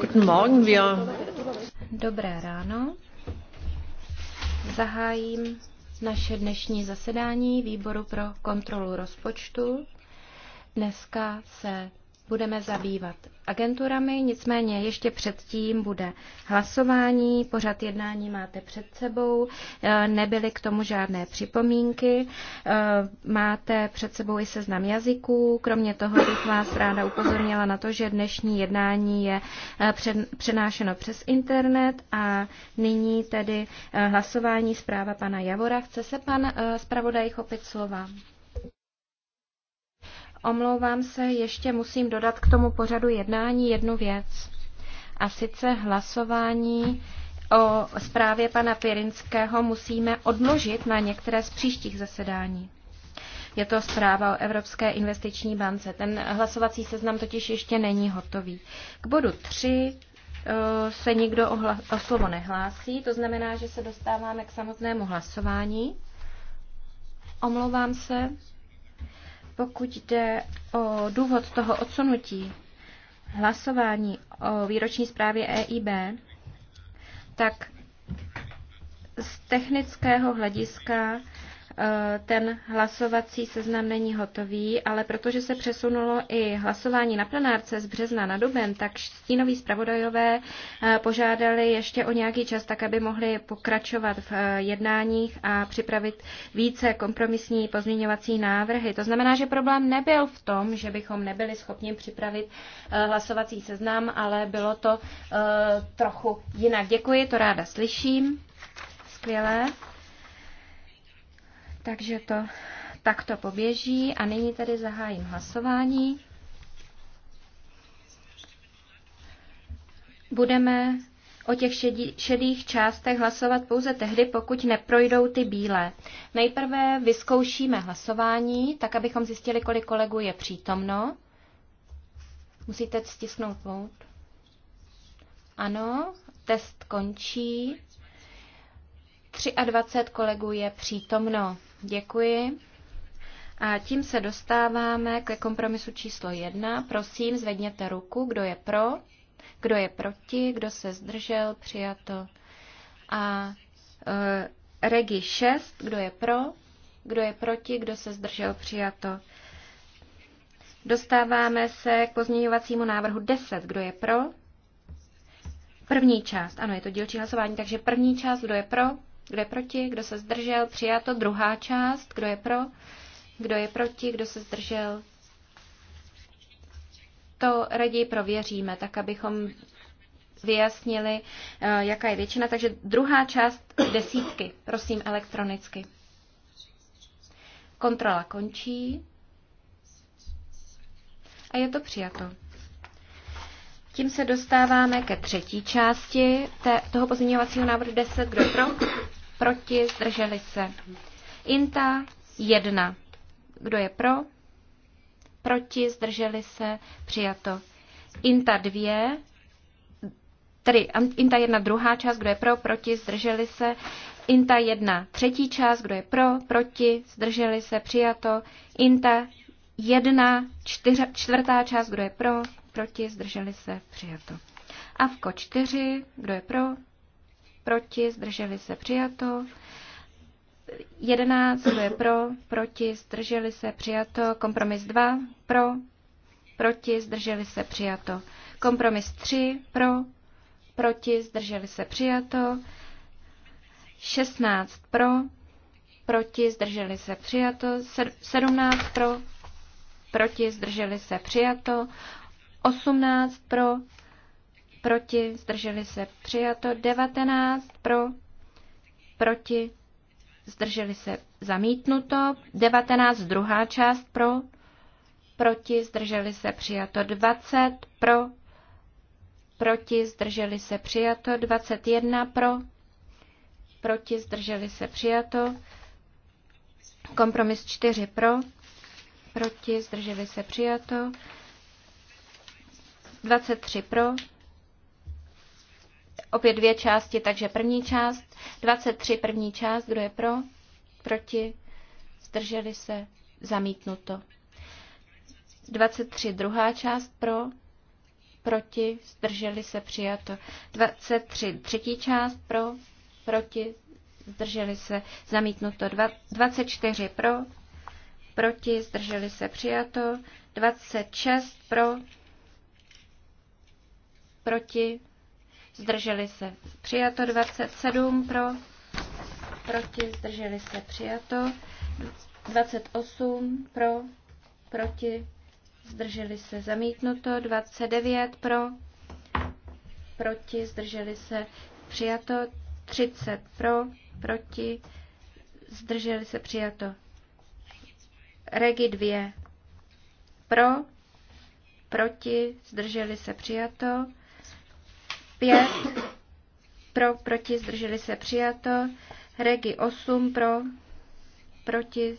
Guten Morgen, wir. Dobré ráno. Zahájím naše dnešní zasedání výboru pro kontrolu rozpočtu. Dneska se budeme zabývat agenturami, nicméně ještě předtím bude hlasování, pořad jednání máte před sebou, e, nebyly k tomu žádné připomínky, e, máte před sebou i seznam jazyků, kromě toho bych vás ráda upozornila na to, že dnešní jednání je e, přenášeno přes internet a nyní tedy hlasování zpráva pana Javora. Chce se pan zpravodaj chopit slova? Omlouvám se, ještě musím dodat k tomu pořadu jednání jednu věc. A sice hlasování o zprávě pana Pirinského musíme odložit na některé z příštích zasedání. Je to zpráva o Evropské investiční bance. Ten hlasovací seznam totiž ještě není hotový. K bodu 3 eh, se nikdo o, hla, o slovo nehlásí, to znamená, že se dostáváme k samotnému hlasování. Omlouvám se. Pokud jde o důvod toho odsunutí hlasování o výroční zprávě EIB, tak z technického hlediska Eh, ten hlasovací seznam není hotový, ale protože se přesunulo i hlasování na plenárce z března na duben, tak stínoví zpravodajové eh, požádali ještě o nějaký čas, tak aby mohli pokračovat v eh, jednáních a připravit více kompromisní pozměňovací návrhy. To znamená, že problém nebyl v tom, že bychom nebyli schopni připravit hlasovací seznam, ale bylo to trochu jinak. Děkuji, to ráda slyším. Skvělé. Takže to takto poběží a nyní tedy zahájím hlasování. Budeme o těch šedých částech hlasovat pouze tehdy, pokud neprojdou ty bílé. Nejprve vyzkoušíme hlasování, tak abychom zjistili, kolik kolegů je přítomno. Musíte stisknout vout. Ano, test končí. 23 kolegů je přítomno. Děkuji. A tím se dostáváme ke kompromisu číslo jedna. Prosím, zvedněte ruku, kdo je pro, kdo je proti, kdo se zdržel, přijato. A e, regi 6, kdo je pro, kdo je proti, kdo se zdržel, přijato. Dostáváme se k pozměňovacímu návrhu 10, kdo je pro. První část, ano, je to dílčí hlasování, takže první část, kdo je pro, kdo je proti? Kdo se zdržel? Přijato. Druhá část. Kdo je pro? Kdo je proti? Kdo se zdržel? To raději prověříme, tak abychom vyjasnili, eh, jaká je většina. Takže druhá část desítky, prosím elektronicky. Kontrola končí a je to přijato. Tím se dostáváme ke třetí části te, toho pozměňovacího návrhu 10. Kdo pro? Proti? Zdrželi se. Inta 1. Kdo je pro? Proti? Zdrželi se. Přijato. Inta 2. Tedy Inta 1. Druhá část. Kdo je pro? Proti? Zdrželi se. Inta 1. Třetí část. Kdo je pro? Proti? Zdrželi se. Přijato. Inta 1. Čtyř, čtvrtá část. Kdo je pro? proti, zdrželi se, přijato. Avko 4, kdo je pro, proti, zdrželi se, přijato. 11, kdo je pro, proti, zdrželi se, přijato. Kompromis 2, pro, proti, zdrželi se, přijato. Kompromis 3, pro, proti, zdrželi se, přijato. 16 pro, proti, zdrželi se, přijato. 17 pro, proti, zdrželi se, přijato. 18 pro, proti, zdrželi se přijato, 19 pro, proti, zdrželi se zamítnuto, 19 druhá část pro, proti, zdrželi se přijato, 20 pro, proti, zdrželi se přijato, 21 pro, proti, zdrželi se přijato, kompromis 4 pro, proti, zdrželi se přijato, 23 pro, opět dvě části, takže první část, 23 první část, kdo je pro, proti, zdrželi se, zamítnuto. 23 druhá část pro, proti, zdrželi se, přijato. 23 třetí část pro, proti, zdrželi se, zamítnuto. 24 pro, proti, zdrželi se, přijato. 26 pro, proti, zdrželi se přijato 27 pro, proti, zdrželi se přijato 28 pro, proti, zdrželi se zamítnuto 29 pro, proti, zdrželi se přijato 30 pro, proti, zdrželi se přijato. Regi 2 pro, proti, zdrželi se přijato. 5 pro, proti, zdrželi se přijato. Regi 8 pro, proti,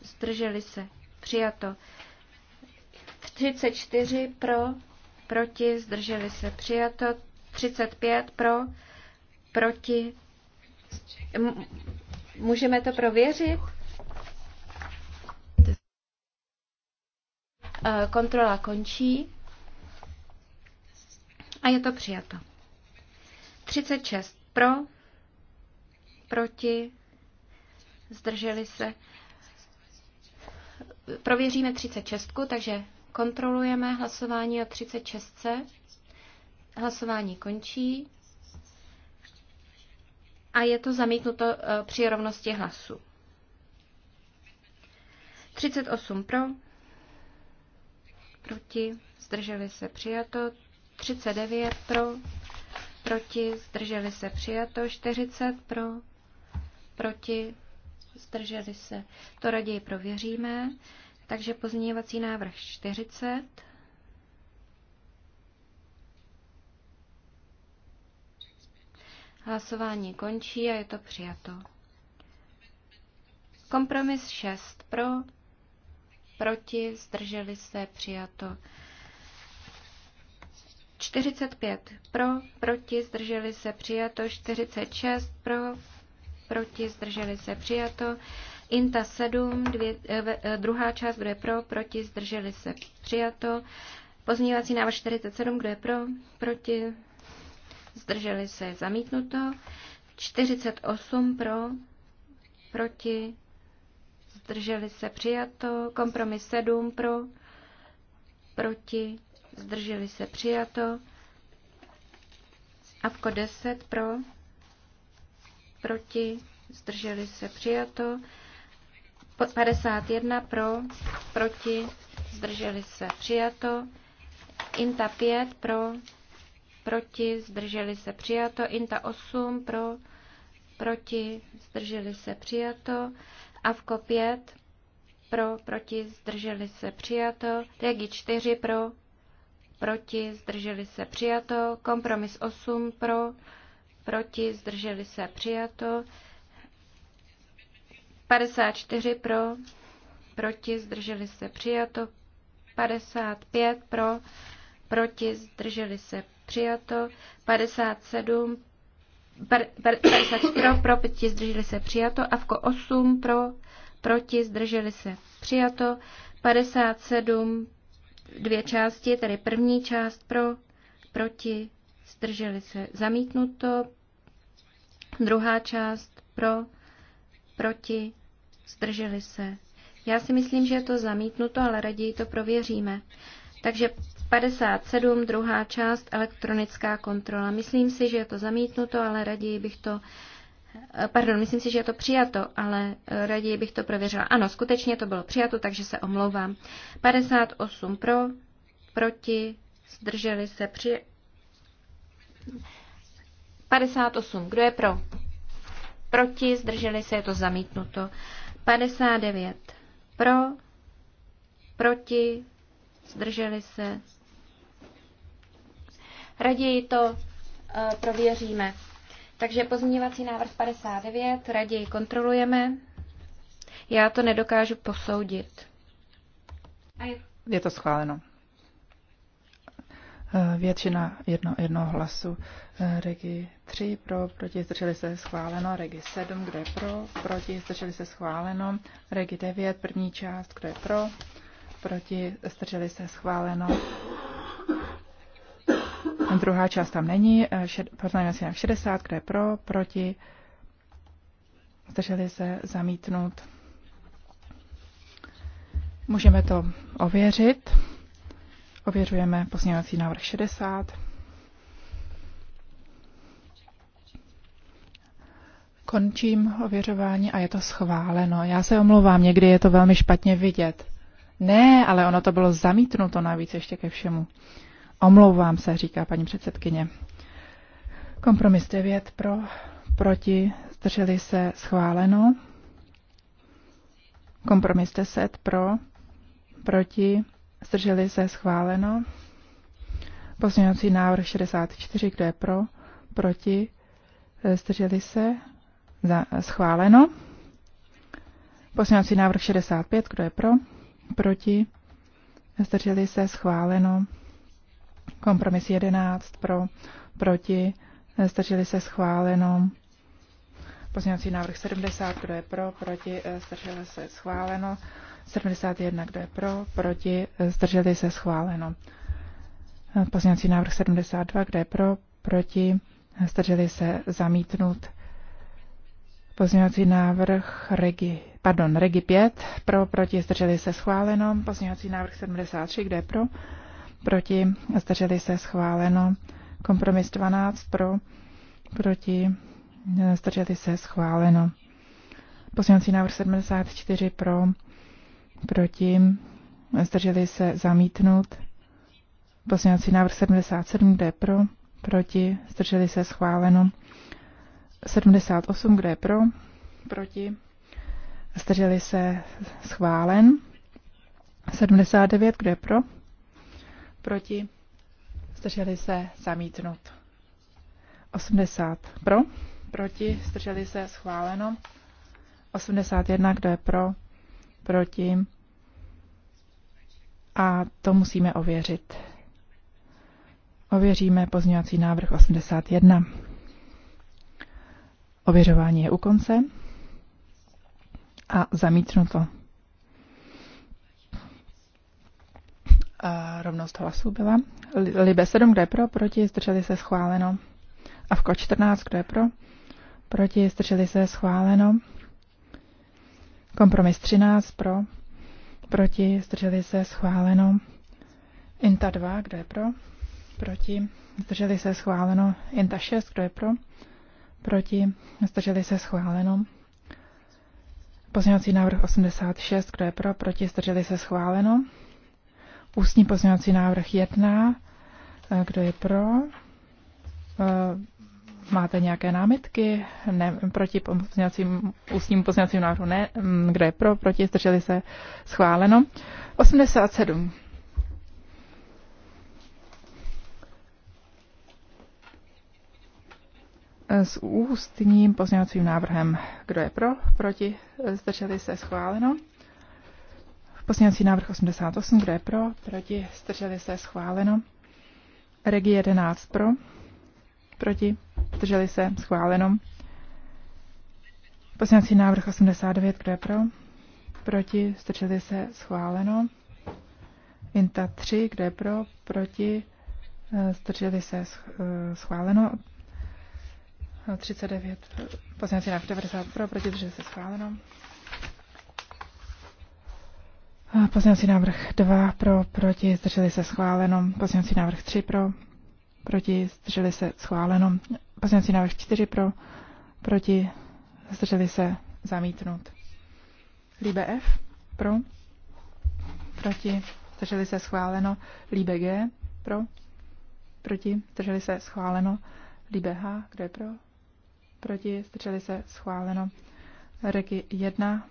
zdrželi se přijato. 34 pro, proti, zdrželi se přijato. 35 pro, proti. Můžeme to prověřit? Eh, kontrola končí a je to přijato. 36 pro, proti, zdrželi se. Prověříme 36, takže kontrolujeme hlasování o 36. Hlasování končí a je to zamítnuto eh, při rovnosti hlasu. 38 pro, proti, zdrželi se přijato, 39 pro, proti, zdrželi se přijato, 40 pro, proti, zdrželi se. To raději prověříme. Takže pozměňovací návrh 40. Hlasování končí a je to přijato. Kompromis 6 pro, proti, zdrželi se, přijato. 45 pro, proti, zdrželi se přijato, 46 pro, proti, zdrželi se přijato, INTA 7, dvě, eh, eh, druhá část, kdo je pro, proti, zdrželi se přijato, pozměňovací návrh 47, kdo je pro, proti, zdrželi se zamítnuto, 48 pro, proti, zdrželi se přijato, kompromis 7 pro, proti, zdrželi se přijato. Avko 10 pro, proti, zdrželi se přijato. 51 pro, proti, zdrželi se přijato. Inta 5 pro, proti, zdrželi se přijato. Inta 8 pro, proti, zdrželi se přijato. Avko 5 pro, proti, zdrželi se přijato. Regi 4 pro, proti, zdrželi se přijato, kompromis 8 pro, proti, zdrželi se přijato, 54 pro, proti, zdrželi se přijato, 55 pro, proti, zdrželi se přijato, 57 per, per, 56 pro, pro, proti, zdrželi se přijato, avko 8 pro, proti, zdrželi se přijato, 57 dvě části, tedy první část pro, proti, zdrželi se zamítnuto, druhá část pro, proti, zdrželi se. Já si myslím, že je to zamítnuto, ale raději to prověříme. Takže 57, druhá část, elektronická kontrola. Myslím si, že je to zamítnuto, ale raději bych to Pardon, myslím si, že je to přijato, ale eh, raději bych to prověřila. Ano, skutečně to bylo přijato, takže se omlouvám. 58 pro, proti, zdrželi se při... 58, kdo je pro? Proti, zdrželi se, je to zamítnuto. 59 pro, proti, zdrželi se. Raději to uh, prověříme. Takže pozměňovací návrh 59 raději kontrolujeme. Já to nedokážu posoudit. Je to schváleno. Eh, většina jedno, jednoho hlasu. Eh, regi 3 pro, proti, zdrželi se schváleno. Regi 7, kdo je pro, proti, zdrželi se schváleno. Regi 9, první část, kdo je pro, proti, zdrželi se schváleno. Druhá část tam není. Poznáme si na 60, kde je pro, proti. Zdrželi se zamítnout. Můžeme to ověřit. Ověřujeme pozměňovací návrh 60. Končím ověřování a je to schváleno. Já se omlouvám, někdy je to velmi špatně vidět. Ne, ale ono to bylo zamítnuto navíc ještě ke všemu. Omlouvám se, říká paní předsedkyně. Kompromis 9 pro, proti, zdrželi se, schváleno. Kompromis 10 pro, proti, zdrželi se, schváleno. Pozměňovací návrh 64, kdo je pro, proti, zdrželi se, za, schváleno. Pozměňovací návrh 65, kdo je pro, proti, zdrželi se, schváleno. Kompromis 11 pro, proti, stačili se schváleno. Pozměňovací návrh 70, kdo je pro, proti, zdrželi se schváleno. 71, kdo je pro, proti, zdrželi se schváleno. Pozměňovací návrh 72, kdo je pro, proti, zdrželi se zamítnut. Pozměňovací návrh Regi, pardon, Regi 5, pro, proti, zdrželi se schváleno. Pozměňovací návrh 73, kdo je pro, proti, zdrželi se schváleno. Kompromis 12 pro, proti, zdrželi se schváleno. Poslanecí návrh 74 pro, proti, zdrželi se zamítnout. Poslanecí návrh 77 D pro, proti, zdrželi se schváleno. 78 kde pro, proti, zdrželi se schválen. 79 kde pro, proti, zdrželi se, zamítnut. 80 pro, proti, zdrželi se, schváleno. 81, kdo je pro, proti. A to musíme ověřit. Ověříme pozměňovací návrh 81. Ověřování je u konce a zamítnuto. A rovnost hlasů byla. Libe 7, kdo je pro, proti, zdrželi se schváleno. A v 14, kdo je pro, proti, zdrželi se schváleno. Kompromis 13, pro, proti, zdrželi se schváleno. Inta 2, kdo je pro, proti, zdrželi se schváleno. Inta 6, kdo je pro, proti, zdrželi se schváleno. Pozměňovací návrh 86, kdo je pro, proti, zdrželi se schváleno. Ústní pozměňovací návrh 1. Eh, kdo je pro? Eh, máte nějaké námitky? Ne, proti pozměňovacím, ústním pozměňovacím návrhu ne. Mm, kdo je pro? Proti? Zdrželi se? Schváleno. 87. Eh, s ústním pozměňovacím návrhem. Kdo je pro? Proti? Zdrželi se? Schváleno. Poslanecí návrh 88, kde je pro, proti, strželi se, schváleno. Regi 11 pro, proti, strželi se, schváleno. Poslanecí návrh 89, kde je pro, proti, strželi se, schváleno. Inta 3, kde je pro, proti, strželi eh, se, schváleno. 39, poslanecí návrh 90 pro, proti, strželi se, schváleno. Pozměňovací návrh 2 pro, proti, zdrželi se schváleno. Pozměňovací návrh 3 pro, proti, zdrželi se schváleno. Pozměňovací návrh 4 pro, proti, zdrželi se zamítnut. Líbe F pro, proti, zdrželi se schváleno. Líbe G pro, proti, zdrželi se schváleno. Líbe H, kde pro, proti, zdrželi se schváleno. Reky 1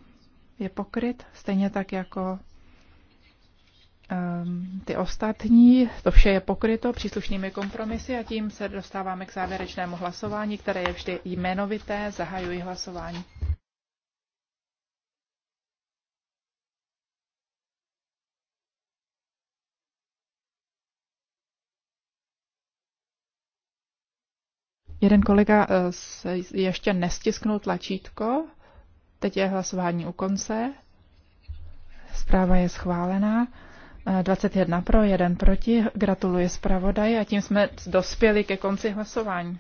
je pokryt, stejně tak jako ehm, ty ostatní, to vše je pokryto příslušnými kompromisy a tím se dostáváme k závěrečnému hlasování, které je vždy jmenovité. Zahajuji hlasování. Jeden kolega eh, ještě nestisknul tlačítko. Teď je hlasování u konce. Zpráva je schválená. 21 eh, pro, 1 proti. Gratuluji zpravodaj a tím jsme dospěli ke konci hlasování.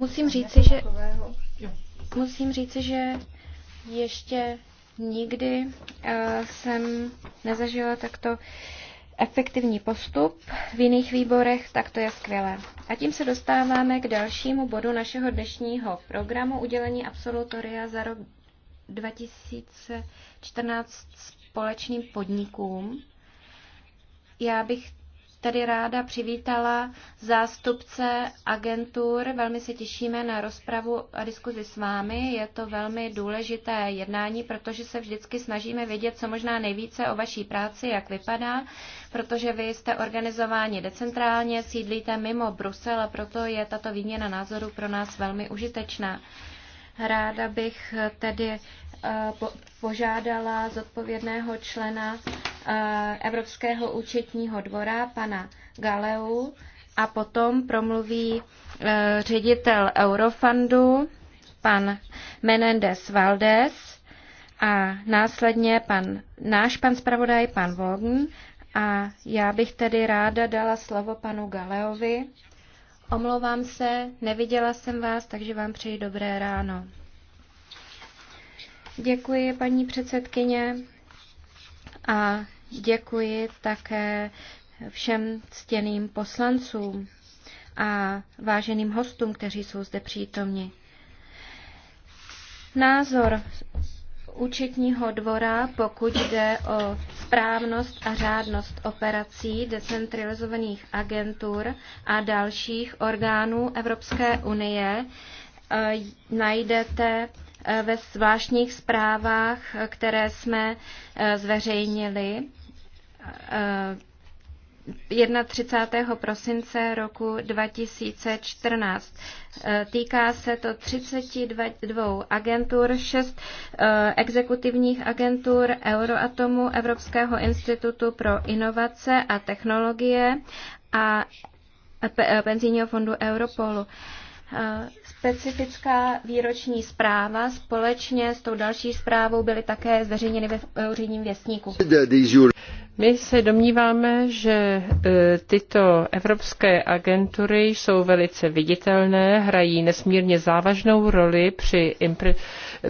Musím říci, že, musím říci, že ještě nikdy uh, jsem nezažila takto uh, efektivní postup v jiných výborech, tak to je skvělé. A tím se dostáváme k dalšímu bodu našeho dnešního programu udělení absolutoria za rok 2014 společným podnikům. Já bych tedy ráda přivítala zástupce agentur. Velmi se těšíme na rozpravu a diskuzi s vámi. Je to velmi důležité jednání, protože se vždycky snažíme vědět co možná nejvíce o vaší práci, jak vypadá, protože vy jste organizováni decentrálně, sídlíte mimo Brusel a proto je tato výměna názoru pro nás velmi užitečná. Ráda bych tedy eh, požádala zodpovědného člena Eh, Evropského účetního dvora, pana Galeu, a potom promluví eh, ředitel Eurofundu, pan Menendez Valdes a následně pan, náš pan zpravodaj, pan Vogn, a já bych tedy ráda dala slovo panu Galeovi. Omlouvám se, neviděla jsem vás, takže vám přeji dobré ráno. Děkuji, paní předsedkyně, a Děkuji také všem ctěným poslancům a váženým hostům, kteří jsou zde přítomni. Názor účetního dvora, pokud jde o správnost a řádnost operací decentralizovaných agentur a dalších orgánů Evropské unie, eh, najdete Eh, ve zvláštních zprávách, eh, které jsme eh, zveřejnili 31. prosince roku 2014. Týká se to 32 agentur, 6 exekutivních agentur Euroatomu, Evropského institutu pro inovace a technologie a penzijního fondu Europolu. Eh, specifická výroční zpráva společně s tou další zprávou byly také zveřejněny ve úředním věstníku. My se domníváme, že eh, tyto evropské agentury jsou velice viditelné, hrají nesmírně závažnou roli při, impre,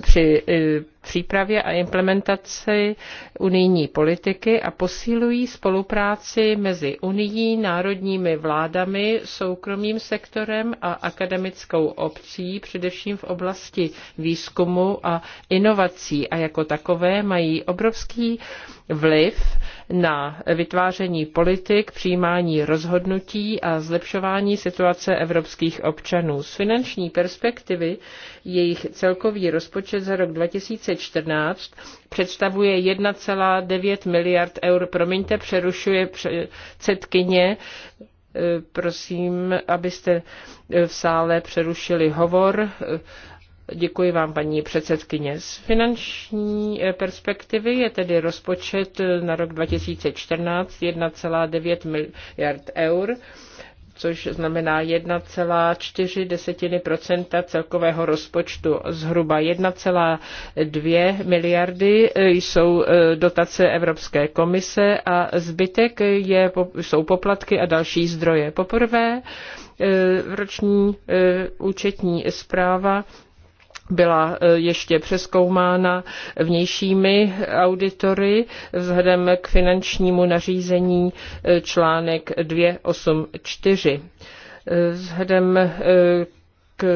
při eh, přípravě a implementaci unijní politiky a posílují spolupráci mezi unijní, národními vládami, soukromým sektorem a akademickou obcí, především v oblasti výzkumu a inovací a jako takové mají obrovský vliv na vytváření politik, přijímání rozhodnutí a zlepšování situace evropských občanů. Z finanční perspektivy jejich celkový rozpočet za rok 2000 2014 představuje 1,9 miliard eur. Promiňte, přerušuje předkyně, prosím, abyste v sále přerušili hovor. Děkuji vám, paní předsedkyně. Z finanční perspektivy je tedy rozpočet na rok 2014 1,9 miliard eur což znamená 1,4 celkového rozpočtu. Zhruba 1,2 miliardy eh, jsou eh, dotace Evropské komise a zbytek je, jsou poplatky a další zdroje. Poprvé eh, roční účetní zpráva byla e, ještě přeskoumána vnějšími auditory vzhledem k finančnímu nařízení e, článek 284. E, vzhledem k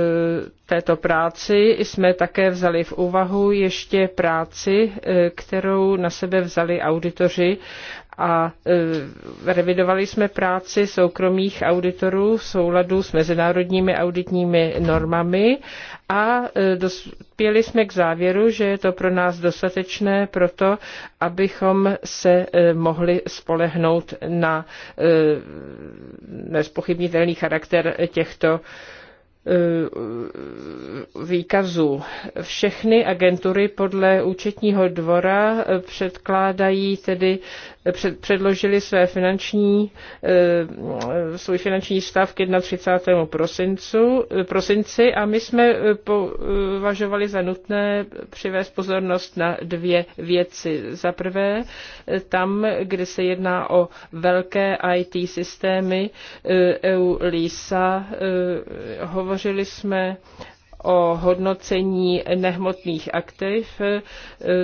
této práci jsme také vzali v úvahu ještě práci, kterou na sebe vzali auditoři a e, revidovali jsme práci soukromých auditorů v souladu s mezinárodními auditními normami a e, dospěli jsme k závěru, že je to pro nás dostatečné proto, abychom se e, mohli spolehnout na nespochybnitelný charakter těchto výkazů. Všechny agentury podle účetního dvora předkládají tedy předložili své finanční, eh, svůj finanční stav k 31. Prosincu, eh, prosinci a my jsme eh, považovali za nutné přivést pozornost na dvě věci. Za prvé, tam, kde se jedná o velké IT systémy EU-LISA, e hovořili jsme o hodnocení nehmotných aktiv,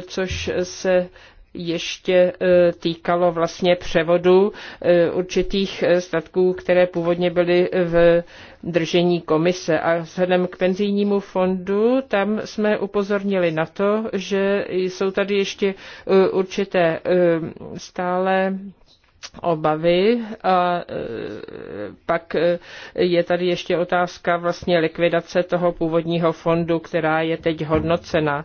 což se ještě e, týkalo vlastně převodu e, určitých e, statků, které původně byly v držení komise. A vzhledem k penzijnímu fondu, tam jsme upozornili na to, že jsou tady ještě určité stále obavy. A e, pak e, je tady ještě otázka vlastně likvidace toho původního fondu, která je teď hodnocena.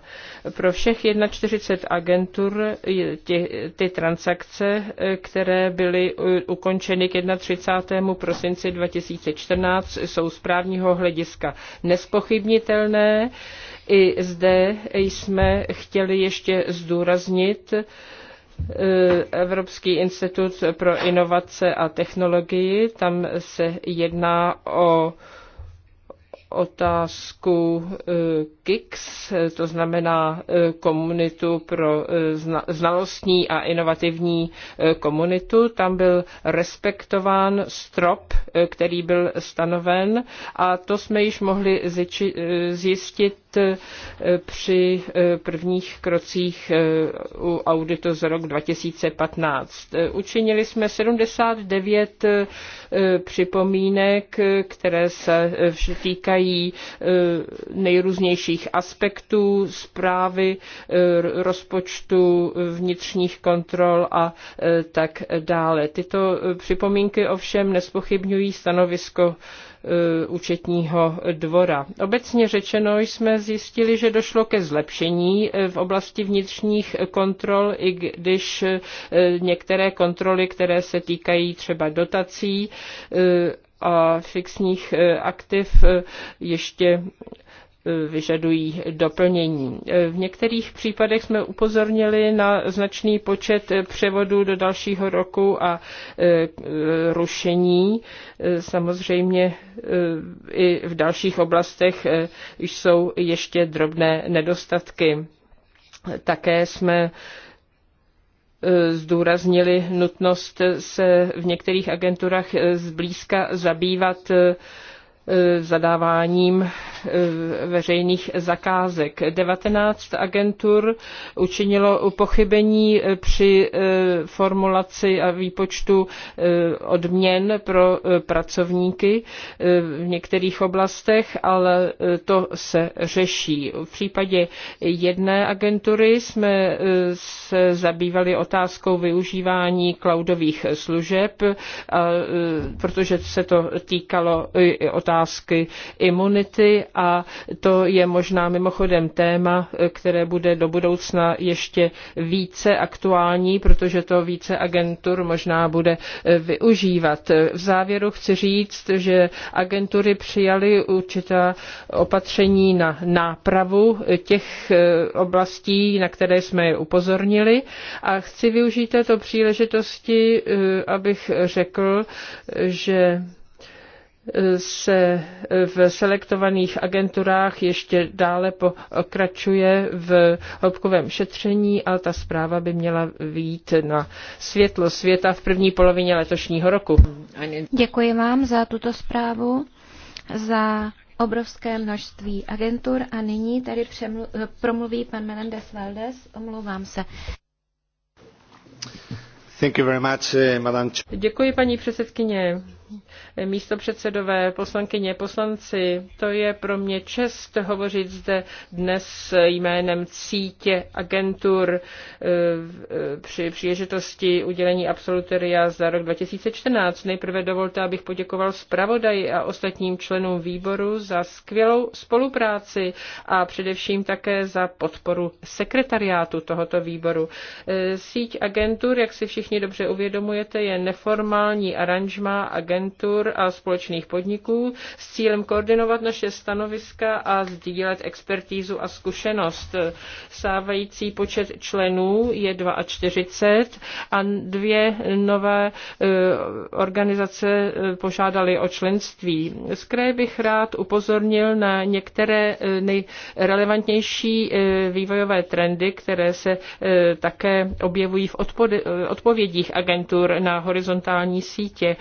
Pro všech 41 agentur ty, ty transakce, e, které byly ukončeny k 31. prosinci 2014, jsou z právního hlediska nespochybnitelné. I zde jsme chtěli ještě zdůraznit, Eh, Evropský institut pro inovace a technologii. Tam se jedná o otázku eh, KIX, to znamená e, komunitu pro e, znalostní a inovativní e, komunitu. Tam byl respektován strop, který byl stanoven a to jsme již mohli zjistit při prvních krocích u auditu z rok 2015. Učinili jsme 79 připomínek, které se týkají nejrůznějších dalších aspektů zprávy eh, rozpočtu, vnitřních kontrol a eh, tak dále. Tyto eh, připomínky ovšem nespochybňují stanovisko účetního dvora. Obecně řečeno jsme zjistili, že došlo ke zlepšení v oblasti vnitřních kontrol, i když některé kontroly, které se týkají třeba dotací a fixních aktiv, ještě vyžadují doplnění. V některých případech jsme upozornili na značný počet převodů do dalšího roku a e, rušení. E, samozřejmě e, i v dalších oblastech jsou ještě drobné nedostatky. Také jsme zdůraznili nutnost se v některých agenturách zblízka zabývat E, zadáváním e, veřejných zakázek. 19 agentur učinilo pochybení e, při formulaci a výpočtu odměn pro pracovníky v některých oblastech, ale to se řeší. V případě jedné agentury jsme se zabývali otázkou využívání cloudových služeb, protože se to týkalo otázky otázky imunity a to je možná mimochodem téma, které bude do budoucna ještě více aktuální, protože to více agentur možná bude využívat. V závěru chci říct, že agentury přijaly určitá opatření na nápravu těch eh, oblastí, na které jsme je upozornili a chci využít této příležitosti, eh, abych řekl, že se v selektovaných agenturách ještě dále pokračuje v hloubkovém šetření a ta zpráva by měla výjít na světlo světa v první polovině letošního roku. Děkuji vám za tuto zprávu, za obrovské množství agentur a nyní tady přemlu- promluví pan Menendez Valdez. Omlouvám se. Thank you very much, eh, madam. Děkuji, paní předsedkyně. Místo předsedové poslankyně, poslanci, to je pro mě čest hovořit zde dnes jménem cítě agentur eh, při příležitosti udělení absolutoria za rok 2014. Nejprve dovolte, abych poděkoval zpravodaji a ostatním členům výboru za skvělou spolupráci a především také za podporu sekretariátu tohoto výboru. Eh, síť agentur, jak si všichni dobře uvědomujete, je neformální aranžma agent agentur a společných podniků s cílem koordinovat naše stanoviska a sdílet expertízu a zkušenost. Sávající počet členů je 42 a dvě nové eh, organizace eh, požádaly o členství. Z kraje bych rád upozornil na některé eh, nejrelevantnější vývojové trendy, které se také objevují v odpovědích agentur na horizontální sítě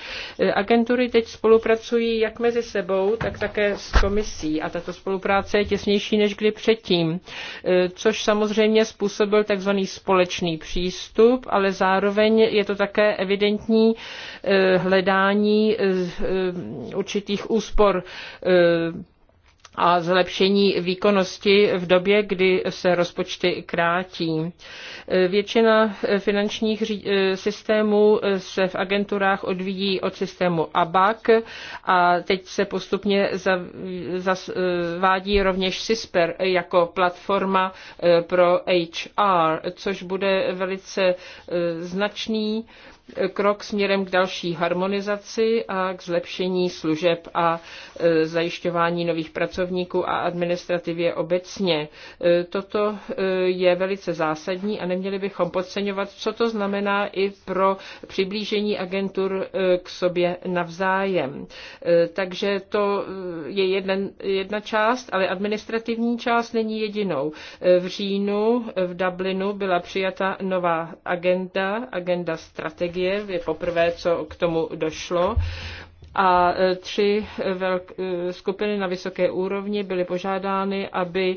agentury teď spolupracují jak mezi sebou, tak také s komisí a tato spolupráce je těsnější než kdy předtím, e, což samozřejmě způsobil takzvaný společný přístup, ale zároveň je to také evidentní e, hledání e, určitých úspor a zlepšení výkonnosti v době, kdy se rozpočty krátí. Většina finančních systémů se v agenturách odvíjí od systému ABAC a teď se postupně zavádí rovněž CISPER jako platforma eh, pro HR, což bude velice eh, značný krok směrem k další harmonizaci a k zlepšení služeb a e, zajišťování nových pracovníků a administrativě obecně. E, toto e, je velice zásadní a neměli bychom podceňovat, co to znamená i pro přiblížení agentur k sobě navzájem. Takže to je jedna, jedna část, ale administrativní část není jedinou. V říjnu v Dublinu byla přijata nová agenda, agenda strategie Belgie, je poprvé, co k tomu došlo a e, tři velk, e, skupiny na vysoké úrovni byly požádány, aby e,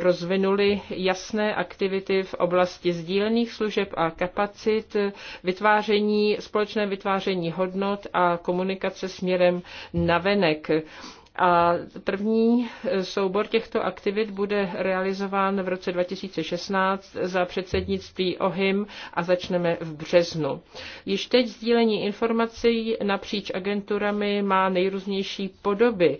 rozvinuli jasné aktivity v oblasti sdílených služeb a kapacit, vytváření, společné vytváření hodnot a komunikace směrem navenek. A první soubor těchto aktivit bude realizován v roce 2016 za předsednictví OHIM a začneme v březnu. Již teď sdílení informací napříč agenturami má nejrůznější podoby.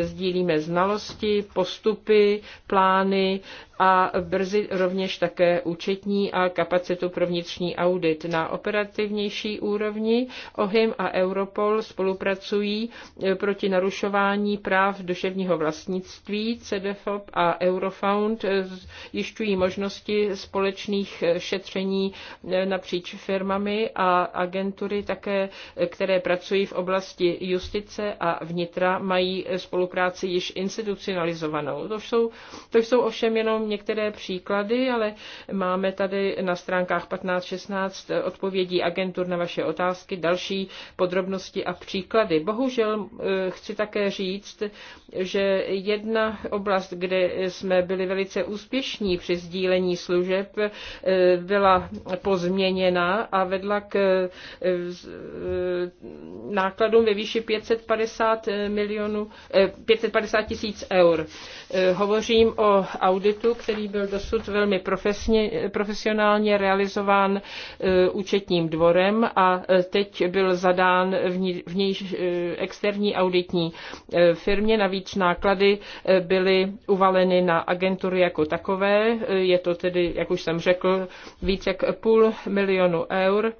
Sdílíme znalosti, postupy, plány, a brzy rovněž také účetní a kapacitu pro vnitřní audit. Na operativnější úrovni OHIM a Europol spolupracují eh, proti narušování práv duševního vlastnictví. CDFOP a Eurofound eh, zjišťují možnosti společných eh, šetření napříč firmami a agentury také, které pracují v oblasti justice a vnitra, mají spolupráci již institucionalizovanou. To jsou, to jsou ovšem jenom některé příklady, ale máme tady na stránkách 15-16 odpovědí agentur na vaše otázky, další podrobnosti a příklady. Bohužel eh, chci také říct, že jedna oblast, kde jsme byli velice úspěšní při sdílení služeb, eh, byla pozměněna a vedla k eh, nákladům ve výši 550 milionů, 550 tisíc eur. Hovořím o auditu, který byl dosud velmi profesně, profesionálně realizován e, účetním dvorem a e, teď byl zadán v něj e, externí auditní firmě. Navíc náklady byly uvaleny na agentury jako takové. Je to tedy, jak už jsem řekl, více jak půl milionu eur.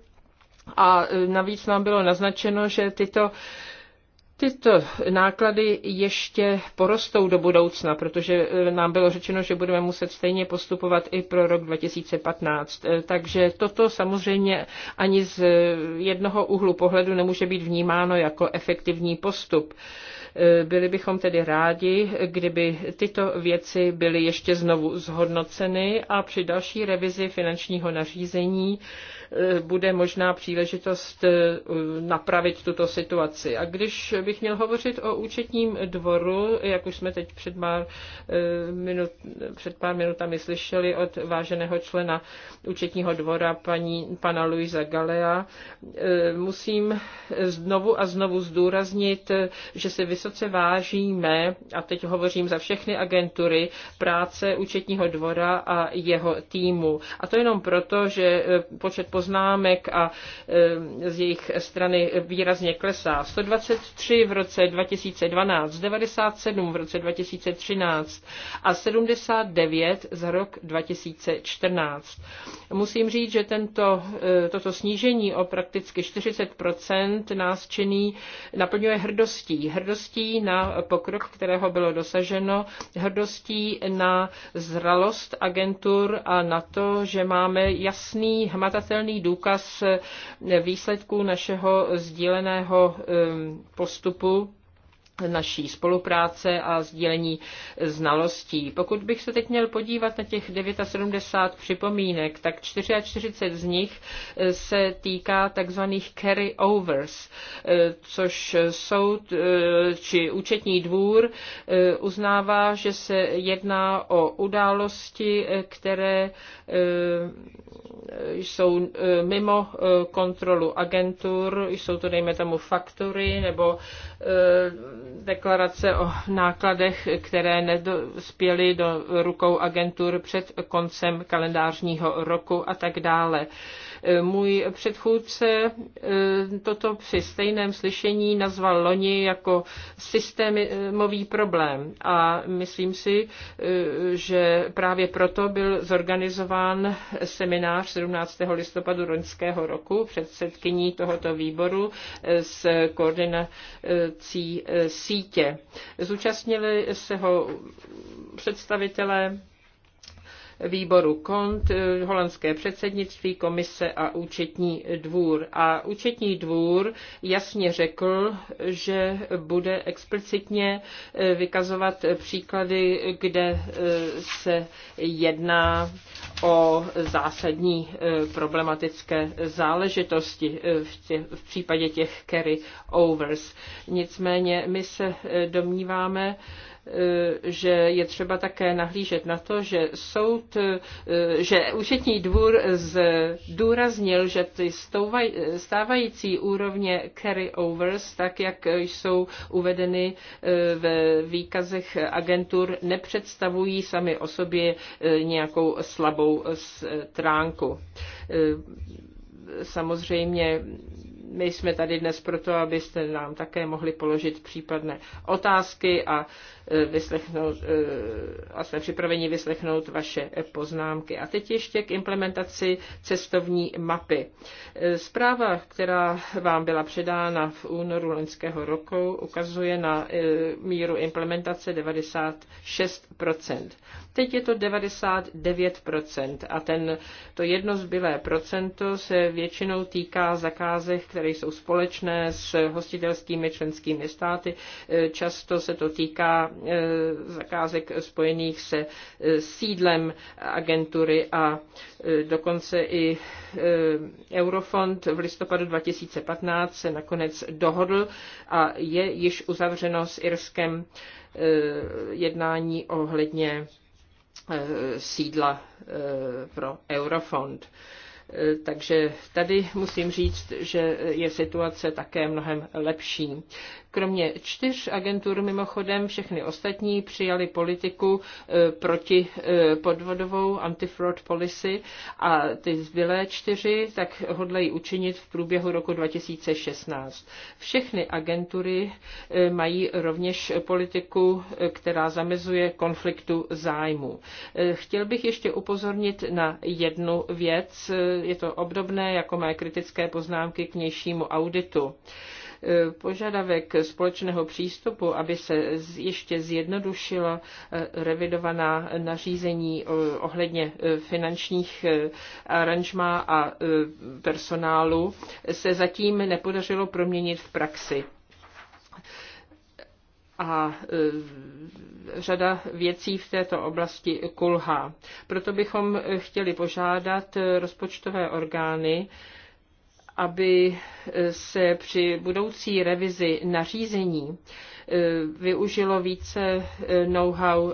A navíc nám bylo naznačeno, že tyto Tyto náklady ještě porostou do budoucna, protože eh, nám bylo řečeno, že budeme muset stejně postupovat i pro rok 2015. Eh, takže toto samozřejmě ani z jednoho úhlu pohledu nemůže být vnímáno jako efektivní postup. Eh, byli bychom tedy rádi, kdyby tyto věci byly ještě znovu zhodnoceny a při další revizi finančního nařízení eh, bude možná příležitost eh, napravit tuto situaci. A když bych měl hovořit o účetním dvoru, jak už jsme teď před pár, minut, před pár minutami slyšeli od váženého člena účetního dvora paní, pana Luisa Galea, musím znovu a znovu zdůraznit, že se vys vysoce vážíme, a teď hovořím za všechny agentury, práce účetního dvora a jeho týmu. A to jenom proto, že e, počet poznámek a e, z jejich strany výrazně klesá. 123 v roce 2012, 97 v roce 2013 a 79 za rok 2014. Musím říct, že tento, e, toto snížení o prakticky 40 nás činí, naplňuje hrdostí. Hrdostí hrdostí na pokrok, kterého bylo dosaženo, hrdostí na zralost agentur a na to, že máme jasný, hmatatelný důkaz výsledků našeho sdíleného postupu naší spolupráce a sdílení znalostí. Pokud bych se teď měl podívat na těch 79 připomínek, tak 44 z nich se týká takzvaných carry-overs, což soud či účetní dvůr uznává, že se jedná o události, které eh, jsou eh, mimo eh, kontrolu agentur, jsou to dejme tomu faktory nebo deklarace o nákladech, které nedospěly do rukou agentur před koncem kalendářního roku a tak dále. Můj předchůdce e, toto při stejném slyšení nazval loni jako systémový problém a myslím si, e, že právě proto byl zorganizován seminář 17. listopadu loňského roku předsedkyní tohoto výboru e, s koordinací sítě. Zúčastnili se ho představitelé výboru KONT, eh, holandské předsednictví, komise a účetní dvůr. A účetní dvůr jasně řekl, že bude explicitně eh, vykazovat příklady, kde eh, se jedná o zásadní problematické záležitosti v, tě, v případě těch carry overs. Nicméně my se domníváme, E, že je třeba také nahlížet na to, že soud, e, že účetní dvůr zdůraznil, že ty stávající úrovně carry overs, tak jak jsou uvedeny e, ve výkazech agentur, nepředstavují sami o sobě nějakou slabou stránku. Samozřejmě my jsme tady dnes proto, abyste nám také mohli položit případné otázky a, e, vyslechnout, e, a jsme připraveni vyslechnout vaše poznámky. A teď ještě k implementaci cestovní mapy. E, zpráva, která vám byla předána v únoru loňského roku, ukazuje na míru implementace 96%. Teď je to 99% a ten, to jedno zbylé procento se většinou týká zakázek, které které jsou společné s hostitelskými členskými státy. E, často se to týká e, zakázek spojených se e, sídlem agentury a dokonce i Eurofond v listopadu 2015 se nakonec dohodl a je již uzavřeno s Irskem jednání ohledně sídla pro Eurofond. E, takže tady musím říct, že je situace také mnohem lepší. Kromě čtyř agentur mimochodem všechny ostatní přijali politiku e, proti e, podvodovou anti-fraud policy a ty zbylé čtyři tak hodlají učinit v průběhu roku 2016. Všechny agentury e, mají rovněž politiku, která zamezuje konfliktu zájmu. Chtěl bych ještě upozornit na jednu věc. Je to obdobné jako mé kritické poznámky k nějšímu auditu. E, požadavek společného přístupu, aby se ještě zjednodušila e, revidovaná nařízení e, ohledně finančních aranžmá a personálu, se zatím nepodařilo proměnit v praxi a řada věcí v této oblasti kulhá. Proto bychom chtěli požádat rozpočtové orgány, aby eh, se při budoucí revizi nařízení eh, využilo více eh, know-how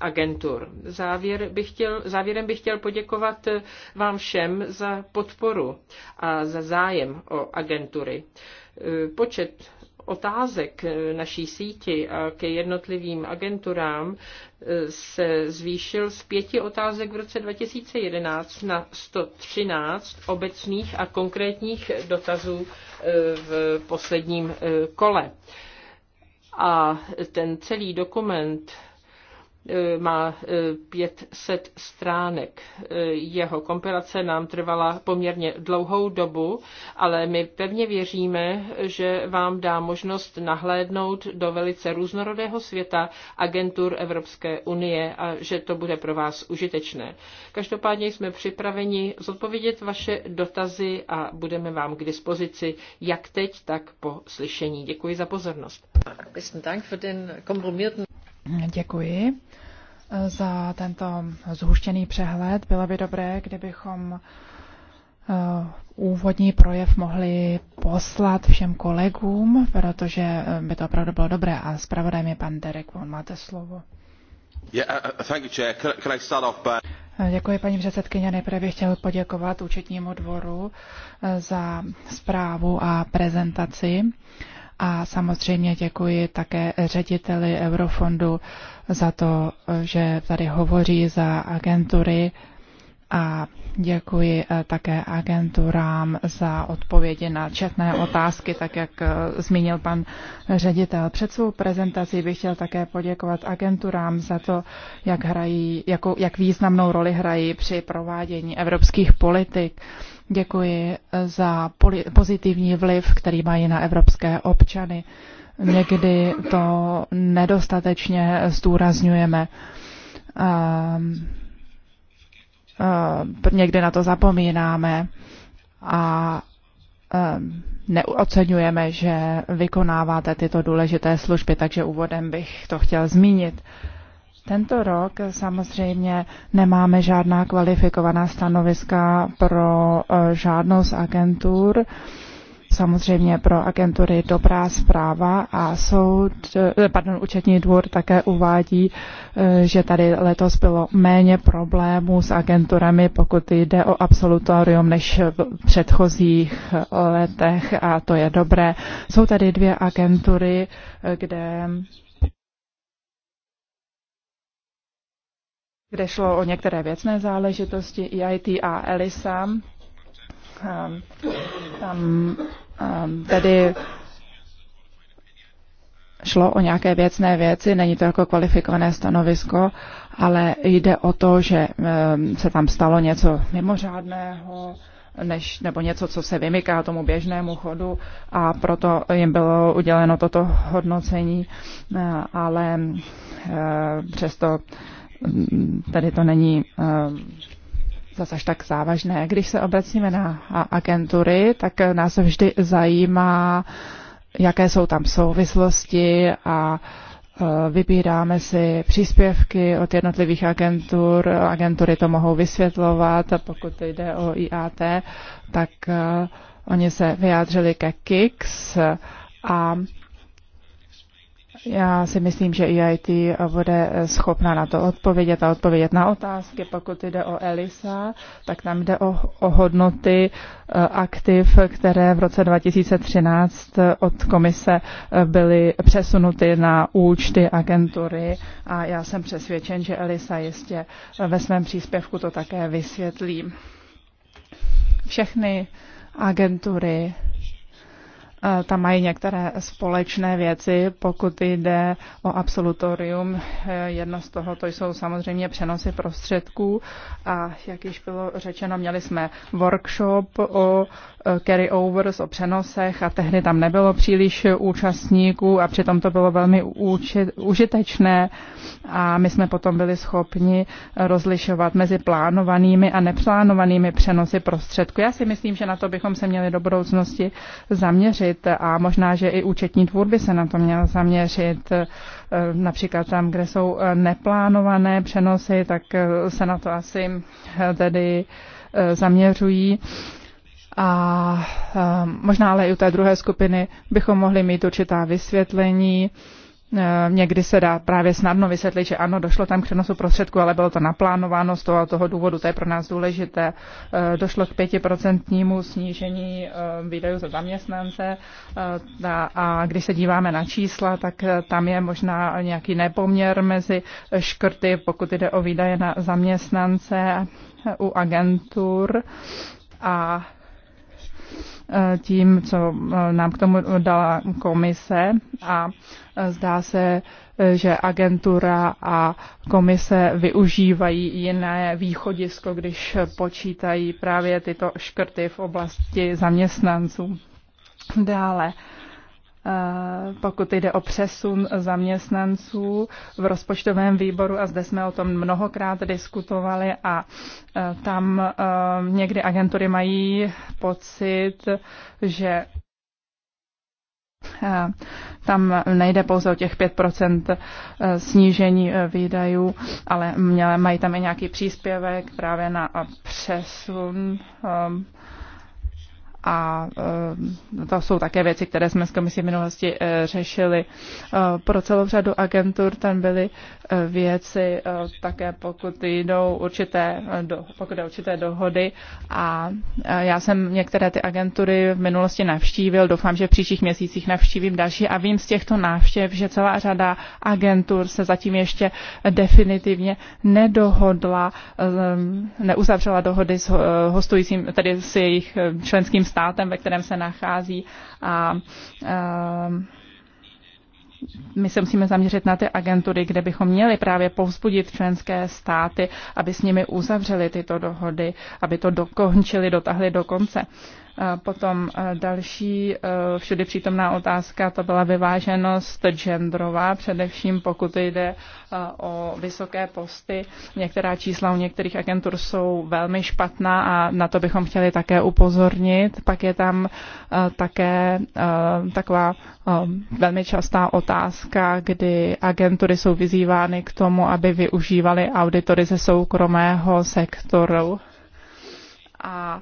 agentur. Závěr bych chtěl, závěrem bych chtěl poděkovat vám všem za podporu a za zájem o agentury. Počet otázek naší síti a ke jednotlivým agenturám se zvýšil z pěti otázek v roce 2011 na 113 obecných a konkrétních dotazů eh, v posledním eh, kole. A ten celý dokument E, má 500 e, stránek. E, jeho kompilace nám trvala poměrně dlouhou dobu, ale my pevně věříme, že vám dá možnost nahlédnout do velice různorodého světa agentur Evropské unie a že to bude pro vás užitečné. Každopádně jsme připraveni zodpovědět vaše dotazy a budeme vám k dispozici jak teď, tak po slyšení. Děkuji za pozornost. Besten Dank für den komprimierten Děkuji eh, za tento zhuštěný přehled. Bylo by dobré, kdybychom eh, úvodní projev mohli poslat všem kolegům, protože eh, by to opravdu bylo dobré. A zpravodajem je pan Derek, on máte slovo. Uh, uh, děkuji, paní předsedkyně. Nejprve bych chtěl poděkovat účetnímu dvoru za zprávu a prezentaci. A samozřejmě děkuji také řediteli Eurofondu za to, že tady hovoří za agentury a děkuji eh, také agenturám za odpovědi na četné otázky, tak jak eh, zmínil pan ředitel. Před svou prezentací bych chtěl také poděkovat agenturám za to, jak, hrají, jako, jak významnou roli hrají při provádění evropských politik Děkuji za pozitivní vliv, který mají na evropské občany. Někdy to nedostatečně zdůrazňujeme. Ehm, ehm, někdy na to zapomínáme a ehm, neoceňujeme, že vykonáváte tyto důležité služby, takže úvodem bych to chtěl zmínit. Tento rok samozřejmě nemáme žádná kvalifikovaná stanoviska pro e, žádnou z agentur. Samozřejmě pro agentury dobrá zpráva a soud, e, pardon, účetní dvůr také uvádí, e, že tady letos bylo méně problémů s agenturami, pokud jde o absolutorium, než v předchozích letech a to je dobré. Jsou tady dvě agentury, kde kde šlo o některé věcné záležitosti, EIT a ELISA. Ehm, tam ehm, tedy šlo o nějaké věcné věci, není to jako kvalifikované stanovisko, ale jde o to, že ehm, se tam stalo něco mimořádného, než, nebo něco, co se vymyká tomu běžnému chodu a proto jim bylo uděleno toto hodnocení, ale přesto tady to není eh, zase až tak závažné. Když se obracíme na agentury, tak eh, nás vždy zajímá, jaké jsou tam souvislosti a eh, vybíráme si příspěvky od jednotlivých agentur, agentury to mohou vysvětlovat a pokud jde o IAT, tak oni se vyjádřili ke KIX a já si myslím, že EIT bude schopna na to odpovědět a odpovědět na otázky. Pokud jde o ELISA, tak tam jde o, o hodnoty e, aktiv, které v roce 2013 od komise e, byly přesunuty na účty agentury a já jsem přesvědčen, že ELISA jistě ve svém příspěvku to také vysvětlí. Všechny agentury tam mají některé společné věci, pokud jde o absolutorium. Jedno z toho to jsou samozřejmě přenosy prostředků a jak již bylo řečeno, měli jsme workshop o Eh, carryovers, o přenosech a tehdy tam nebylo příliš účastníků a přitom to bylo velmi úči, užitečné a my jsme potom byli schopni rozlišovat mezi plánovanými a neplánovanými přenosy prostředků. Já si myslím, že na to bychom se měli do budoucnosti zaměřit a možná, že i účetní dvůr by se na to měl zaměřit eh, například tam, kde jsou eh, neplánované přenosy, tak se na to asi tedy zaměřují a ehm, možná ale i u té druhé skupiny bychom mohli mít určitá vysvětlení. Ehm, někdy se dá právě snadno vysvětlit, že ano, došlo tam k přenosu prostředku, ale bylo to naplánováno z toho, toho důvodu, to je pro nás důležité. Ehm, došlo k pětiprocentnímu snížení výdajů za zaměstnance a když se díváme na čísla, tak eh, tam je možná nějaký nepoměr mezi škrty, pokud jde o výdaje na zaměstnance u agentur a Eh, tím, co eh, nám k tomu dala komise a eh, zdá se, že agentura a komise využívají jiné východisko, když počítají právě tyto škrty v oblasti zaměstnanců. Dále pokud jde o přesun zaměstnanců v rozpočtovém výboru, a zde jsme o tom mnohokrát diskutovali, a e, tam e, někdy agentury mají pocit, že e, tam nejde pouze o těch 5% snížení výdajů, ale mají tam i nějaký příspěvek právě na přesun a eh, to jsou také věci, které jsme s komisí minulosti eh, řešili. Eh, pro celou řadu agentur tam byly věci také, pokud jdou určité, pokud jde určité dohody a já jsem některé ty agentury v minulosti navštívil, doufám, že v příštích měsících navštívím další a vím z těchto návštěv, že celá řada agentur se zatím ještě definitivně nedohodla, neuzavřela dohody s hostujícím, tedy s jejich členským státem, ve kterém se nachází a ehm, my se musíme zaměřit na ty agentury, kde bychom měli právě povzbudit členské státy, aby s nimi uzavřeli tyto dohody, aby to dokončili, dotahli do konce. Potom e, další e, všude přítomná otázka, to byla vyváženost genderová, především pokud jde e, o vysoké posty. Některá čísla u některých agentur jsou velmi špatná a na to bychom chtěli také upozornit. Pak je tam také taková velmi častá otázka, kdy agentury jsou vyzývány k tomu, aby využívali auditory ze soukromého sektoru. A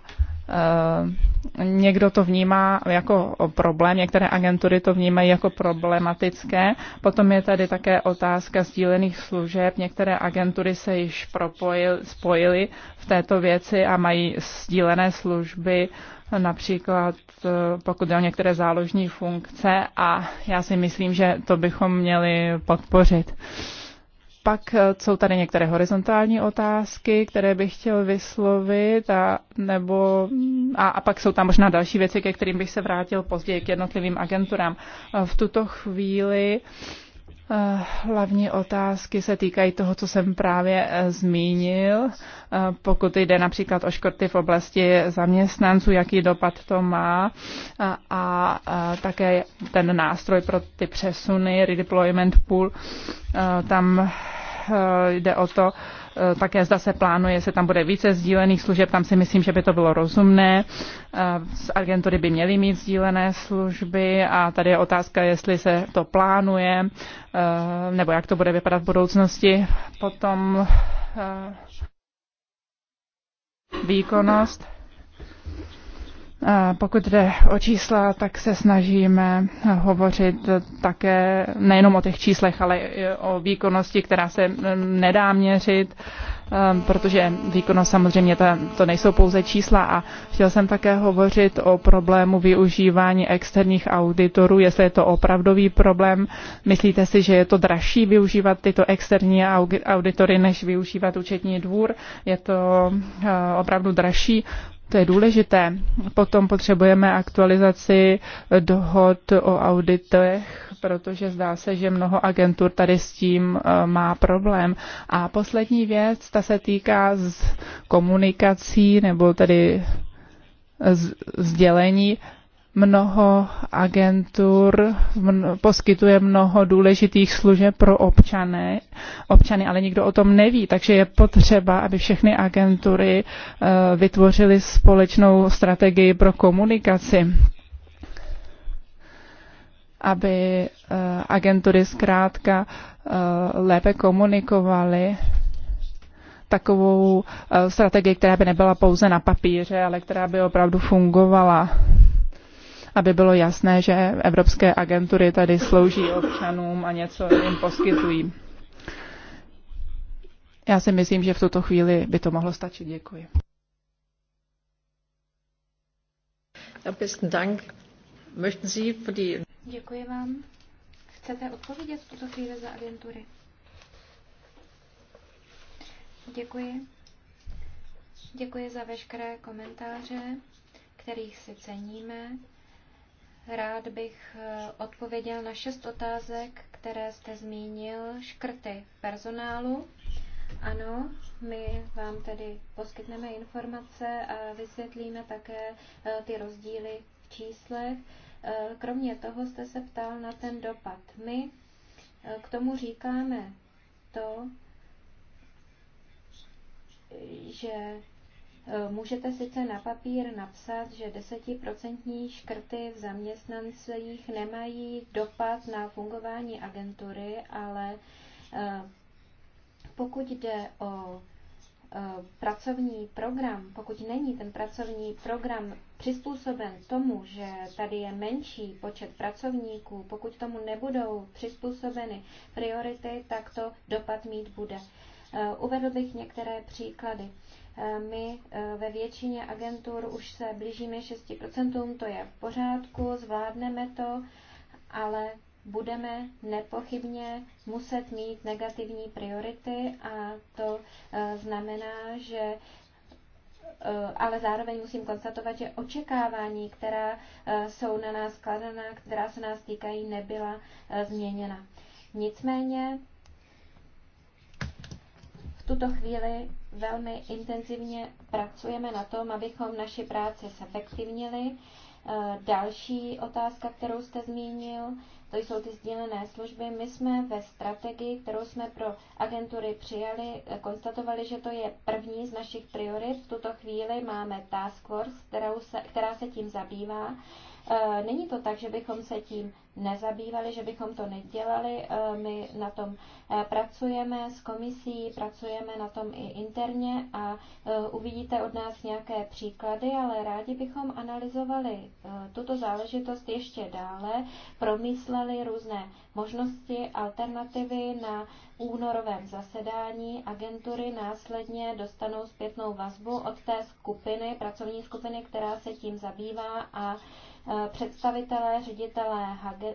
Eh, někdo to vnímá jako problém, některé agentury to vnímají jako problematické. Potom je tady také otázka sdílených služeb. Některé agentury se již propojili, spojily v této věci a mají sdílené služby, například eh, pokud jde o některé záložní funkce a já si myslím, že to bychom měli podpořit. Uh, pak eh, jsou tady některé horizontální otázky, které bych chtěl vyslovit a, nebo, a, a pak jsou tam možná další věci, ke kterým bych se vrátil později k jednotlivým agenturám. Eh, v tuto chvíli eh, Hlavní otázky se týkají toho, co jsem právě zmínil. Pokud jde například o škrty v oblasti zaměstnanců, jaký dopad to má a, a také ten nástroj pro ty přesuny, redeployment pool, tam Eh, jde o to, eh, také zda se plánuje, se tam bude více sdílených služeb, tam si myslím, že by to bylo rozumné. Eh, z agentury by měly mít sdílené služby a tady je otázka, jestli se to plánuje, nebo jak to bude vypadat v budoucnosti. Potom výkonnost pokud jde o čísla, tak se snažíme hovořit také nejenom o těch číslech, ale i o výkonnosti, která se nedá měřit, ehm, protože výkonnost samozřejmě to, to nejsou pouze čísla. A chtěl jsem také hovořit o problému využívání externích auditorů, jestli je to opravdový problém. Myslíte si, že je to dražší využívat tyto externí auditory, než využívat účetní dvůr? Je to eh, opravdu dražší? To je důležité. Potom potřebujeme aktualizaci dohod o auditech, protože zdá se, že mnoho agentur tady s tím eh, má problém. A poslední věc, ta se týká z komunikací nebo tedy sdělení mnoho agentur poskytuje mnoho důležitých služeb pro občany, občany, ale nikdo o tom neví, takže je potřeba, aby všechny agentury eh, vytvořily společnou strategii pro komunikaci aby eh, agentury zkrátka eh, lépe komunikovaly takovou strategii, která by nebyla pouze na papíře, ale která by opravdu fungovala aby bylo jasné, že evropské agentury tady slouží občanům a něco jim poskytují. Já si myslím, že v tuto chvíli by to mohlo stačit. Děkuji. Děkuji vám. Chcete odpovědět v tuto chvíli za agentury? Děkuji. Děkuji za veškeré komentáře, kterých si ceníme. Rád bych eh, odpověděl na šest otázek, které jste zmínil. Škrty personálu. Ano, my vám tedy poskytneme informace a vysvětlíme také eh, ty rozdíly v číslech. Eh, kromě toho jste se ptal na ten dopad. My k tomu říkáme to, že Eh, můžete sice na papír napsat, že desetiprocentní škrty v zaměstnancích nemají dopad na fungování agentury, ale eh, pokud jde o eh, pracovní program, pokud není ten pracovní program přizpůsoben tomu, že tady je menší počet pracovníků, pokud tomu nebudou přizpůsobeny priority, tak to dopad mít bude. Uvedl bych některé příklady. My eh, ve většině agentur už se blížíme 6%, to je v pořádku, zvládneme to, ale budeme nepochybně muset mít negativní priority a to eh, znamená, že eh, ale zároveň musím konstatovat, že očekávání, která jsou na nás kladená, která se nás týkají, nebyla změněna. Nicméně v tuto chvíli velmi intenzivně pracujeme na tom, abychom naši práci zefektivnili. Eh, další otázka, kterou jste zmínil, to jsou ty sdílené služby. My jsme ve strategii, kterou jsme pro agentury přijali, konstatovali, že to je první z našich priorit. V tuto chvíli máme task force, kterou se, která se tím zabývá. Eh, není to tak, že bychom se tím nezabývali, že bychom to nedělali. Eh, my na tom eh, pracujeme s komisí, pracujeme na tom i interně a eh, uvidíte od nás nějaké příklady, ale rádi bychom analyzovali tuto záležitost ještě dále, promysleli různé možnosti, alternativy na únorovém zasedání agentury následně dostanou zpětnou vazbu od té skupiny, pracovní skupiny, která se tím zabývá a Eh, představitelé, ředitelé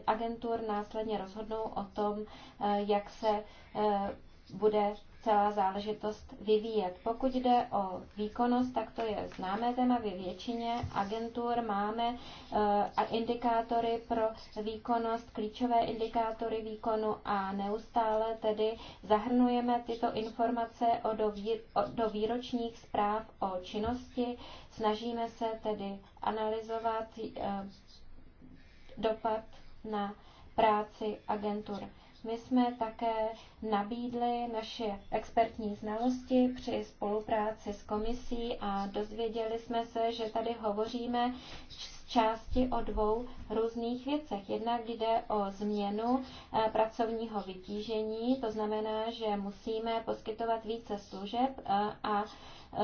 agentur následně rozhodnou o tom, eh, jak se eh, bude celá záležitost vyvíjet. Pokud jde o výkonnost, tak to je známé téma. Ve většině agentur máme eh, indikátory pro výkonnost, klíčové indikátory výkonu a neustále tedy zahrnujeme tyto informace o doví, o, do výročních zpráv o činnosti. Snažíme se tedy analyzovat eh, dopad na práci agentur. My jsme také nabídli naše expertní znalosti při spolupráci s komisí a dozvěděli jsme se, že tady hovoříme z části o dvou různých věcech. Jednak jde o změnu eh, pracovního vytížení, to znamená, že musíme poskytovat více služeb eh, a eh,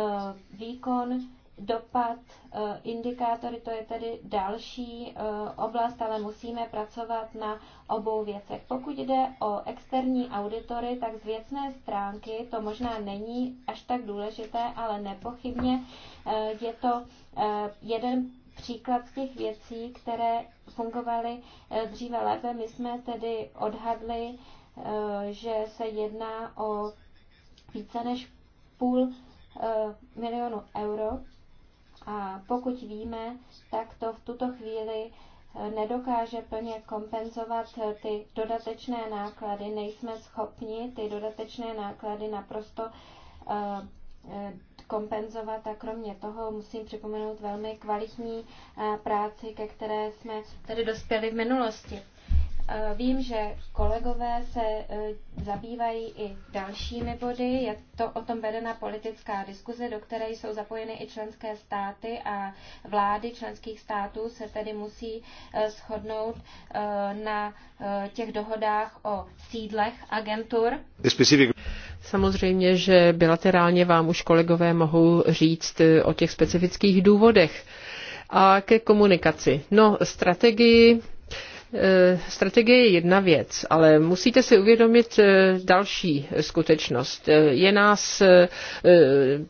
výkon dopad, eh, indikátory, to je tedy další eh, oblast, ale musíme pracovat na obou věcech. Pokud jde o externí auditory, tak z věcné stránky to možná není až tak důležité, ale nepochybně eh, je to jeden příklad z těch věcí, které fungovaly dříve lépe. My jsme tedy odhadli, že se jedná o více než půl milionu euro a pokud víme, tak to v tuto chvíli eh, nedokáže plně kompenzovat eh, ty dodatečné náklady. Nejsme schopni ty dodatečné náklady naprosto eh, kompenzovat a kromě toho musím připomenout velmi kvalitní práci, ke které jsme tady dospěli v minulosti. Eh, vím, že kolegové se eh, zabývají i dalšími body. Je to o tom vedena politická diskuze, do které jsou zapojeny i členské státy a vlády členských států se tedy musí eh, shodnout na těch dohodách o sídlech agentur. Samozřejmě, že bilaterálně vám už kolegové mohou říct o těch specifických důvodech. A ke komunikaci. No, strategii Eh, strategie je jedna věc, ale musíte si uvědomit eh, další skutečnost. Eh, je nás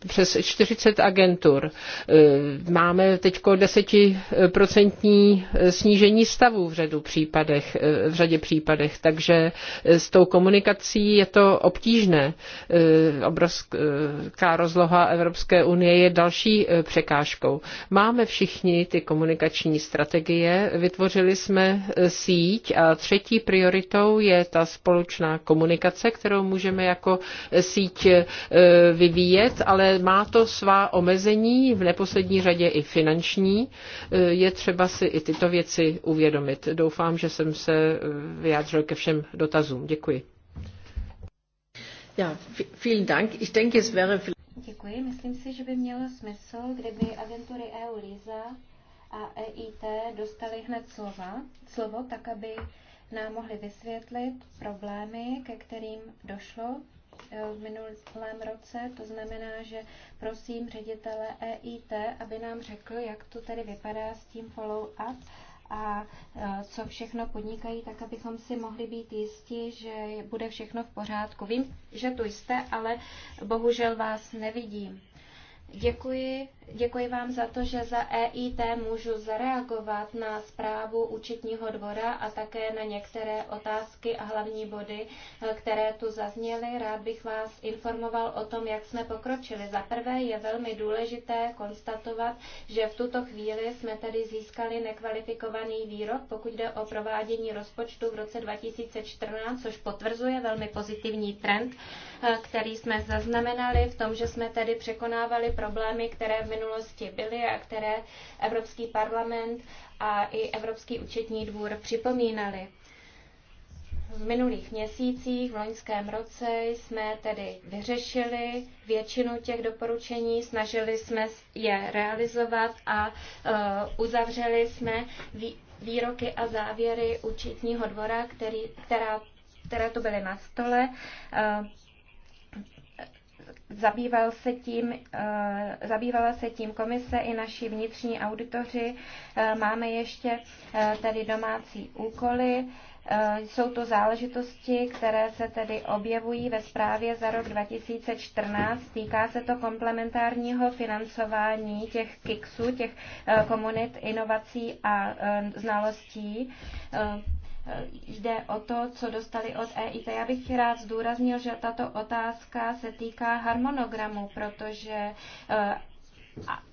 přes 40 agentur. Máme teď desetiprocentní snížení stavu v, řadu případech, v řadě případech, takže s tou komunikací je to obtížné. Obrovská rozloha Evropské unie je další překážkou. Máme všichni ty komunikační strategie, vytvořili jsme síť a třetí prioritou je ta společná komunikace, kterou můžeme jako síť e, vyvíjet, ale má to svá omezení, v neposlední řadě i finanční. E, je třeba si i tyto věci uvědomit. Doufám, že jsem se e, vyjádřil ke všem dotazům. Děkuji. Ja, vielen Dank. Ich denke, es wäre Děkuji. Myslím si, že by mělo smysl, kdyby agentury EU LISA a EIT dostali hned slova, slovo, tak aby nám mohli vysvětlit problémy, ke kterým došlo eh, v minulém roce. To znamená, že prosím ředitele EIT, aby nám řekl, jak to tady vypadá s tím follow-up a eh, co všechno podnikají, tak abychom si mohli být jistí, že bude všechno v pořádku. Vím, že tu jste, ale bohužel vás nevidím. Děkuji, děkuji vám za to, že za EIT můžu zareagovat na zprávu účetního dvora a také na některé otázky a hlavní body, eh, které tu zazněly. Rád bych vás informoval o tom, jak jsme pokročili. Za prvé je velmi důležité konstatovat, že v tuto chvíli jsme tedy získali nekvalifikovaný výrok, pokud jde o provádění rozpočtu v roce 2014, což potvrzuje velmi pozitivní trend, eh, který jsme zaznamenali v tom, že jsme tedy překonávali problémy, které v minulosti byly a které Evropský parlament a i Evropský účetní dvůr připomínali. V minulých měsících, v loňském roce, jsme tedy vyřešili většinu těch doporučení, snažili jsme je realizovat a e, uzavřeli jsme výroky a závěry účetního dvora, který, která, které tu byly na stole. E, Zabýval se tím, eh, zabývala se tím komise i naši vnitřní auditoři. Eh, máme ještě eh, tady domácí úkoly. Jsou to záležitosti, které se tedy objevují ve zprávě za rok 2014. Týká se to komplementárního financování těch kixů, těch komunit inovací a znalostí jde o to, co dostali od EIT. Já bych rád zdůraznil, že tato otázka se týká harmonogramu, protože eh,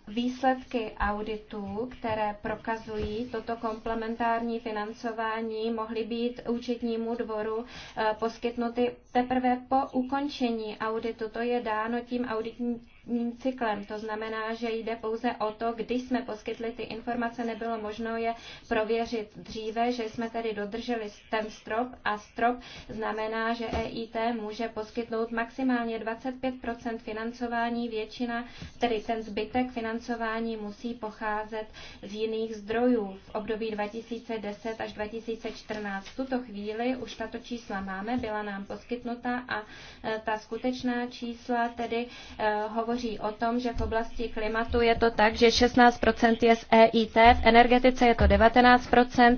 výsledky auditů, které prokazují toto komplementární financování, mohly být účetnímu dvoru eh, poskytnuty teprve po ukončení auditu. To je dáno tím auditním Mm, cyklem. To znamená, že jde pouze o to, když jsme poskytli ty informace, nebylo možno je prověřit dříve, že jsme tedy dodrželi ten strop a strop znamená, že EIT může poskytnout maximálně 25 financování, většina, tedy ten zbytek financování musí pocházet z jiných zdrojů v období 2010 až 2014. V tuto chvíli už tato čísla máme, byla nám poskytnuta a e, ta skutečná čísla tedy e, hovoří hovoří o tom, že v oblasti klimatu je to tak, že 16 je z EIT, v energetice je to 19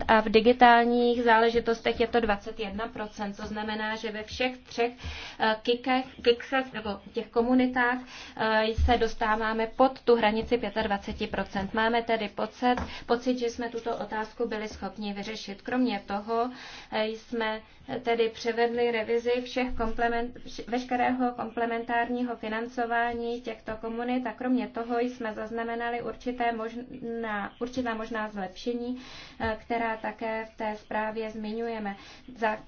a v digitálních záležitostech je to 21 To znamená, že ve všech třech eh, kikech, kiksech nebo těch komunitách eh, se dostáváme pod tu hranici 25 Máme tedy pocit, pocit, že jsme tuto otázku byli schopni vyřešit. Kromě toho eh, jsme tedy převedli revizi všech komplement, veškerého komplementárního financování těchto komunit a kromě toho jsme zaznamenali určité možná, určitá možná zlepšení, eh, která také v té zprávě zmiňujeme.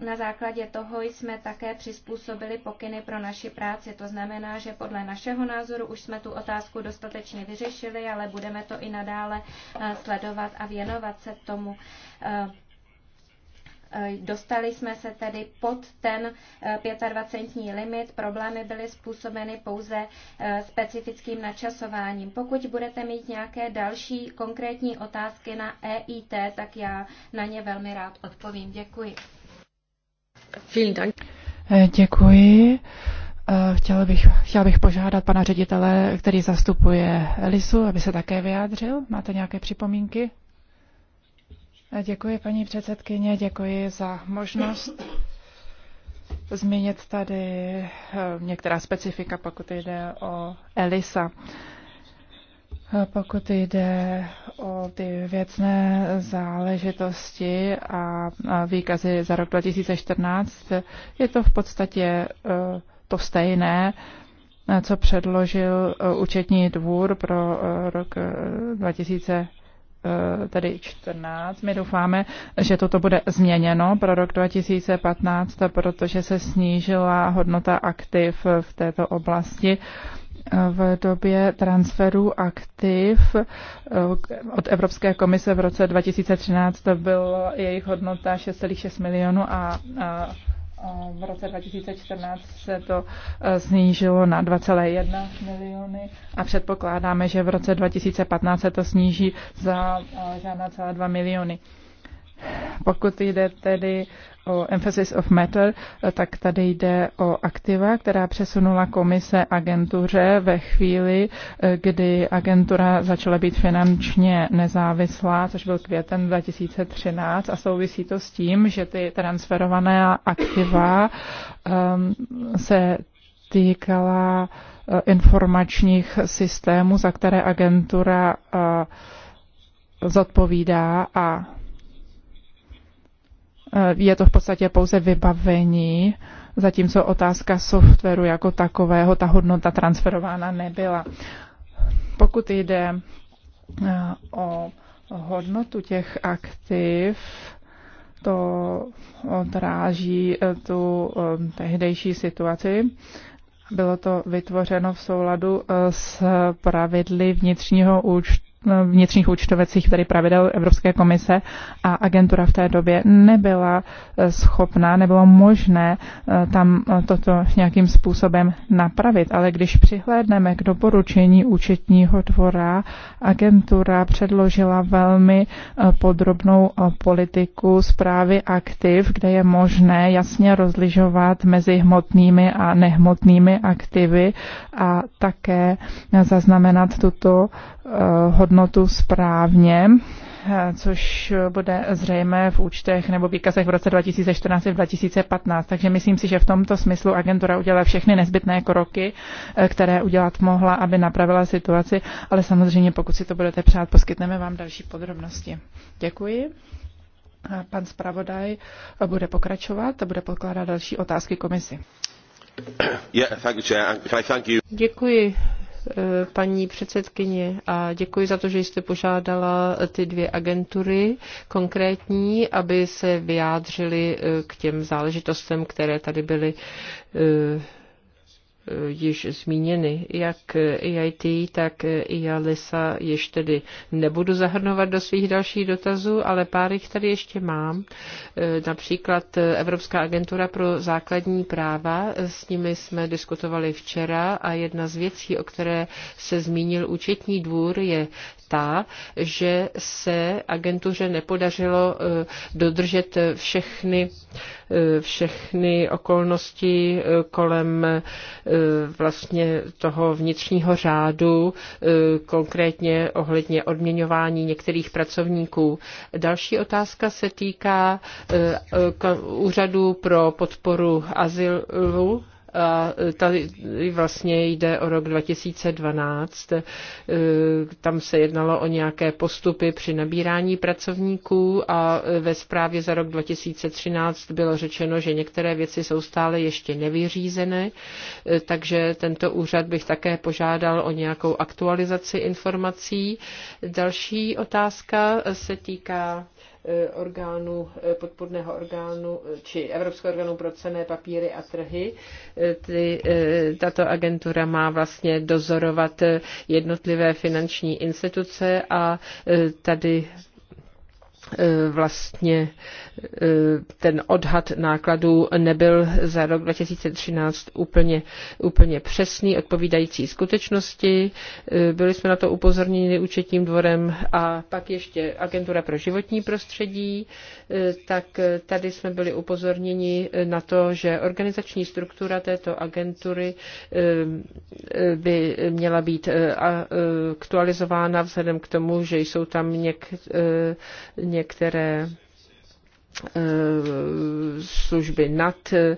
Na základě toho jsme také přizpůsobili pokyny pro naši práci. To znamená, že podle našeho názoru už jsme tu otázku dostatečně vyřešili, ale budeme to i nadále eh, sledovat a věnovat se tomu. Eh, Eh, dostali jsme se tedy pod ten 25 eh, limit. Problémy byly způsobeny pouze eh, specifickým načasováním. Pokud budete mít nějaké další konkrétní otázky na EIT, tak já na ně velmi rád odpovím. Děkuji. Děkuji. Chtěla bych, chtěla bych požádat pana ředitele, který zastupuje Lisu, aby se také vyjádřil. Máte nějaké připomínky? Děkuji, paní předsedkyně, děkuji za možnost zmínit tady eh, některá specifika, pokud jde o Elisa. Eh, pokud jde o ty věcné záležitosti a výkazy za rok 2014, je to v podstatě eh, to stejné, co předložil účetní dvůr pro rok 2014. Eh, tedy 14. My doufáme, že toto bude změněno pro rok 2015, protože se snížila hodnota aktiv v této oblasti v době transferu aktiv eh, od Evropské komise v roce 2013 byla jejich hodnota 6,6 milionů a v roce 2014 se to eh, snížilo na 2,1 miliony a předpokládáme, že v roce 2015 se to sníží za 1,2 eh, miliony. Pokud jde tedy o Emphasis of Matter, tak tady jde o aktiva, která přesunula komise agentuře ve chvíli, kdy agentura začala být finančně nezávislá, což byl květen 2013 a souvisí to s tím, že ty transferované aktiva um, se týkala eh, informačních systémů, za které agentura eh, zodpovídá a Eh, je to v podstatě pouze vybavení, zatímco otázka softwaru jako takového, ta hodnota transferována nebyla. Pokud jde eh, o hodnotu těch aktiv, to odráží eh, tu tehdejší situaci. Bylo to vytvořeno v souladu s pravidly vnitřního účtu vnitřních účtovacích tedy pravidel Evropské komise a agentura v té době nebyla eh, schopná, nebylo možné eh, tam eh, toto nějakým způsobem napravit. Ale když přihlédneme k doporučení účetního dvora, agentura předložila velmi podrobnou politiku zprávy aktiv, kde je možné jasně rozlišovat mezi hmotnými a nehmotnými aktivy a také zaznamenat tuto hodnotu hodnotu správně, eh, což bude zřejmé v účtech nebo výkazech v roce 2014 a 2015. Takže myslím si, že v tomto smyslu agentura udělala všechny nezbytné kroky, eh, které udělat mohla, aby napravila situaci, ale samozřejmě pokud si to budete přát, poskytneme vám další podrobnosti. Děkuji. Pan zpravodaj bude pokračovat a bude pokládat další otázky komisi. Děkuji Eh, paní předsedkyně, a děkuji za to, že jste požádala ty dvě agentury konkrétní, aby se vyjádřili eh, k těm záležitostem, které tady byly eh, již zmíněny, jak EIT, tak i e IALISA již tedy nebudu zahrnovat do svých dalších dotazů, ale pár jich tady ještě mám. E, například Evropská agentura pro základní práva, s nimi jsme diskutovali včera a jedna z věcí, o které se zmínil účetní dvůr, je ta, že se agentuře nepodařilo eh, dodržet všechny, eh, všechny okolnosti eh, kolem vlastně toho vnitřního řádu, konkrétně ohledně odměňování některých pracovníků. Další otázka se týká úřadu pro podporu azylu a e, tady vlastně jde o rok 2012. E, tam se jednalo o nějaké postupy při nabírání pracovníků a e, ve zprávě za rok 2013 bylo řečeno, že některé věci jsou stále ještě nevyřízené, takže tento úřad bych také požádal o nějakou aktualizaci informací. Další otázka se týká E, orgánu, e, podpůrného orgánu e, či Evropského orgánu pro cené papíry a trhy. Ty, tato agentura má vlastně dozorovat jednotlivé finanční instituce a tady E, vlastně e, ten odhad nákladů nebyl za rok 2013 úplně, úplně přesný, odpovídající skutečnosti. E, byli jsme na to upozorněni účetním dvorem a pak ještě Agentura pro životní prostředí, tak tady jsme byli upozorněni na to, že organizační struktura této agentury by měla být aktualizována vzhledem k tomu, že jsou tam něk, něk některé eh, služby nad eh,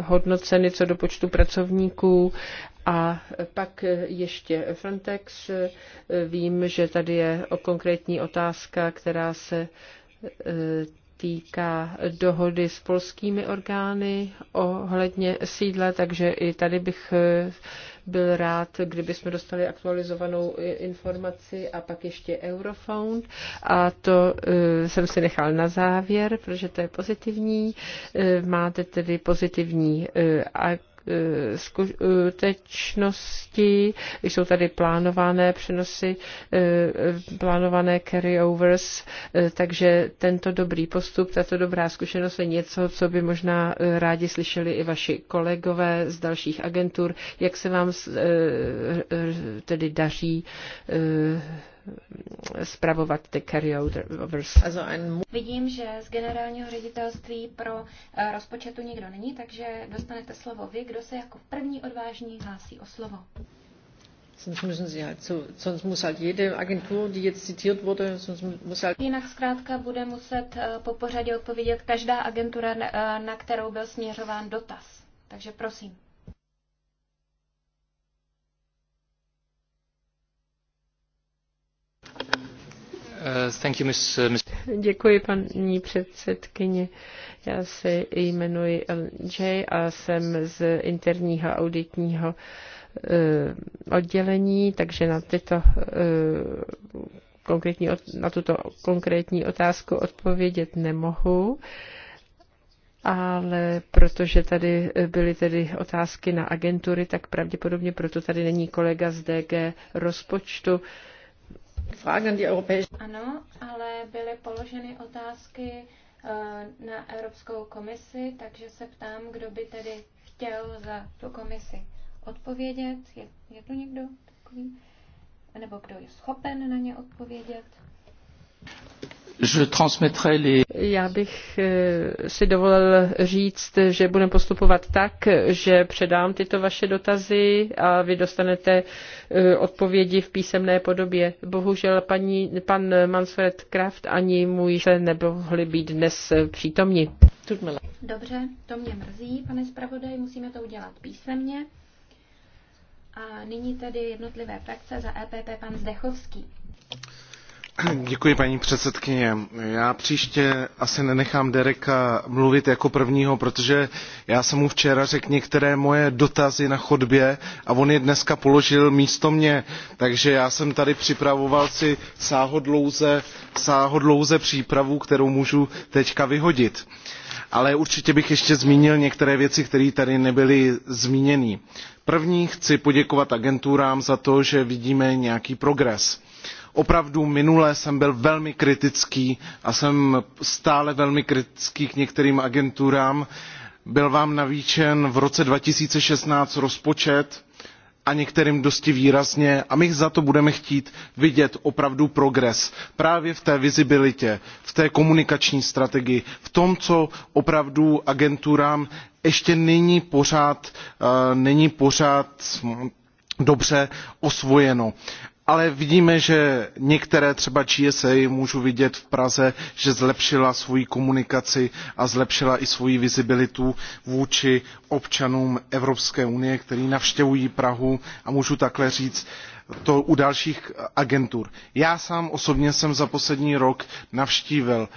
hodnoceny co do počtu pracovníků a pak ještě Frontex. Vím, že tady je o konkrétní otázka, která se eh, týká dohody s polskými orgány ohledně sídla, takže i tady bych eh, byl rád, kdybychom dostali aktualizovanou eh, informaci a pak ještě Eurofound. A to eh, jsem si nechal na závěr, protože to je pozitivní. Máte tedy pozitivní Eh, skutečnosti. Jsou tady plánované přenosy, eh, plánované carryovers, eh, takže tento dobrý postup, tato dobrá zkušenost je něco, co by možná rádi slyšeli i vaši kolegové z dalších agentur. Jak se vám tedy daří spravovat ty carryovers. Vidím, že z generálního ředitelství pro eh, rozpočetu nikdo není, takže dostanete slovo vy, kdo se jako první odvážní hlásí o slovo. Sonst müssen sie halt so, sonst muss halt jede Agentur, die jetzt zitiert wurde, sonst muss halt Jinak zkrátka bude muset eh, po pořadě odpovědět každá agentura, eh, na kterou byl směřován dotaz. Takže prosím. Eh, eh, Děkuji, paní předsedkyně. Já se jmenuji LJ a jsem z interního auditního eh, oddělení, takže na tyto konkrétní, na tuto konkrétní otázku odpovědět nemohu ale protože tady byly tedy otázky na agentury, tak pravděpodobně proto tady není kolega z DG rozpočtu. Ano, ale byly položeny otázky eh, na Evropskou komisi, takže se ptám, kdo by tedy chtěl za tu komisi odpovědět. Je, je tu někdo takový? Nebo kdo je schopen na ně odpovědět? Já bych eh, si dovolil říct, že budeme postupovat tak, že předám tyto vaše dotazy a vy dostanete eh, odpovědi v písemné podobě. Bohužel paní, pan Mansfred Kraft ani můj se nebohli být dnes eh, přítomni. Dobře, to mě mrzí, pane zpravodaj, musíme to udělat písemně. A nyní tedy jednotlivé frakce za EPP pan Zdechovský paní předsedkyně. Já příště asi nenechám Dereka mluvit jako prvního, protože já jsem mu včera řekl některé moje dotazy na chodbě a on je dneska položil místo mě. Takže já jsem tady připravoval si sáhodlouze, přípravu, kterou můžu teď vyhodit. Ale určitě bych ještě zmínil některé věci, které tady nebyly zmíněny. První chci poděkovat agenturám za to, že vidíme nějaký progres opravdu minule jsem byl velmi kritický a jsem stále velmi kritický k některým agenturám. byl vám navýšen v roce two thousand and sixteen rozpočet a některým dosti výrazně a my za to budeme chtít vidět opravdu progres právě v té vizibilitě v té komunikační strategii v tom co opravdu agenturám ještě není pořád, eh, pořád dobře osvojeno ale vidíme že některé třeba gsa můžu vidět v praze že zlepšila svoji komunikaci a zlepšila i svoji vizibilitu vůči občanům evropské unie kteří navštěvují prahu a můžu takhle říct to u dalších agentur. já sám osobně jsem za poslední rok navštívil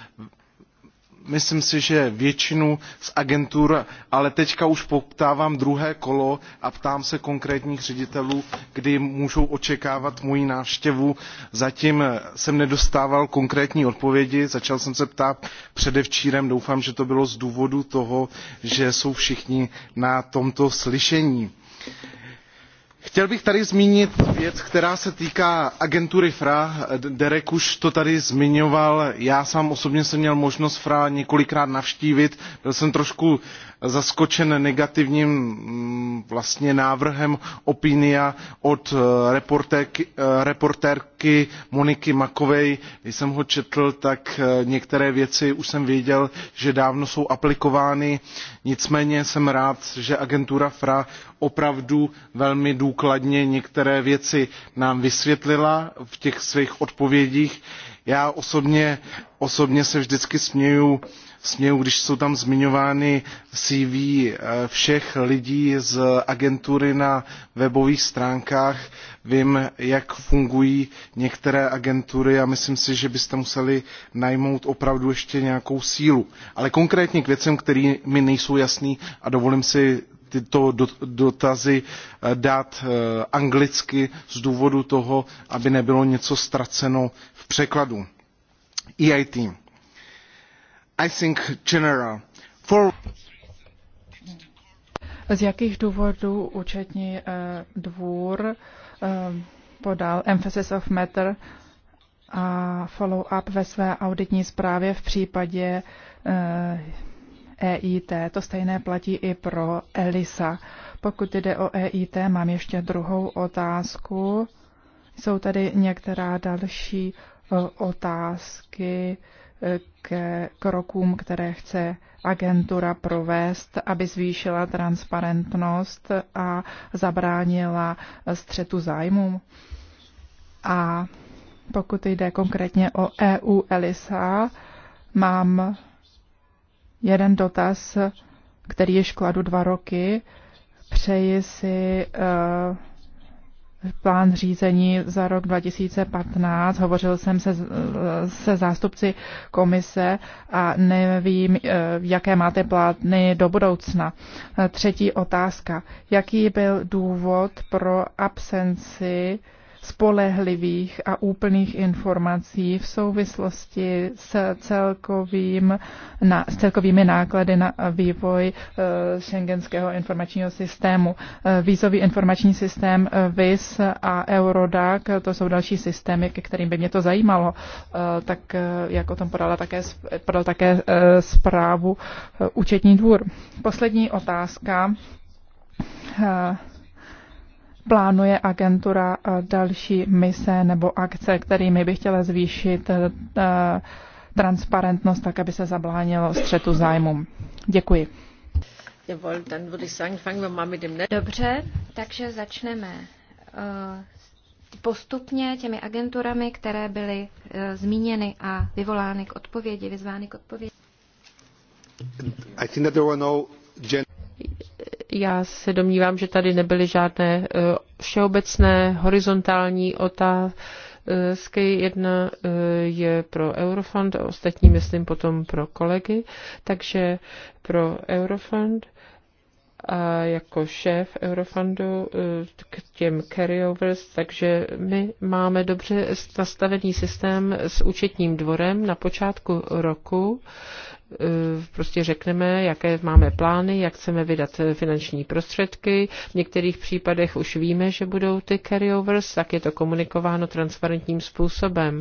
myslím si že většinu z agentur ale teď už poptávám druhé kolo a ptám se konkrétních ředitelů kdy můžou očekávat moji návštěvu. zatím jsem nedostával konkrétní odpovědi začal jsem se ptát předevčírem doufám že to bylo z důvodu toho že jsou všichni na tomto slyšení chtěl bych tady zmínit věc která se týká agentury fra derek už to tady zmiňoval já sám osobně jsem měl možnost fra několikrát navštívit byl jsem trošku zaskočen negativním mm, vlastně návrhem opinia od eh, eh, reportérky knížky Moniky Makovej, když jsem ho četl, tak eh, některé věci už jsem věděl, že dávno jsou aplikovány. Nicméně jsem rád, že agentura FRA opravdu velmi důkladně některé věci nám vysvětlila v těch svých odpovědích. Já osobně, osobně se vždycky směju směju, když jsou tam zmiňovány CV eh, všech lidí z agentury na webových stránkách. Vím, jak fungují některé agentury a myslím si, že byste museli najmout opravdu ještě nějakou sílu. Ale konkrétně k věcem, které mi nejsou jasný a dovolím si tyto dotazy eh, dát eh, anglicky z důvodu toho, aby nebylo něco ztraceno v překladu. EIT. I think general. For... Z jakých důvodů účetní eh, dvůr eh, podal emphasis of matter a follow-up ve své auditní zprávě v případě EIT. Eh, e to stejné platí i pro ELISA. Pokud jde o EIT, mám ještě druhou otázku. Jsou tady některá další otázky k krokům, které chce agentura provést, aby zvýšila transparentnost a zabránila střetu zájmů. A pokud jde konkrétně o EU ELISA, mám jeden dotaz, který již kladu dva roky. Přeji si uh, plán řízení za rok 2015. Hovořil jsem se, se zástupci komise a nevím, eh, jaké máte plány do budoucna. Eh, třetí otázka. Jaký byl důvod pro absenci spolehlivých a úplných informací v souvislosti s, celkovým, na, s celkovými náklady na vývoj šengenského eh, informačního systému. Eh, vízový informační systém eh, VIS a Eurodac, to jsou další systémy, ke kterým by mě to zajímalo, tak jak o tom podala také, podal také zprávu účetní dvůr. Poslední otázka plánuje agentura eh, další mise nebo akce, kterými by chtěla zvýšit eh, transparentnost, tak aby se zablánilo střetu zájmům. Děkuji. Dobře, takže začneme eh, postupně těmi agenturami, které byly zmíněny a vyvolány k odpovědi, vyzvány k odpovědi. I think that there were no já se domnívám, že tady nebyly žádné eh, všeobecné horizontální otázky. Jedna eh, je pro Eurofond, a ostatní myslím potom pro kolegy. Takže pro Eurofond a jako šéf Eurofondu eh, k těm carryovers, takže my máme dobře nastavený systém s účetním dvorem na počátku roku Eh, prostě řekneme, jaké máme plány, jak chceme vydat eh, finanční prostředky. V některých případech už víme, že budou ty carryovers, tak je to komunikováno transparentním způsobem.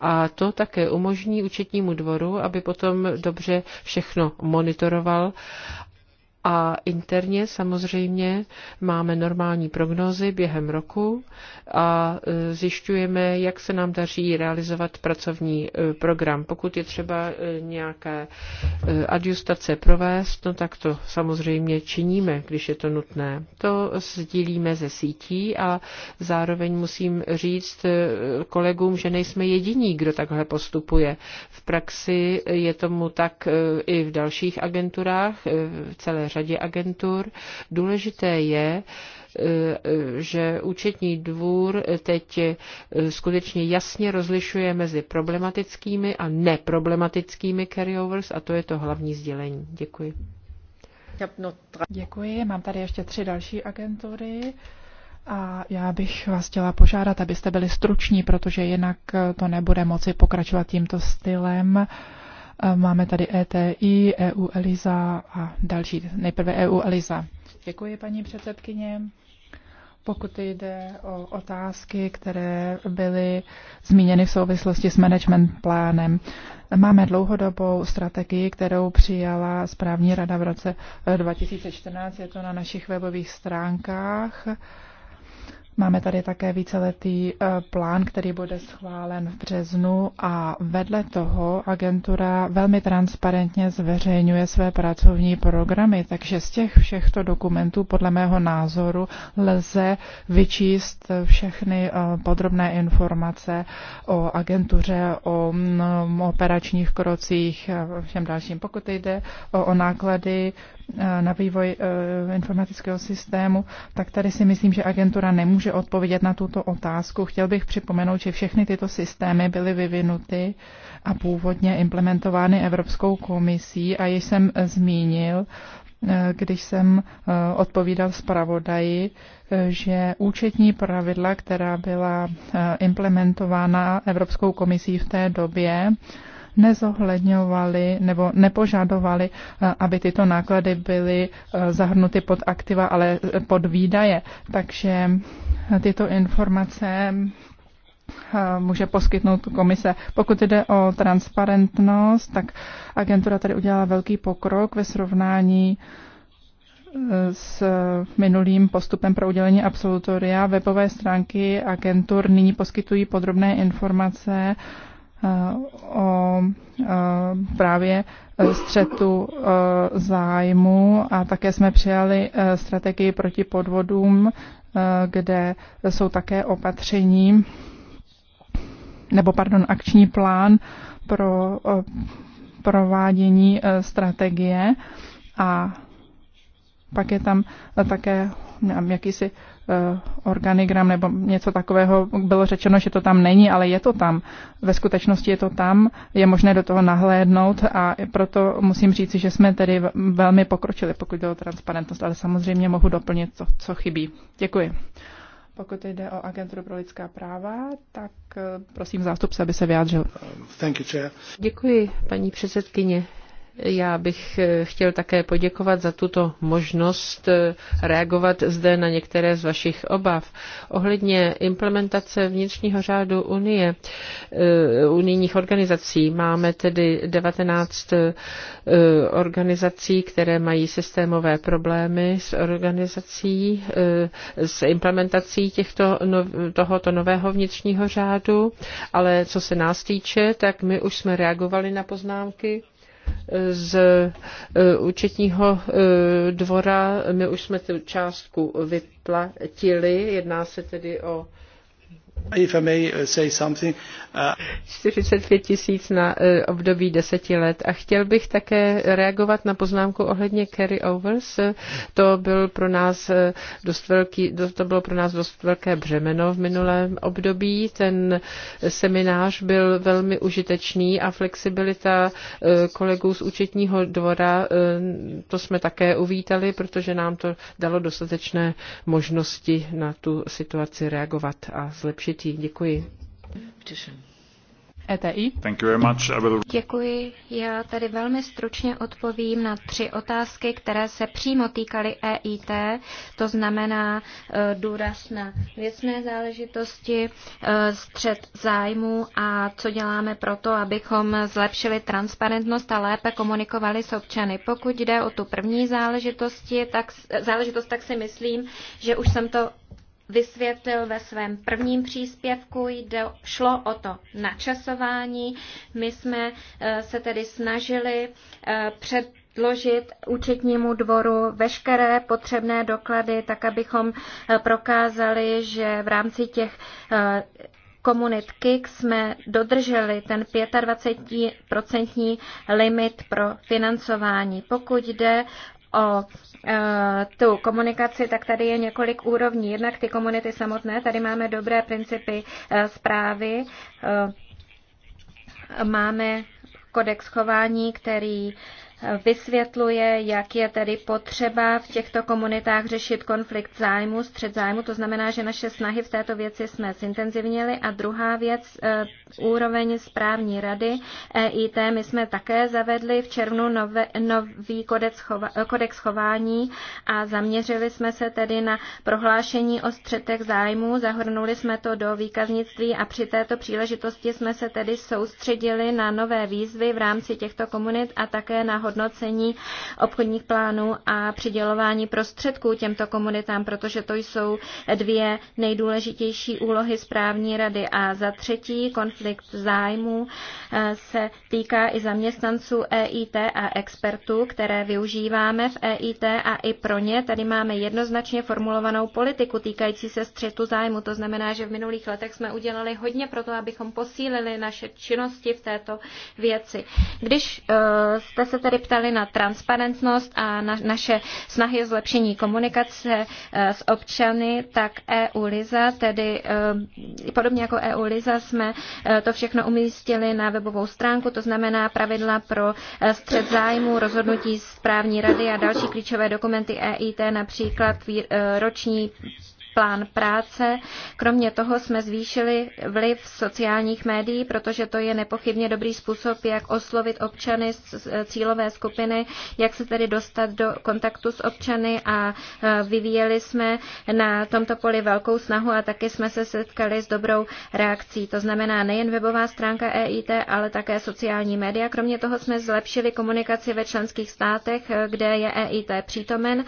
A to také umožní účetnímu dvoru, aby potom dobře všechno monitoroval a interně samozřejmě máme normální prognózy během roku a e, zjišťujeme, jak se nám daří realizovat pracovní e, program. Pokud je třeba e, nějaké adjustace provést, no tak to samozřejmě činíme, když je to nutné. To sdílíme ze sítí a zároveň musím říct kolegům, že nejsme jediní, kdo takhle postupuje. V praxi je tomu tak i v dalších agenturách, v celé řadě řadě agentur. Důležité je, eh, že účetní dvůr teď eh, skutečně jasně rozlišuje mezi problematickými a neproblematickými carryovers a to je to hlavní sdělení. Děkuji. Děkuji. Mám tady ještě tři další agentury. A já bych vás chtěla požádat, abyste byli struční, protože jinak to nebude moci pokračovat tímto stylem. Máme tady ETI, EU Eliza a další. Nejprve EU Eliza. Děkuji, paní předsedkyně. Pokud jde o otázky, které byly zmíněny v souvislosti s management plánem, máme dlouhodobou strategii, kterou přijala správní rada v roce 2014. Je to na našich webových stránkách. Máme tady také víceletý eh, plán, který bude schválen v březnu a vedle toho agentura velmi transparentně zveřejňuje své pracovní programy, takže z těch všechto dokumentů podle mého názoru lze vyčíst všechny eh, podrobné informace o agentuře, o mm, operačních krocích a všem dalším. Pokud jde o, o náklady, Eh, na vývoj eh, informatického systému, tak tady si myslím, že agentura nemůže odpovědět na tuto otázku. Chtěl bych připomenout, že všechny tyto systémy byly vyvinuty a původně implementovány Evropskou komisí a již jsem zmínil, eh, když jsem odpovídal zpravodaji, že účetní pravidla, která byla implementována Evropskou komisí v té době, nezohledňovali nebo nepožadovali, eh, aby tyto náklady byly eh, zahrnuty pod aktiva, ale eh, pod výdaje. Takže tyto informace může poskytnout komise. Pokud jde o transparentnost, tak agentura tady udělala velký pokrok ve srovnání s minulým postupem pro udělení absolutoria. Webové stránky agentur nyní poskytují podrobné informace o právě střetu zájmu a také jsme přijali e, strategii proti podvodům, e, kde jsou také opatření, nebo pardon, akční plán pro provádění e, strategie a pak je tam také jakýsi Eh, organigram nebo něco takového. Bylo řečeno, že to tam není, ale je to tam. Ve skutečnosti je to tam, je možné do toho nahlédnout a proto musím říci, že jsme tedy velmi pokročili, pokud jde o transparentnost, ale samozřejmě mohu doplnit to, co chybí. Děkuji. Pokud jde o agenturu pro lidská práva, tak eh, prosím zástupce, aby se vyjádřil. Děkuji, paní předsedkyně. Já bych eh, chtěl také poděkovat za tuto možnost eh, reagovat zde na některé z vašich obav. Ohledně implementace vnitřního řádu Unie, eh, unijních organizací, máme tedy 19 organizací, které mají systémové problémy s organizací, s implementací těchto, tohoto nového vnitřního řádu, ale co se nás týče, tak my už jsme reagovali na poznámky z e, účetního e, dvora. My už jsme tu částku vyplatili, jedná se tedy o 45 uh, uh, tisíc na uh, období deseti let. A chtěl bych také reagovat na poznámku ohledně overs. To, byl pro nás dost velký, to bylo pro nás dost velké břemeno v minulém období. Ten seminář byl velmi užitečný a flexibilita kolegů z účetního dvora, to jsme také uvítali, protože nám to dalo dostatečné možnosti na tu situaci reagovat a zlepšit důležitý. Děkuji. ETI. Thank you very much. Will... Děkuji. Já tady velmi stručně odpovím na tři otázky, které se přímo týkaly EIT, to znamená e, důraz na věcné záležitosti, e, střed zájmu a co děláme pro to, abychom zlepšili transparentnost a lépe komunikovali s občany. Pokud jde o tu první záležitosti, tak, záležitost, tak si myslím, že už jsem to vysvětlil ve svém prvním příspěvku. Jde, šlo o to načasování. My jsme eh, se tedy snažili před eh, předložit účetnímu dvoru veškeré potřebné doklady, tak abychom eh, prokázali, že v rámci těch komunit KIK jsme dodrželi ten 25% limit pro financování. Pokud jde o e, tu komunikaci, tak tady je několik úrovní. Jednak ty komunity samotné, tady máme dobré principy e, zprávy, e, máme kodex chování, který vysvětluje, jak je tedy potřeba v těchto komunitách řešit konflikt zájmu, střed zájmu. To znamená, že naše snahy v této věci jsme zintenzivnili. A druhá věc, eh, úroveň správní rady EIT, my jsme také zavedli v červnu nové, nový kodex, chova, eh, kodex chování a zaměřili jsme se tedy na prohlášení o střetech zájmu. Zahrnuli jsme to do výkaznictví a při této příležitosti jsme se tedy soustředili na nové výzvy v rámci těchto komunit a také na hodnocení obchodních plánů a přidělování prostředků těmto komunitám, protože to jsou dvě nejdůležitější úlohy správní rady. A za třetí, konflikt zájmů eh, se týká i zaměstnanců EIT a expertů, které využíváme v EIT a i pro ně. Tady máme jednoznačně formulovanou politiku týkající se střetu zájmu. To znamená, že v minulých letech jsme udělali hodně pro to, abychom posílili naše činnosti v této věci. Když eh, jste se tedy kolegy ptali na transparentnost a na naše snahy o zlepšení komunikace eh, s občany, tak EU Liza, tedy eh, podobně jako EU Liza, jsme eh, to všechno umístili na webovou stránku, to znamená pravidla pro střed zájmu, rozhodnutí správní rady a další klíčové dokumenty EIT, například roční plán práce. Kromě toho jsme zvýšili vliv sociálních médií, protože to je nepochybně dobrý způsob, jak oslovit občany z e, cílové skupiny, jak se tedy dostat do kontaktu s občany a e, vyvíjeli jsme na tomto poli velkou snahu a taky jsme se setkali s dobrou reakcí. To znamená nejen webová stránka EIT, ale také sociální média. Kromě toho jsme zlepšili komunikaci ve členských státech, e, kde je EIT přítomen,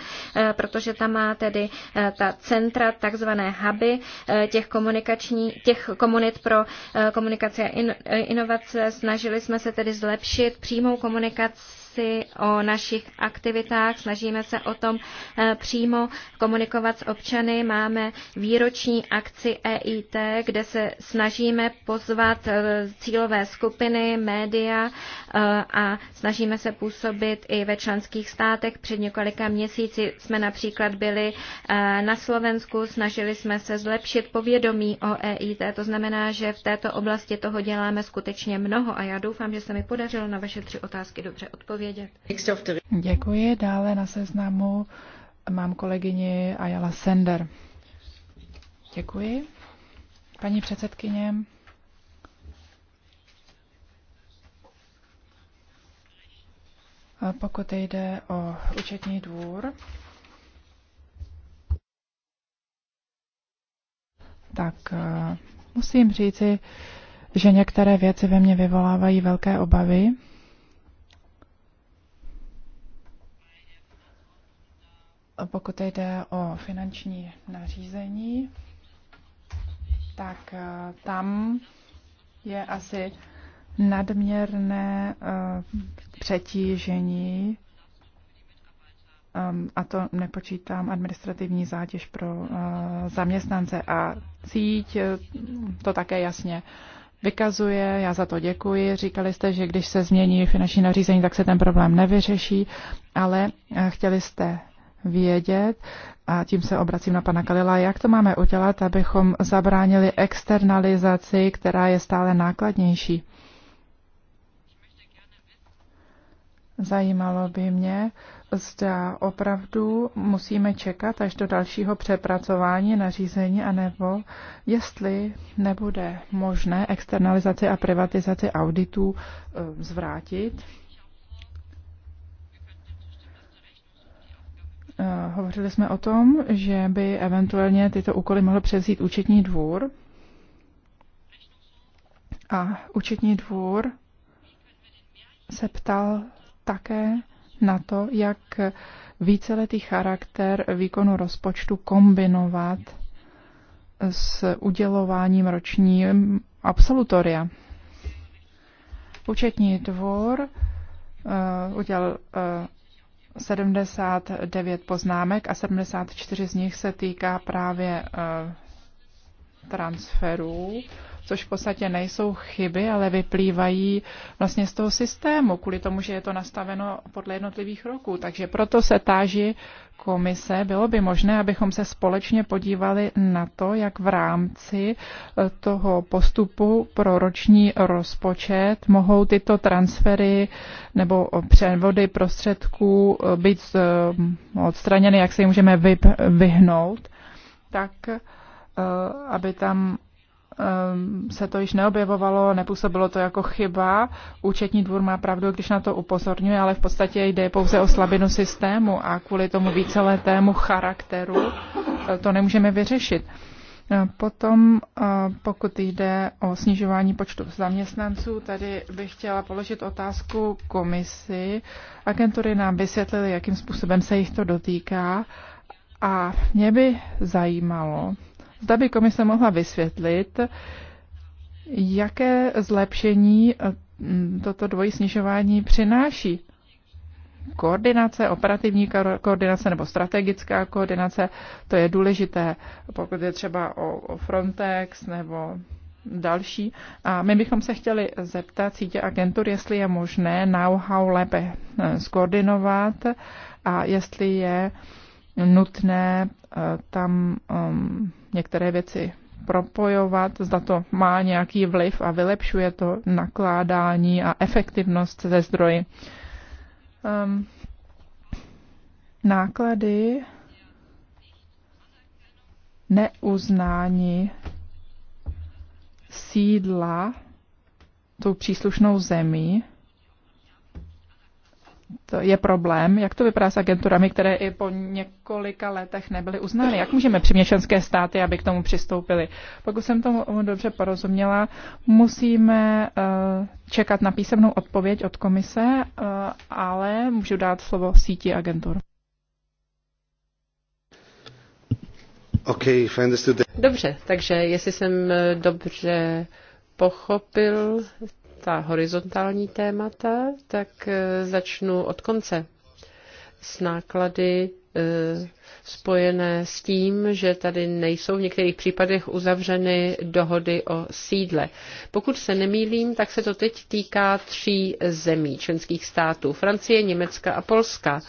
protože tam má tedy ta centra takzvané huby eh, těch, komunikační, těch komunit pro eh, komunikaci a eh, inovace. Snažili jsme se tedy zlepšit přímou komunikaci si o našich aktivitách, snažíme se o tom eh, přímo komunikovat s občany. Máme výroční akci EIT, kde se snažíme pozvat eh, cílové skupiny, média eh, a snažíme se působit i ve členských státech. Před několika měsíci jsme například byli na Slovensku, snažili jsme se zlepšit povědomí o EIT. To znamená, že v této oblasti toho děláme skutečně mnoho a já doufám, že se mi podařilo na vaše tři otázky dobře odpovědět odpovědět. Děkuji. Dále na seznamu mám kolegyni Ayala Sender. Děkuji. Paní předsedkyně. Pokud jde o účetní dvůr, tak eh, musím říci, že některé věci ve mně vyvolávají velké obavy. pokud jde o finanční nařízení, tak eh, tam je asi nadměrné eh, přetížení ehm, a to nepočítám administrativní zátěž pro eh, zaměstnance a cíť to také jasně vykazuje, já za to děkuji. Říkali jste, že když se změní finanční nařízení, tak se ten problém nevyřeší, ale chtěli jste vědět, a tím se obracím na pana Kalila, jak to máme udělat, abychom zabránili externalizaci, která je stále nákladnější. Zajímalo by mě, zda opravdu musíme čekat až do dalšího přepracování nařízení, anebo jestli nebude možné externalizaci a privatizaci auditů eh, zvrátit Eh, hovořili jsme o tom, že by eventuálně tyto úkoly mohl převzít účetní dvůr. A účetní dvůr se ptal také na to, jak víceletý charakter výkonu rozpočtu kombinovat s udělováním ročním absolutoria. Účetní dvor uh, eh, udělal uh, 79 poznámek a 74 z nich se týká právě eh, transferů, což v podstatě nejsou chyby, ale vyplývají vlastně z toho systému, kvůli tomu, že je to nastaveno podle jednotlivých roků. Takže proto se táži, komise, bylo by možné, abychom se společně podívali na to, jak v rámci eh, toho postupu pro roční rozpočet mohou tyto transfery nebo převody prostředků eh, být eh, odstraněny, jak se jim můžeme vyhnout, tak aby tam Ehm, se to již neobjevovalo, nepůsobilo to jako chyba. Účetní dvůr má pravdu, když na to upozorňuje, ale v podstatě jde pouze o slabinu systému a kvůli tomu víceletému charakteru eh, to nemůžeme vyřešit. Eh, potom, eh, pokud jde o snižování počtu zaměstnanců, tady bych chtěla položit otázku komisi. Agentury nám vysvětlily, jakým způsobem se jich to dotýká. A mě by zajímalo, Zda by komise mohla vysvětlit, jaké zlepšení eh, toto dvojí snižování přináší. Koordinace, operativní koordinace nebo strategická koordinace, to je důležité, pokud je třeba o, Frontex nebo další. A my bychom se chtěli zeptat sítě agentur, jestli je možné know-how lépe eh, skoordinovat a jestli je nutné eh, tam ehm, některé věci propojovat, zda to má nějaký vliv a vylepšuje to nakládání a efektivnost ze zdroji. Ehm, náklady neuznání sídla tou příslušnou zemí to je problém. Jak to vypadá s agenturami, které i po několika letech nebyly uznány? Jak můžeme přiměšenské státy, aby k tomu přistoupili? Pokud jsem tomu dobře porozuměla, musíme eh, čekat na písemnou odpověď od komise, eh, ale můžu dát slovo síti agentur. Okay, Dobře, takže jestli jsem eh, dobře pochopil, ta horizontální témata, tak e, začnu od konce. S náklady e, spojené s tím, že tady nejsou v některých případech uzavřeny dohody o sídle. Pokud se nemýlím, tak se to teď týká tří zemí členských států. Francie, Německa a Polska.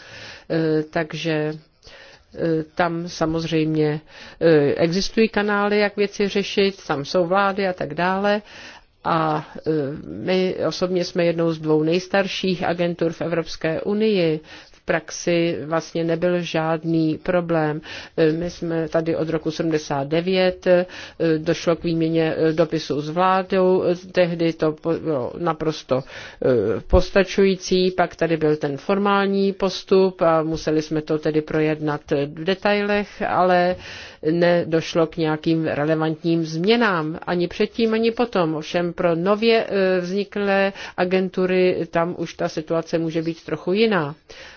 E, takže tam samozřejmě existují kanály, jak věci řešit, tam jsou vlády a tak dále, a e, my osobně jsme jednou z dvou nejstarších agentur v Evropské unii V praxi vlastně nebyl žádný problém. E, my jsme tady od roku 79, e, došlo k výměně dopisů s vládou, tehdy to bylo naprosto postačující, pak tady byl ten formální postup a museli jsme to tedy projednat v detailech, ale nedošlo k nějakým relevantním změnám ani předtím, ani potom. Ovšem pro nově e, vzniklé agentury tam už ta situace může být trochu jiná.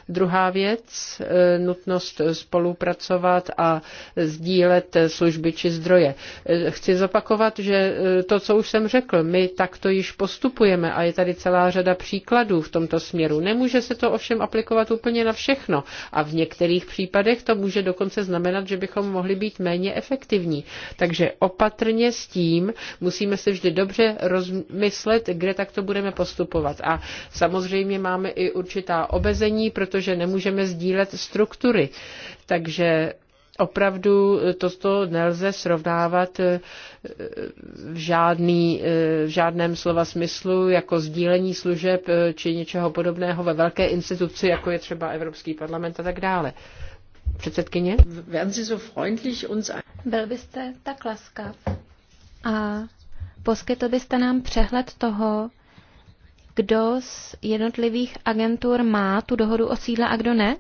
Druhá věc, e, nutnost spolupracovat a sdílet služby či zdroje. E, chci zopakovat, že to, co už jsem řekl, my takto již postupujeme a je tady celá řada příkladů v tomto směru. Nemůže se to ovšem aplikovat úplně na všechno a v některých případech to může dokonce znamenat, že bychom mohli být být méně efektivní. Takže opatrně s tím musíme si vždy dobře rozmyslet, kde takto budeme postupovat. A samozřejmě máme i určitá obezení, protože nemůžeme sdílet struktury. Takže opravdu toto nelze srovnávat eh, v, žádný, eh, v žádném slova smyslu jako sdílení služeb eh, či něčeho podobného ve velké instituci, jako je třeba Evropský parlament a tak dále. Předsedkyně? Byl byste tak laskav a poskytl byste nám přehled toho, kdo z jednotlivých agentur má tu dohodu o sídle a kdo ne?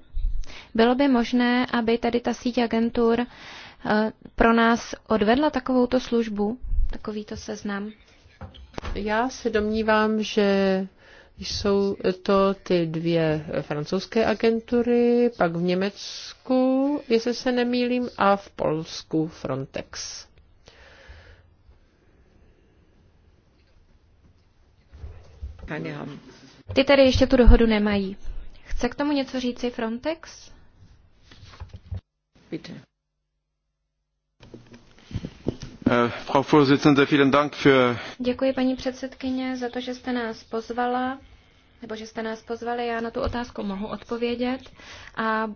Bylo by možné, aby tady ta síť agentur eh, pro nás odvedla takovouto službu, takovýto seznam? Já se domnívám, že jsou to ty dvě francouzské agentury, pak v Německu, jestli se nemýlím, a v Polsku Frontex. Ty tady ještě tu dohodu nemají. Chce k tomu něco říci Frontex? Bitte. Eh, Děkuji paní předsedkyně za to, že jste nás pozvala, nebo že jste nás pozvali. Já na tu otázku mohu odpovědět a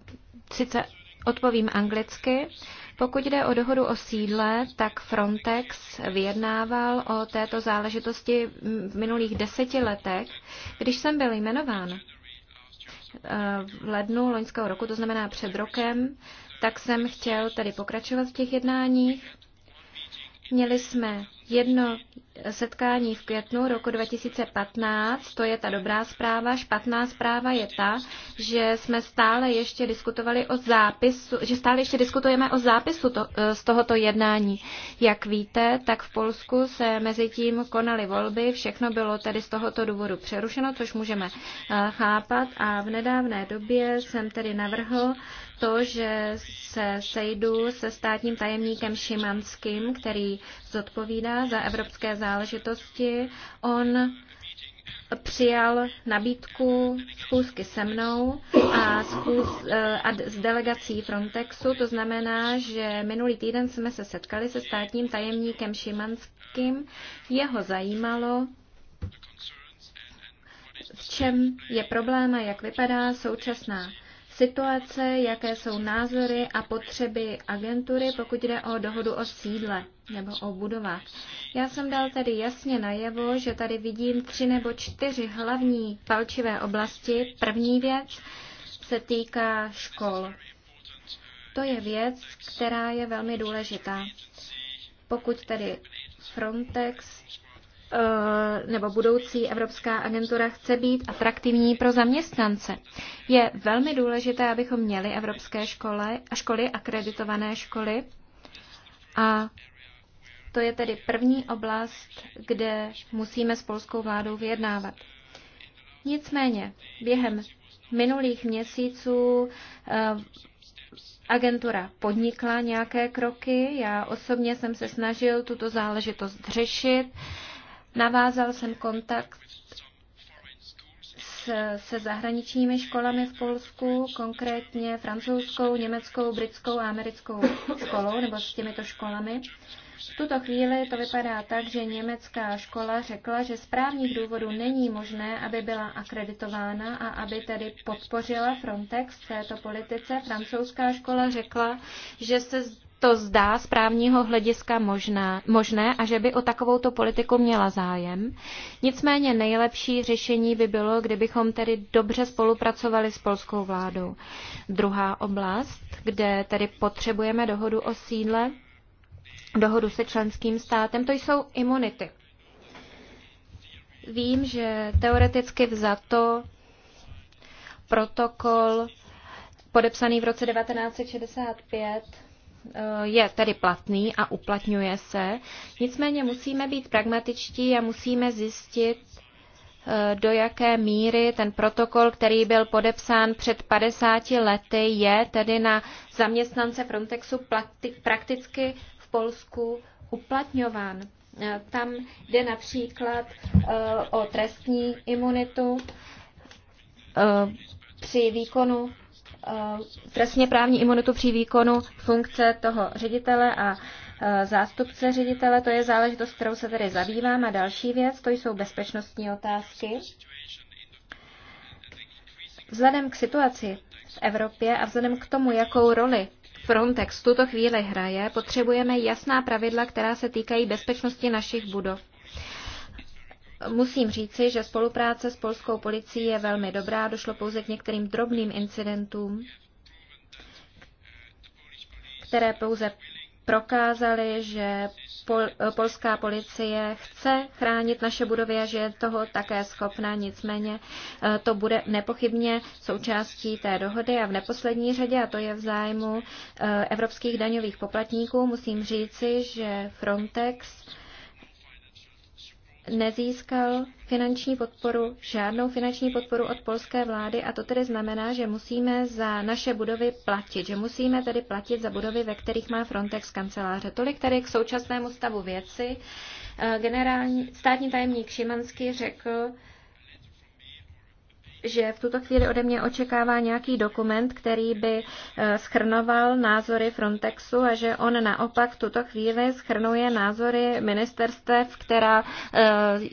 sice odpovím anglicky. Pokud jde o dohodu o sídle, tak Frontex vyjednával o této záležitosti v minulých deseti letech. Když jsem byl jmenován eh, v lednu loňského roku, to znamená před rokem, tak jsem chtěl tedy pokračovat v těch jednáních Měli jsme jedno setkání v květnu roku 2015, to je ta dobrá zpráva. Špatná zpráva je ta, že jsme stále ještě diskutovali o zápisu, že stále ještě diskutujeme o zápisu to, e, z tohoto jednání. Jak víte, tak v Polsku se mezi tím konaly volby, všechno bylo tedy z tohoto důvodu přerušeno, což můžeme e, chápat a v nedávné době jsem tedy navrhl to, že se sejdu se státním tajemníkem Šimanským, který zodpovídá za evropské záležitosti. On přijal nabídku schůzky se mnou a, schůz, eh, a s delegací Frontexu. To znamená, že minulý týden jsme se setkali se státním tajemníkem Šimanským. Jeho zajímalo, v čem je problém a jak vypadá současná situace, jaké jsou názory a potřeby agentury, pokud jde o dohodu o sídle nebo o budovách. Já jsem dal tady jasně najevo, že tady vidím tři nebo čtyři hlavní palčivé oblasti. První věc se týká škol. To je věc, která je velmi důležitá. Pokud tedy Frontex eh, nebo budoucí Evropská agentura chce být atraktivní pro zaměstnance. Je velmi důležité, abychom měli evropské školy, školy akreditované školy a to je tedy první oblast, kde musíme s polskou vládou vyjednávat. Nicméně během minulých měsíců eh, agentura podnikla nějaké kroky. Já osobně jsem se snažil tuto záležitost řešit. Navázal jsem kontakt se zahraničními školami v Polsku, konkrétně francouzskou, německou, britskou a americkou školou, nebo s těmito školami. V tuto chvíli to vypadá tak, že německá škola řekla, že z právních důvodů není možné, aby byla akreditována a aby tedy podpořila Frontex v této politice. Francouzská škola řekla, že se to zdá z právního hlediska možné, možné a že by o takovouto politiku měla zájem. Nicméně nejlepší řešení by bylo, kdybychom tedy dobře spolupracovali s polskou vládou. Druhá oblast, kde tedy potřebujeme dohodu o sídle, dohodu se členským státem, to jsou imunity. Vím, že teoreticky vzato protokol podepsaný v roce 1965 eh, je tedy platný a uplatňuje se. Nicméně musíme být pragmatičtí a musíme zjistit, eh, do jaké míry ten protokol, který byl podepsán před 50 lety, je tedy na zaměstnance Frontexu prakticky v Polsku uplatňován. E, tam jde například e, o trestní imunitu e, při výkonu trestně právní imunitu při výkonu funkce toho ředitele a zástupce ředitele. To je záležitost, kterou se tedy zabývám. A další věc, to jsou bezpečnostní otázky. Vzhledem k situaci v Evropě a vzhledem k tomu, jakou roli Frontex v tuto chvíli hraje, potřebujeme jasná pravidla, která se týkají bezpečnosti našich budov. Musím říci, že spolupráce s polskou policií je velmi dobrá, došlo pouze k některým drobným incidentům, které pouze prokázali, že pol, polská policie chce chránit naše budovy a že je toho také schopná. Nicméně eh, to bude nepochybně součástí té dohody a v neposlední řadě, a to je v zájmu eh, evropských daňových poplatníků, musím říci, že Frontex nezískal finanční podporu, žádnou finanční podporu od polské vlády a to tedy znamená, že musíme za naše budovy platit, že musíme tedy platit za budovy, ve kterých má Frontex kanceláře. Tolik tedy k současnému stavu věci. Eh, generální státní tajemník Šimanský řekl, že v tuto chvíli ode mě očekává nějaký dokument, který by eh, schrnoval názory Frontexu a že on naopak v tuto chvíli schrnuje názory ministerstev, která eh,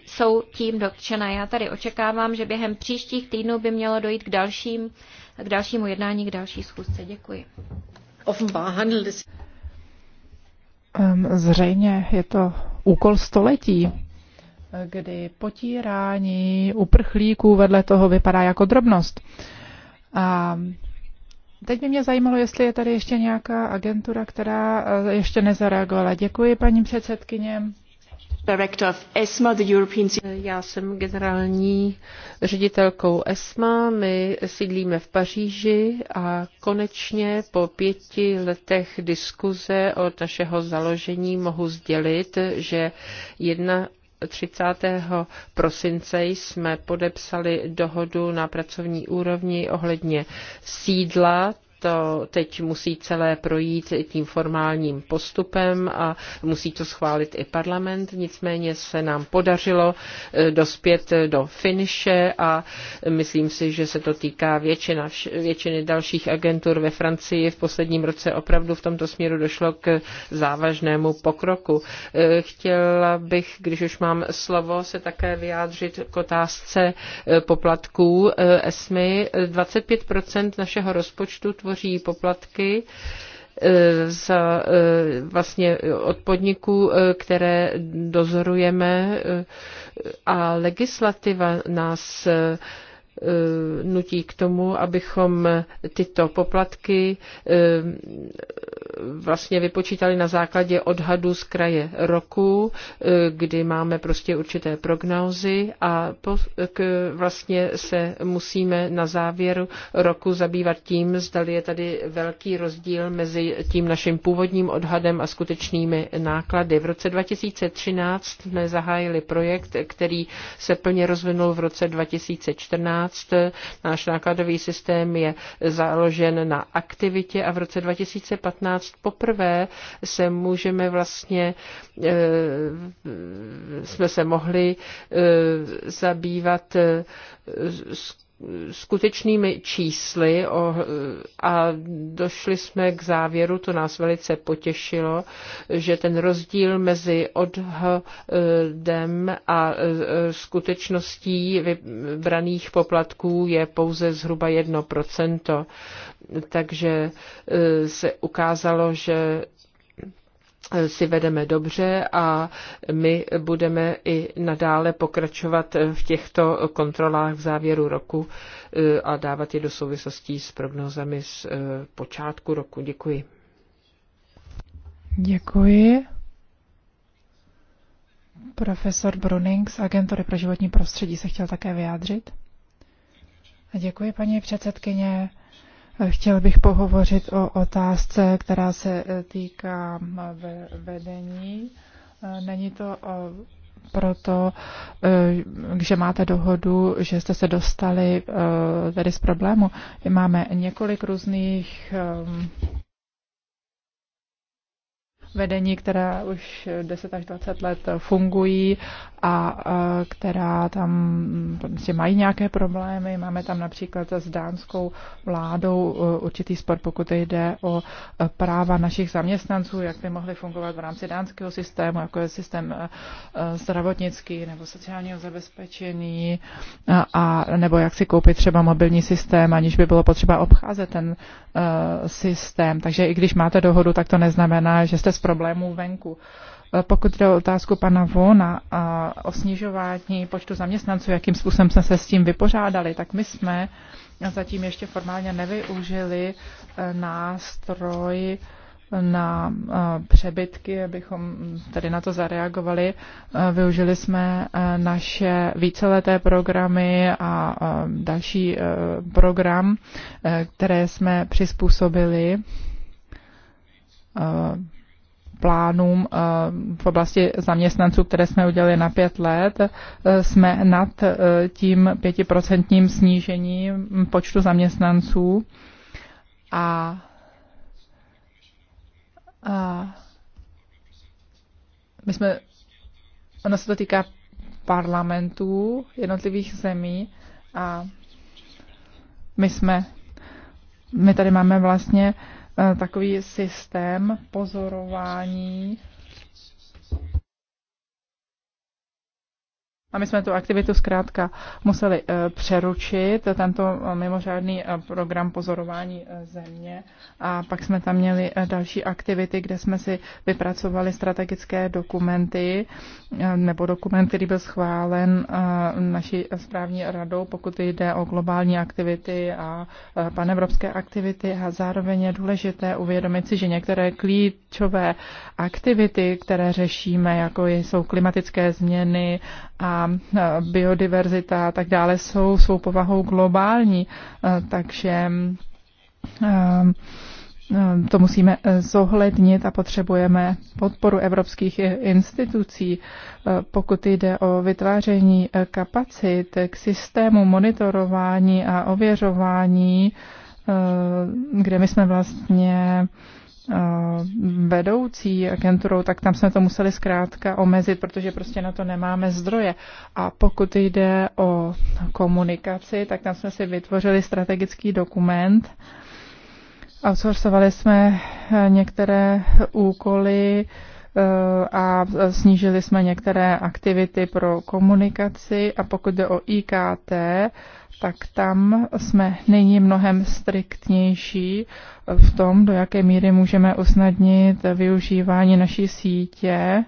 jsou tím dotčena. Já tady očekávám, že během příštích týdnů by mělo dojít k, dalším, k dalšímu jednání, k další schůzce. Děkuji. Ehm, zřejmě je to úkol století kdy potírání uprchlíků vedle toho vypadá jako drobnost. A Teď by mě zajímalo, jestli je tady ještě nějaká agentura, která eh, ještě nezareagovala. Děkuji, paní předsedkyně. Já jsem generální ředitelkou ESMA, my sídlíme v Paříži a konečně po pěti letech diskuze od našeho založení mohu sdělit, že jedna 30. prosince jsme podepsali dohodu na pracovní úrovni ohledně sídla to teď musí celé projít tím formálním postupem a musí to schválit i parlament. Nicméně se nám podařilo eh, dospět do finiše a myslím si, že se to týká většina, většiny dalších agentur ve Francii. V posledním roce opravdu v tomto směru došlo k závažnému pokroku. Eh, chtěla bych, když už mám slovo, se také vyjádřit k otázce eh, poplatků ESMY. 25 našeho rozpočtu tvoří poplatky e, za e, vlastně od podniků, e, které dozorujeme a legislativa nás Eh, nutí k tomu, abychom tyto poplatky eh, vlastně vypočítali na základě odhadu z kraje roku, eh, kdy máme prostě určité prognózy a vlastně se musíme na závěr roku zabývat tím, zda je tady velký rozdíl mezi tím naším původním odhadem a skutečnými náklady. V roce 2013 jsme zahájili projekt, který se plně rozvinul v roce 2014 2015. Náš nákladový systém je založen na aktivitě a v roce 2015 poprvé se můžeme vlastně, eh, jsme se mohli eh, zabývat eh, skutečnými čísly a došli jsme k závěru, to nás velice potěšilo, že ten rozdíl mezi odhadem a e, skutečností vybraných poplatků je pouze zhruba 1%. Takže e, se ukázalo, že si vedeme dobře a my budeme i nadále pokračovat v těchto kontrolách v závěru roku eh, a dávat je do souvislostí s prognozami z eh, počátku roku. Děkuji. Děkuji. Profesor Bruning z Agentury pro životní prostředí se chtěl také vyjádřit. Děkuji, paní předsedkyně. Chtěl bych pohovořit o otázce, která se eh, týká vedení. Eh, není to eh, proto, že máte dohodu, že jste se dostali tedy z problému. Máme několik různých vedení, která už 10 až 20 let fungují a která tam prostě mají nějaké problémy. Máme tam například s dánskou vládou e, určitý spor, pokud jde o e, práva našich zaměstnanců, jak by mohly fungovat v rámci dánského systému, jako je systém e, zdravotnický nebo sociálního zabezpečení, a, nebo jak si koupit třeba mobilní systém, aniž by bylo potřeba obcházet ten systém. Takže i když máte dohodu, tak to neznamená, že jste z problémů venku. Uh, Eh, pokud jde o otázku pana Vona a eh, o snižování počtu zaměstnanců, jakým způsobem jsme se s tím vypořádali, tak my jsme zatím ještě formálně nevyužili eh, nástroj na přebytky, abychom tady na to zareagovali. Využili jsme naše víceleté programy a další program, které jsme přizpůsobili plánům eh, v oblasti zaměstnanců, které jsme udělali na pět let, eh, jsme nad eh, tím pětiprocentním snížením počtu zaměstnanců a, a my jsme, ono se to týká parlamentů jednotlivých zemí a my jsme, my tady máme vlastně uh, Eh, takový systém pozorování A my jsme tu aktivitu zkrátka museli eh, přeručit, tento eh, mimořádný eh, program pozorování země. A pak jsme tam měli další aktivity, kde jsme si vypracovali strategické dokumenty, nebo dokument, který byl schválen naší správní radou, pokud jde o globální aktivity a panevropské aktivity. A zároveň je důležité uvědomit si, že některé klíčové aktivity, které řešíme, jako jsou klimatické změny a E, biodiverzita a tak dále jsou svou povahou globální, e, takže e, to musíme zohlednit a potřebujeme podporu evropských institucí, pokud jde o vytváření kapacit k systému monitorování a ověřování, kde my jsme vlastně Eh, vedoucí agenturou, tak tam jsme to museli zkrátka omezit, protože prostě na to nemáme zdroje. A pokud jde o komunikaci, tak tam jsme si vytvořili strategický dokument. Outsourcovali jsme eh, některé úkoly eh, a snížili jsme některé aktivity pro komunikaci a pokud jde o IKT, tak tam jsme nyní mnohem striktnější v tom, do jaké míry můžeme usnadnit využívání naší sítě,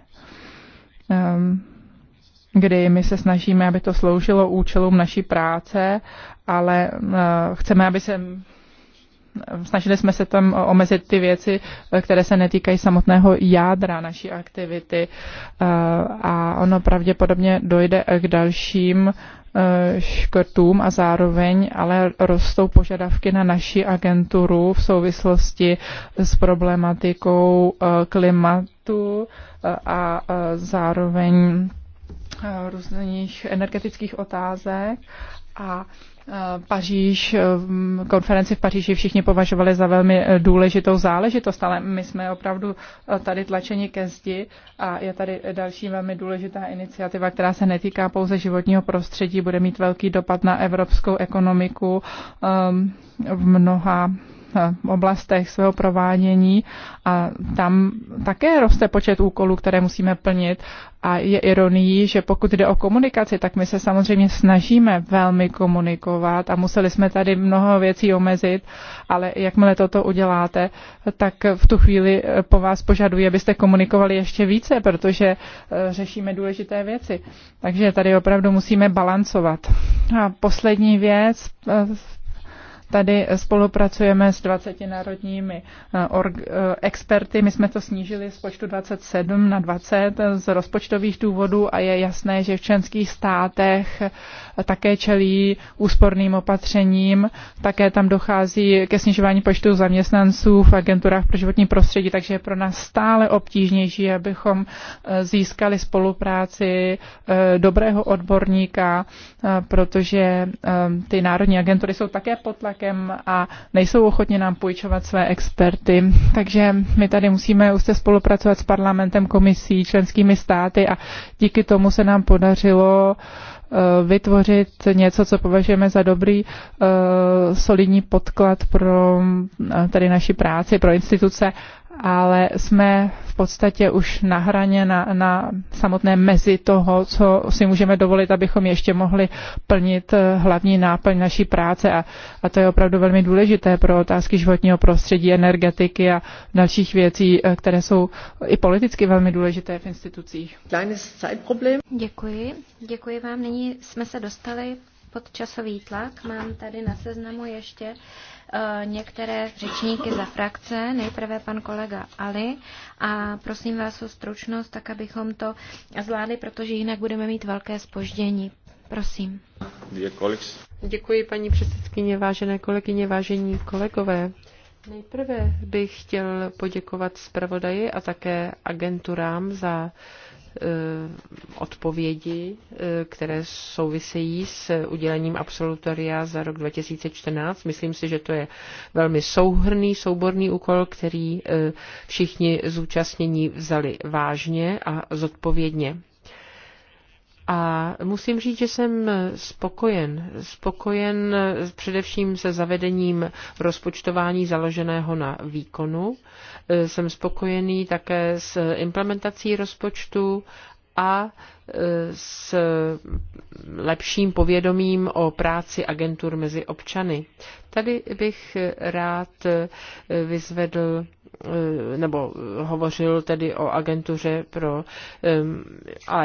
ehm, kdy my se snažíme, aby to sloužilo účelům naší práce, ale eh, chceme, aby se snažili jsme se tam omezit ty věci, eh, které se netýkají samotného jádra naší aktivity eh, a ono pravděpodobně dojde k dalším E, škrtům a zároveň ale rostou požadavky na naši agenturu v souvislosti s problematikou e, klimatu e, a zároveň různých energetických otázek a Paříž, eh, konferenci v Paříži všichni považovali za velmi eh, důležitou záležitost, ale my jsme opravdu eh, tady tlačeni ke zdi a je tady další velmi důležitá iniciativa, která se netýká pouze životního prostředí, bude mít velký dopad na evropskou ekonomiku v mnoha Eh, oblastech svého provádění a tam také roste počet úkolů, které musíme plnit a je ironií, že pokud jde o komunikaci, tak my se samozřejmě snažíme velmi komunikovat a museli jsme tady mnoho věcí omezit, ale jakmile toto uděláte, tak v tu chvíli eh, po vás požaduji, abyste komunikovali ještě více, protože eh, řešíme důležité věci. Takže tady opravdu musíme balancovat. A poslední věc, Tady spolupracujeme s 20 národními eh, eh, experty. My jsme to snížili z počtu 27 na 20 z rozpočtových důvodů a je jasné, že v členských státech eh, také čelí úsporným opatřením. Také tam dochází ke snižování počtu zaměstnanců v agenturách pro životní prostředí, takže je pro nás stále obtížnější, abychom získali spolupráci dobrého odborníka, protože ty národní agentury jsou také potlačené tlakem a nejsou ochotni nám půjčovat své experty. Takže my tady musíme už se spolupracovat s parlamentem, komisí, členskými státy a díky tomu se nám podařilo eh, vytvořit něco, co považujeme za dobrý eh, solidní podklad pro eh, tady naši práci, pro instituce ale jsme v podstatě už na hraně, na, na samotné mezi toho, co si můžeme dovolit, abychom ještě mohli plnit eh, hlavní náplň naší práce. A, a to je opravdu velmi důležité pro otázky životního prostředí, energetiky a dalších věcí, eh, které jsou i politicky velmi důležité v institucích. Děkuji. Děkuji vám. Nyní jsme se dostali pod časový tlak. Mám tady na seznamu ještě Eh, některé řečníky za frakce. Nejprve pan kolega Ali a prosím vás o stručnost, tak abychom to zvládli, protože jinak budeme mít velké spoždění. Prosím. Děkuji, paní předsedkyně, vážené kolegyně, vážení kolegové. Nejprve bych chtěl poděkovat zpravodaji a také agenturám za uh, Eh, odpovědi, eh, které souvisejí s udělením absolutoria za rok 2014. Myslím si, že to je velmi souhrný, souborný úkol, který eh, všichni zúčastnění vzali vážně a zodpovědně. A musím říct, že jsem spokojen. Spokojen především se zavedením rozpočtování založeného na výkonu jsem spokojený také s implementací rozpočtu a e, s lepším povědomím o práci agentur mezi občany. Tady bych rád e, vyzvedl e, nebo hovořil tedy o agentuře pro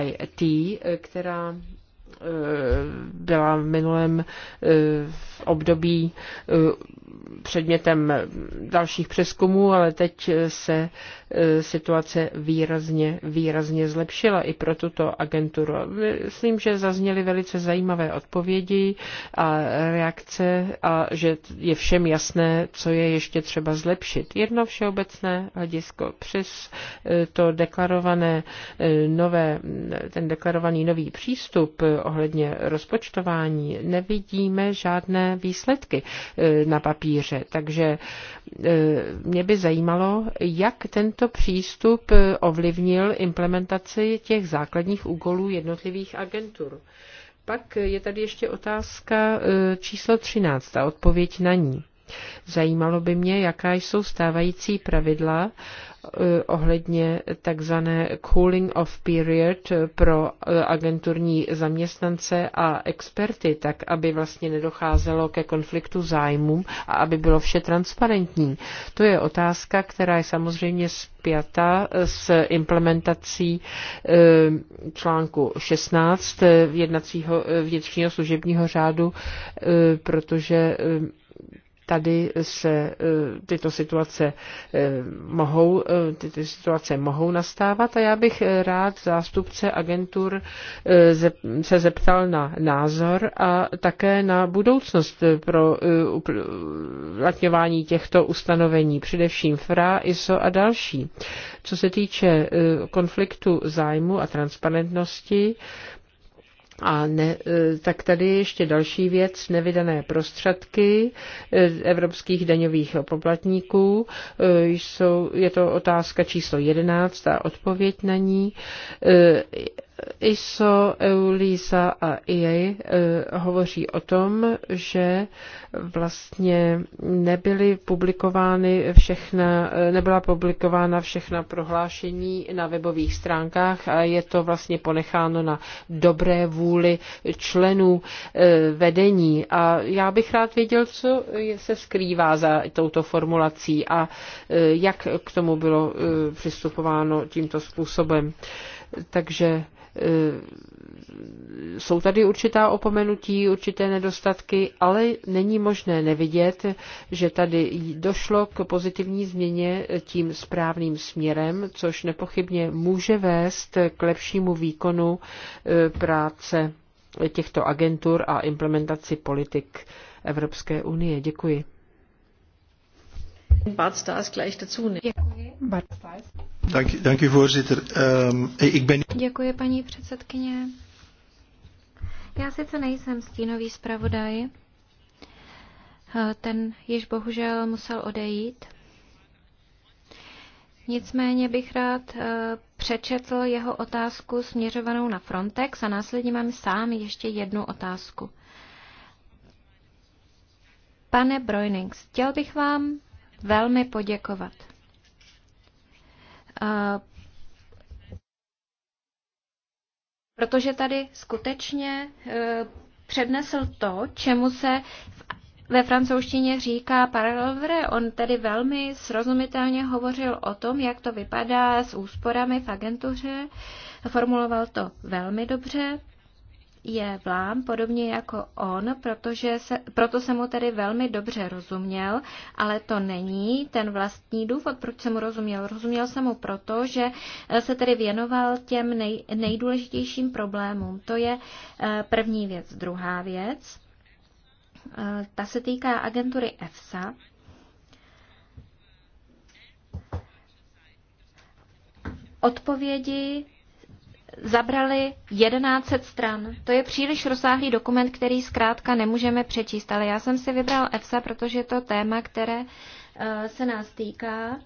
IT, která Eh, byla v minulém eh, období eh, předmětem dalších přeskumů, ale teď se situace výrazně, výrazně zlepšila i pro tuto agenturu. Myslím, že zazněly velice zajímavé odpovědi a reakce a že je všem jasné, co je ještě třeba zlepšit. Jedno všeobecné hledisko přes to deklarované nové, ten deklarovaný nový přístup ohledně rozpočtování, nevidíme žádné výsledky eh, na papíře. Takže eh, mě by zajímalo, jak tento přístup eh, ovlivnil implementaci těch základních úkolů jednotlivých agentur. Pak je tady ještě otázka číslo 13 a odpověď na ní. Zajímalo by mě, jaká jsou stávající pravidla eh, ohledně takzvané cooling off period pro eh, agenturní zaměstnance a experty, tak aby vlastně nedocházelo ke konfliktu zájmů a aby bylo vše transparentní. To je otázka, která je samozřejmě spjata eh, s implementací článku 16 jednacího vnitřního služebního řádu, protože tady se e, tyto situace e, mohou, e, tyto situace mohou nastávat a já bych rád zástupce agentur se zeptal na názor a také na budoucnost pro uplatňování těchto ustanovení, především FRA, ISO a další. Co se týče konfliktu zájmu a transparentnosti, a ne, e, tak tady ještě další věc, nevydané prostředky e, evropských daňových poplatníků. E, jsou, je to otázka číslo 11 a odpověď na ní. ISO, EULISA a EA eh, hovoří o tom, že vlastně nebyly publikovány všechna, eh, nebyla publikována všechna prohlášení na webových stránkách a je to vlastně ponecháno na dobré vůli členů eh, vedení. A já bych rád věděl, co se skrývá za touto formulací a jak k tomu bylo přistupováno tímto způsobem. Takže Eh, jsou tady určitá opomenutí, určité nedostatky, ale není možné nevidět, že tady došlo k pozitivní změně tím správným směrem, což nepochybně může vést k lepšímu výkonu eh, práce těchto agentur a implementaci politik Evropské unie. Děkuji. Bart Stas gleich dazu nehmen. Děkuji. Bart Stas. Dank, eh, Děkuji, paní předsedkyně. Já sice nejsem stínový zpravodaj, eh, ten již bohužel musel odejít. Nicméně bych rád eh, přečetl jeho otázku směřovanou na Frontex a následně mám sám ještě jednu otázku. Pane Brojnings, chtěl bych vám velmi poděkovat. Protože tady skutečně e, přednesl to, čemu se ve francouzštině říká paralelvre. On tedy velmi srozumitelně hovořil o tom, jak to vypadá s úsporami v agentuře. Formuloval to velmi dobře je Vlám podobně jako on, protože se, proto se mu tedy velmi dobře rozuměl, ale to není ten vlastní důvod, proč se mu rozuměl. Rozuměl se mu proto, že eh, se tedy věnoval těm nej, nejdůležitějším problémům. To je eh, první věc. Druhá věc, eh, ta se týká agentury EFSA. Odpovědi zabrali 1100 stran. To je příliš rozsáhlý dokument, který zkrátka nemůžeme přečíst, ale já jsem si vybral EFSA, protože je to téma, které eh, se nás týká.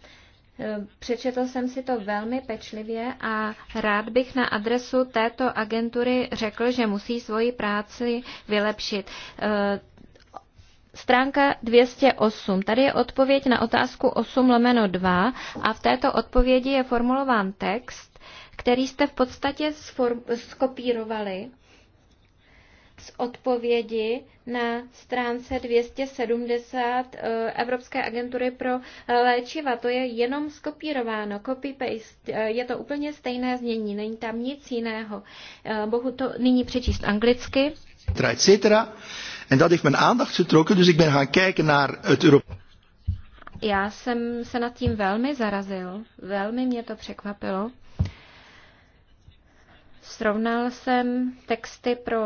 Eh, přečetl jsem si to velmi pečlivě a rád bych na adresu této agentury řekl, že musí svoji práci vylepšit. Eh, stránka 208. Tady je odpověď na otázku 8 lomeno 2 a v této odpovědi je formulován text, který jste v podstatě skopírovali z odpovědi na stránce 270 eh, Evropské agentury pro léčiva. To je jenom skopírováno, copy-paste. Eh, je to úplně stejné znění, není tam nic jiného. Eh, Bohu to nyní přečíst anglicky. Et cetera. En dat heeft mijn aandacht getrokken, dus ik ben gaan kijken naar het Europees. Já jsem se nad tím velmi zarazil, velmi mě to překvapilo. Srovnal jsem texty pro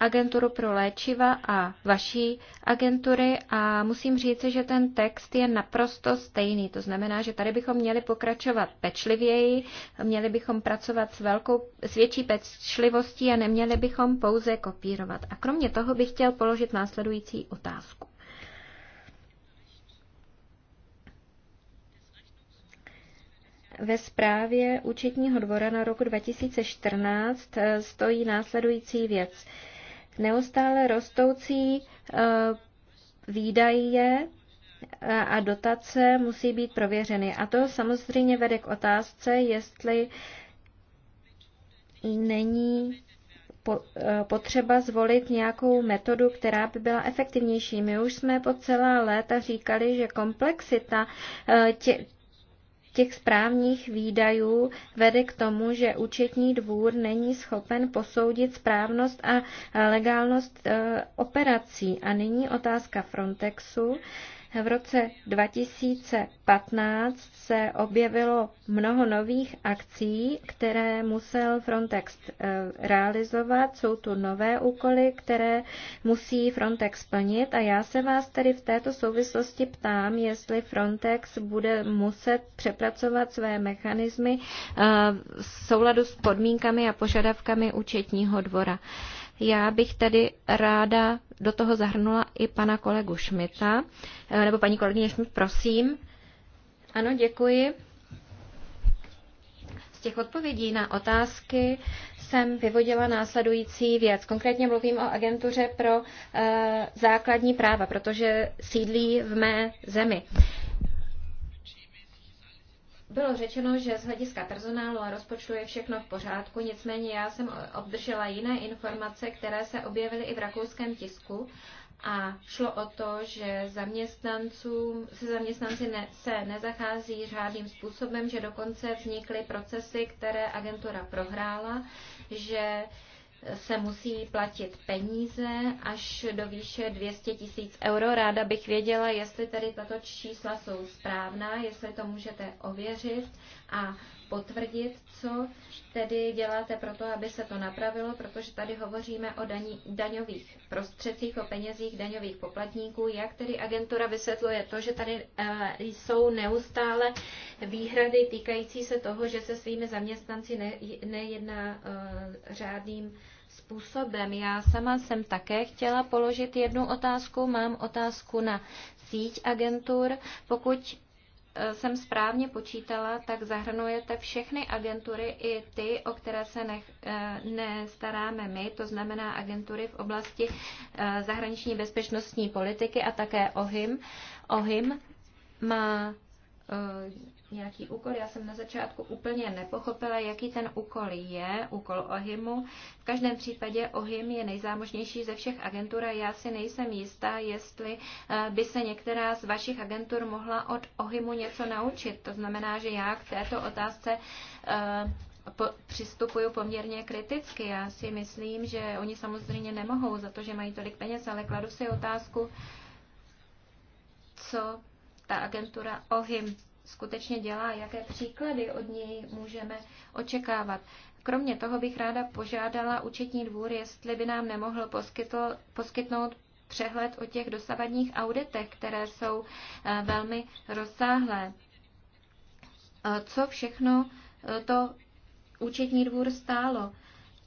agenturu pro léčiva a vaší agentury a musím říct, že ten text je naprosto stejný. To znamená, že tady bychom měli pokračovat pečlivěji, měli bychom pracovat s, velkou, s větší pečlivostí a neměli bychom pouze kopírovat. A kromě toho bych chtěl položit následující otázku. Ve zprávě účetního dvora na roku 2014 eh, stojí následující věc. Neustále rostoucí eh, výdaje eh, a dotace musí být prověřeny. A to samozřejmě vede k otázce, jestli není potřeba zvolit nějakou metodu, která by byla efektivnější. My už jsme po celá léta říkali, že komplexita těch správních výdajů vede k tomu, že účetní dvůr není schopen posoudit správnost a e, legálnost e, operací. A nyní otázka Frontexu. V roce 2015 se objevilo mnoho nových akcí, které musel Frontex eh, realizovat. Jsou tu nové úkoly, které musí Frontex plnit a já se vás tedy v této souvislosti ptám, jestli Frontex bude muset přepracovat své mechanismy eh, v souladu s podmínkami a požadavkami účetního dvora. Já bych tady ráda do toho zahrnula i pana kolegu Šmita, eh, nebo paní kolegyně Šmit, prosím. Ano, děkuji. Z těch odpovědí na otázky jsem vyvodila následující věc. Konkrétně mluvím o agentuře pro e, základní práva, protože sídlí v mé zemi. Bylo řečeno, že z hlediska personálu a rozpočtu je všechno v pořádku, nicméně já jsem obdržela jiné informace, které se objevily i v rakouském tisku a šlo o to, že zaměstnancům, se zaměstnanci ne, se nezachází řádným způsobem, že dokonce vznikly procesy, které agentura prohrála, že uh, se musí platit peníze až do výše 200 tisíc euro. Ráda bych věděla, jestli tedy tato čísla jsou správná, jestli to můžete ověřit a potvrdit, co tedy děláte pro to, aby se to napravilo, protože tady hovoříme o daní, daňových prostředcích, o penězích daňových poplatníků. Jak tedy agentura vysvětluje to, že tady e, jsou neustále výhrady týkající se toho, že se svými zaměstnanci ne, nejedná e, řádným způsobem. Já sama jsem také chtěla položit jednu otázku. Mám otázku na síť agentur. Pokud jsem správně počítala, tak zahrnujete všechny agentury i ty, o které se nech, eh, nestaráme my, to znamená agentury v oblasti eh, zahraniční bezpečnostní politiky a také OHIM. OHIM má eh, nějaký úkol. Já jsem na začátku úplně nepochopila, jaký ten úkol je, úkol OHIMu. V každém případě OHIM je nejzámožnější ze všech agentur a já si nejsem jistá, jestli eh, by se některá z vašich agentur mohla od OHIMu něco naučit. To znamená, že já k této otázce eh, po, přistupuju poměrně kriticky. Já si myslím, že oni samozřejmě nemohou za to, že mají tolik peněz, ale kladu si otázku, co ta agentura OHIM skutečně dělá, jaké příklady od něj můžeme očekávat. Kromě toho bych ráda požádala účetní dvůr, jestli by nám nemohl poskytl, poskytnout přehled o těch dosavadních auditech, které jsou eh, velmi rozsáhlé. Eh, co všechno eh, to účetní dvůr stálo?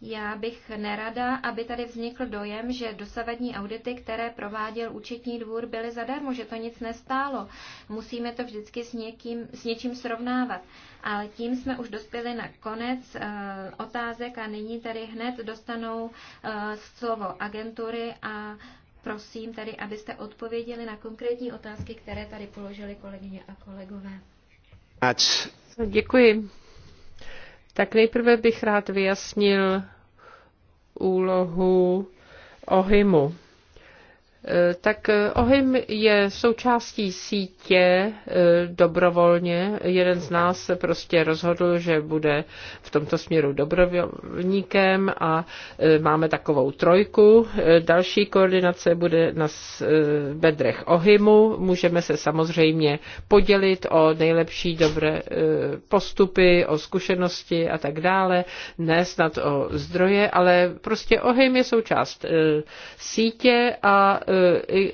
Já bych nerada, aby tady vznikl dojem, že dosavadní audity, které prováděl účetní dvůr, byly zadarmo, že to nic nestálo. Musíme to vždycky s, někým, s něčím srovnávat. Ale tím jsme už dospěli na konec e, otázek a nyní tady hned dostanou e, slovo agentury a prosím tady, abyste odpověděli na konkrétní otázky, které tady položili kolegyně a kolegové. Děkuji. Tak nejprve bych rád vyjasnil úlohu OHIMu. Eh, tak eh, OHIM je součástí sítě eh, dobrovolně. Jeden z nás se prostě rozhodl, že bude v tomto směru dobrovolníkem a máme takovou trojku. Další koordinace bude na bedrech OHIMu. Můžeme se samozřejmě podělit o nejlepší dobré postupy, o zkušenosti a tak dále. Ne snad o zdroje, ale prostě OHIM je součást sítě a E, e,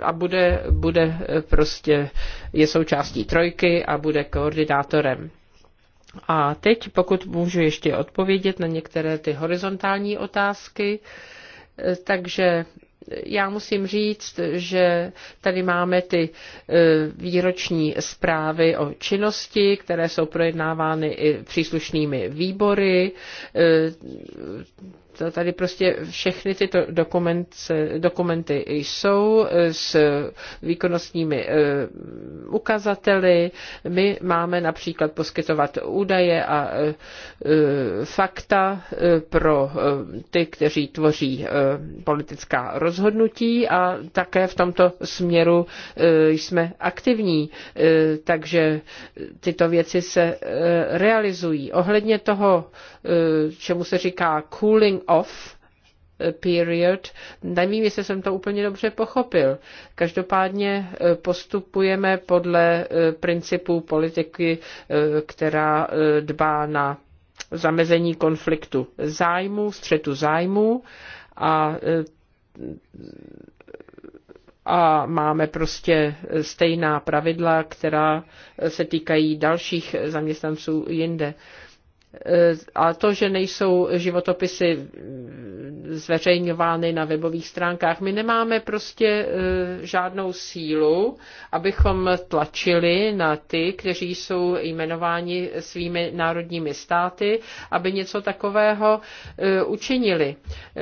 a bude, bude prostě, je součástí trojky a bude koordinátorem. A teď, pokud můžu ještě odpovědět na některé ty horizontální otázky, e, takže já musím říct, že tady máme ty výroční zprávy o činnosti, které jsou projednávány i příslušnými výbory Tady prostě všechny tyto dokumenty jsou eh, s výkonnostními eh, ukazateli. My máme například poskytovat údaje a eh, fakta pro ty, kteří tvoří politická rozhodnutí a také v tomto směru jsme aktivní, takže tyto věci se realizují. Ohledně toho, čemu se říká cooling off period. Nevím, jestli jsem to úplně dobře pochopil. Každopádně eh, postupujeme podle eh, principů politiky, eh, která dbá na zamezení konfliktu zájmu, střetu zájmu a a máme prostě stejná pravidla, která se týkají dalších zaměstnanců jinde a to, že nejsou životopisy zveřejňovány na webových stránkách, my nemáme prostě e, žádnou sílu, abychom tlačili na ty, kteří jsou jmenováni svými národními státy, aby něco takového e, učinili.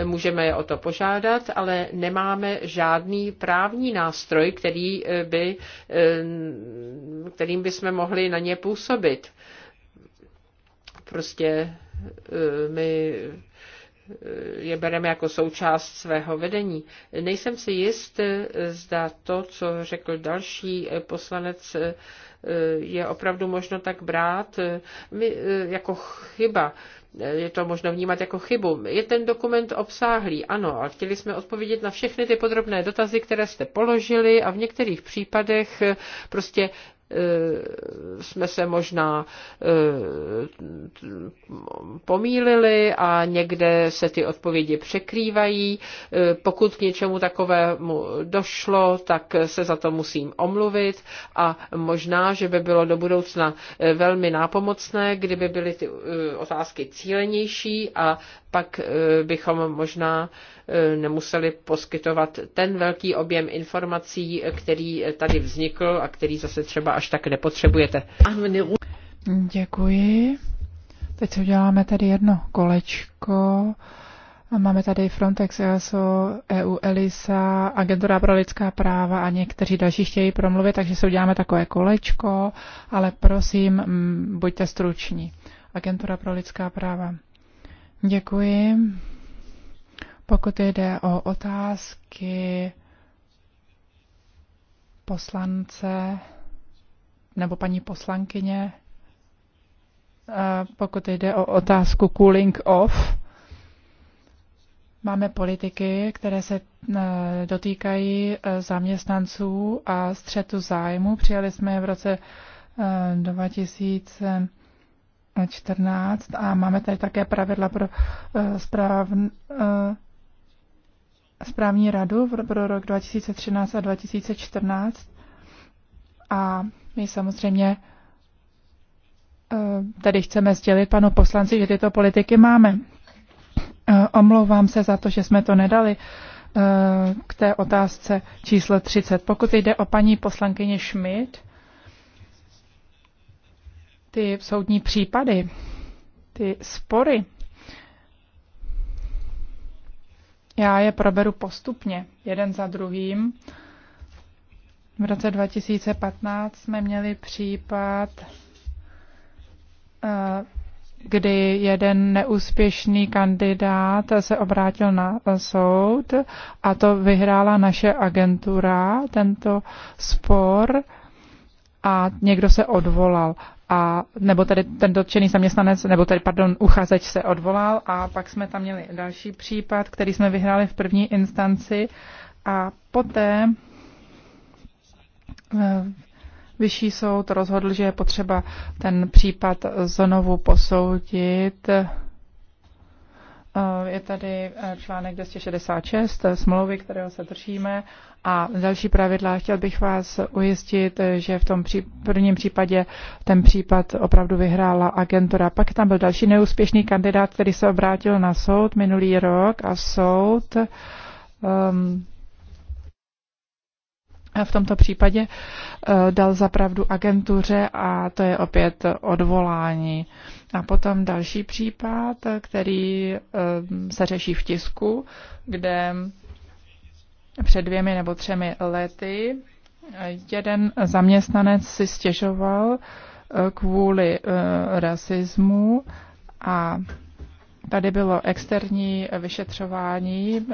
Můžeme je o to požádat, ale nemáme žádný právní nástroj, který e, by, kterým bychom mohli na ně působit. Prostě e, my e, je bereme jako součást svého vedení. Nejsem si jist, e, zda to, co řekl další poslanec, je opravdu možno tak brát my, jako chyba. Je to možno vnímat jako chybu. Je ten dokument obsáhlý, ano, ale chtěli jsme odpovědět na všechny ty podrobné dotazy, které jste položili a v některých případech prostě Eh, jsme se možná eh, pomílili a někde se ty odpovědi překrývají. Eh, pokud k něčemu takovému došlo, tak se za to musím omluvit a možná, že by bylo do budoucna velmi nápomocné, kdyby byly ty otázky cílenější a pak bychom možná nemuseli poskytovat ten velký objem informací, který tady vznikl a který zase třeba až tak nepotřebujete. Děkuji. Teď si uděláme tady jedno kolečko. Máme tady Frontex, ESO, EU, ELISA, Agentura pro lidská práva a někteří další chtějí promluvit, takže si uděláme takové kolečko, ale prosím, mm, buďte struční. Agentura pro lidská práva. Děkuji. Pokud jde o otázky poslance, nebo paní poslankyně, eh, pokud jde o otázku cooling off, Máme politiky, které se eh, dotýkají eh, zaměstnanců a střetu zájmu. Přijali jsme je v roce 2014 a máme tady také pravidla pro správ, správní radu pro rok 2013 a 2014. A my samozřejmě eh, tady chceme sdělit panu poslanci, že tyto politiky máme. Eh, omlouvám se za to, že jsme to nedali eh, k té otázce číslo 30. Pokud jde o paní poslankyně Schmidt, ty soudní případy, ty spory, já je proberu postupně, jeden za druhým. Uh, v roce 2015 jsme měli případ, eh, kdy jeden neúspěšný kandidát se obrátil na soud a to vyhrála naše agentura, tento spor a někdo se odvolal. A, nebo tedy ten dotčený zaměstnanec, nebo tedy, pardon, uchazeč se odvolal a pak jsme tam měli další případ, který jsme vyhráli v první instanci a poté Eh, Vyšší soud rozhodl, že je potřeba ten případ znovu posoudit. Eh, je tady eh, článek 266 smlouvy, kterého se držíme. A další pravidla, chtěl bych vás ujistit, že v tom prvním případě ten případ opravdu vyhrála agentura. Pak tam byl další neúspěšný kandidát, který se obrátil na soud minulý rok a soud um, v tomto případě eh, dal zapravdu agentuře a to je opět odvolání. A potom další případ, který eh, se řeší v tisku, kde před dvěmi nebo třemi lety eh, jeden zaměstnanec si stěžoval kvůli rasismu a tady bylo externí vyšetřování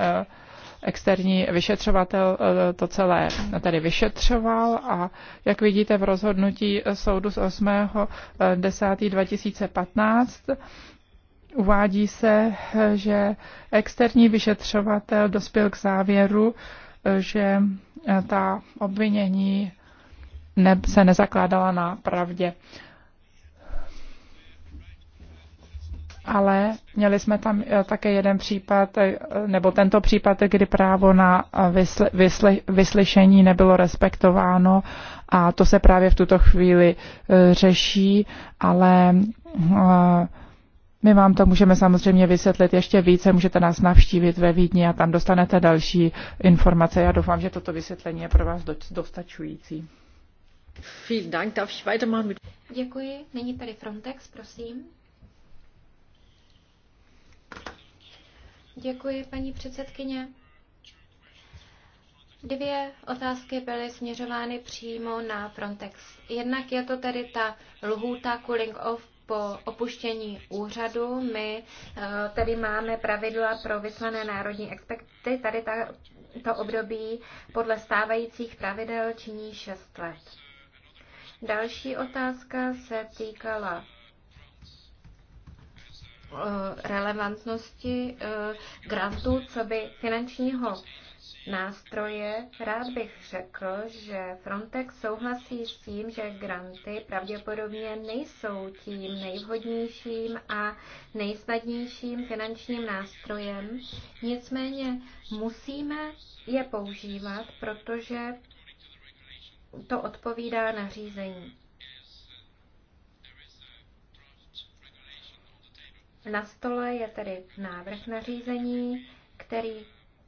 externí vyšetřovatel eh, to celé tady vyšetřoval a jak vidíte v rozhodnutí soudu z 8.10.2015 2015 eh, uvádí se, eh, že externí vyšetřovatel dospěl k závěru, že ta obvinění se nezakládala na pravdě. ale měli jsme tam eh, také jeden případ, eh, nebo tento případ, kdy právo na vysl, eh, vysl, vyslyšení nebylo respektováno a to se právě v tuto chvíli řeší, ale my vám to můžeme samozřejmě vysvětlit ještě více, můžete nás navštívit ve Vídni a tam dostanete další informace. Já doufám, že toto vysvětlení je pro vás dostačující. Vielen Dank, darf ich weitermachen mit... Děkuji. není tady Frontex, prosím. Děkuji, paní předsedkyně. Dvě otázky byly směřovány přímo na Frontex. Jednak je to tedy ta lhůta cooling off po opuštění úřadu. My eh, tady máme pravidla pro vyslané národní experty. Tady ta, to období podle stávajících pravidel činí 6 let. Další otázka se týkala Eh, relevantnosti eh, grantu co by finančního nástroje, rád bych řekl, že Frontex souhlasí s tím, že granty pravděpodobně nejsou tím nejvhodnějším a nejsnadnějším finančním nástrojem. Nicméně musíme je používat, protože to odpovídá nařízení. Na stole je tedy návrh nařízení, který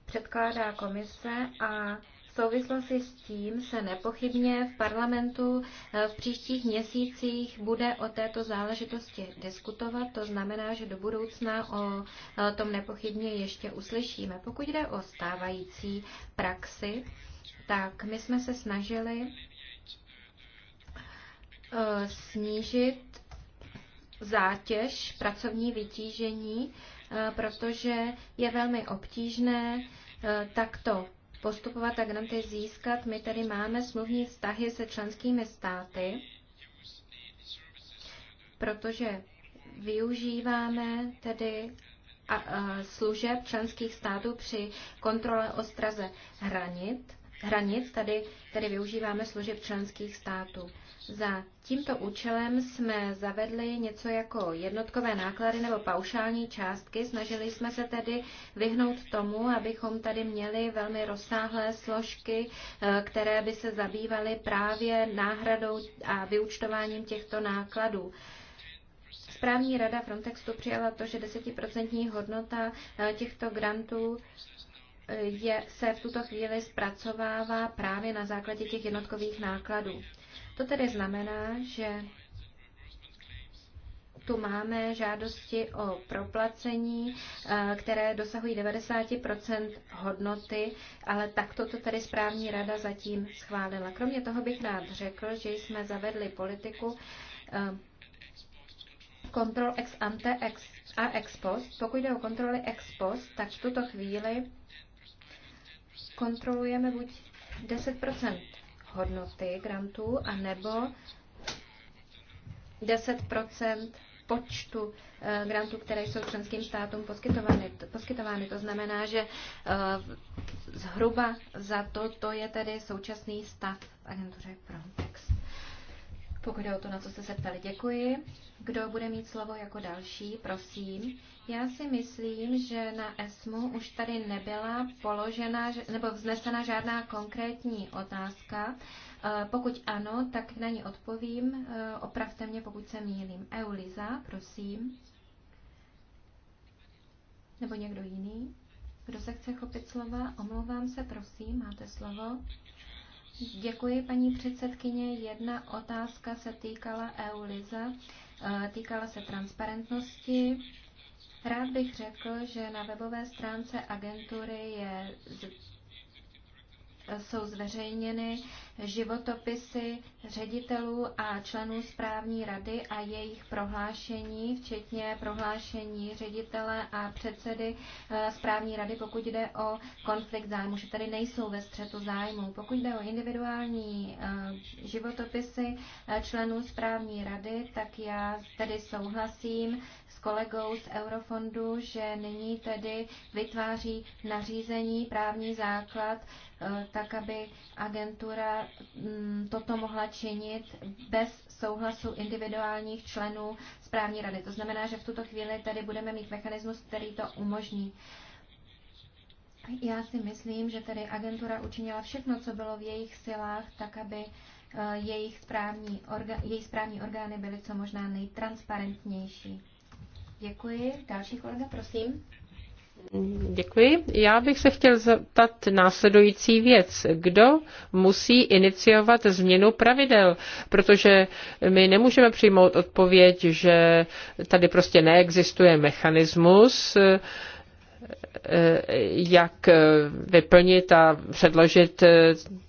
předkládá komise a v souvislosti s tím se nepochybně v parlamentu eh, v příštích měsících bude o této záležitosti diskutovat. To znamená, že do budoucna o eh, tom nepochybně ještě uslyšíme. Pokud jde o stávající praxi, tak my jsme se snažili eh, snížit zátěž, pracovní vytížení, eh, protože je velmi obtížné eh, takto postupovat a granty získat. My tedy máme smluvní vztahy se členskými státy, protože využíváme tedy služeb členských států při kontrole ostraze hranit hranic, tady, tady využíváme služeb členských států. Za tímto účelem jsme zavedli něco jako jednotkové náklady nebo paušální částky. Snažili jsme se tedy vyhnout tomu, abychom tady měli velmi rozsáhlé složky, eh, které by se zabývaly právě náhradou a vyučtováním těchto nákladů. Správní rada Frontextu přijala to, že desetiprocentní hodnota eh, těchto grantů je, se v tuto chvíli zpracovává právě na základě těch jednotkových nákladů. To tedy znamená, že tu máme žádosti o proplacení, eh, které dosahují 90 hodnoty, ale takto to tedy správní rada zatím schválila. Kromě toho bych rád řekl, že jsme zavedli politiku eh, kontrol ex ante ex a ex post. Pokud jde o kontroly ex post, tak v tuto chvíli kontrolujeme buď 10 hodnoty grantů, anebo 10 počtu eh, grantů, které jsou členským státům poskytovány. poskytovány. To znamená, že eh, zhruba za to, to je tedy současný stav agentuře Frontex. Pokud je o to, na co jste se ptali, děkuji. Kdo bude mít slovo jako další, prosím. Já si myslím, že na ESMu už tady nebyla položena nebo vznesena žádná konkrétní otázka. Eh, pokud ano, tak na ní odpovím. Eh, opravte mě, pokud se mýlím. Euliza, prosím. Nebo někdo jiný? Kdo se chce chopit slova? Omlouvám se, prosím, máte slovo. Děkuji, paní předsedkyně. Jedna otázka se týkala EULIZA, e, týkala se transparentnosti. Rád bych řekl, že na webové stránce agentury je jsou zveřejněny životopisy ředitelů a členů správní rady a jejich prohlášení, včetně prohlášení ředitele a předsedy eh, správní rady, pokud jde o konflikt zájmu, že tady nejsou ve střetu zájmu. Pokud jde o individuální eh, životopisy eh, členů správní rady, tak já tedy souhlasím s kolegou z Eurofondu, že nyní tedy vytváří nařízení právní základ Eh, tak aby agentura mm, toto mohla činit bez souhlasu individuálních členů správní rady. To znamená, že v tuto chvíli tady budeme mít mechanismus, který to umožní. Já si myslím, že tedy agentura učinila všechno, co bylo v jejich silách, tak aby eh, jejich správní, orga, jejich správní orgány byly co možná nejtransparentnější. Děkuji. Další kolega, prosím. Děkuji. Já bych se chtěl zeptat následující věc. Kdo musí iniciovat změnu pravidel? Protože my nemůžeme přijmout odpověď, že tady prostě neexistuje mechanismus, jak vyplnit a předložit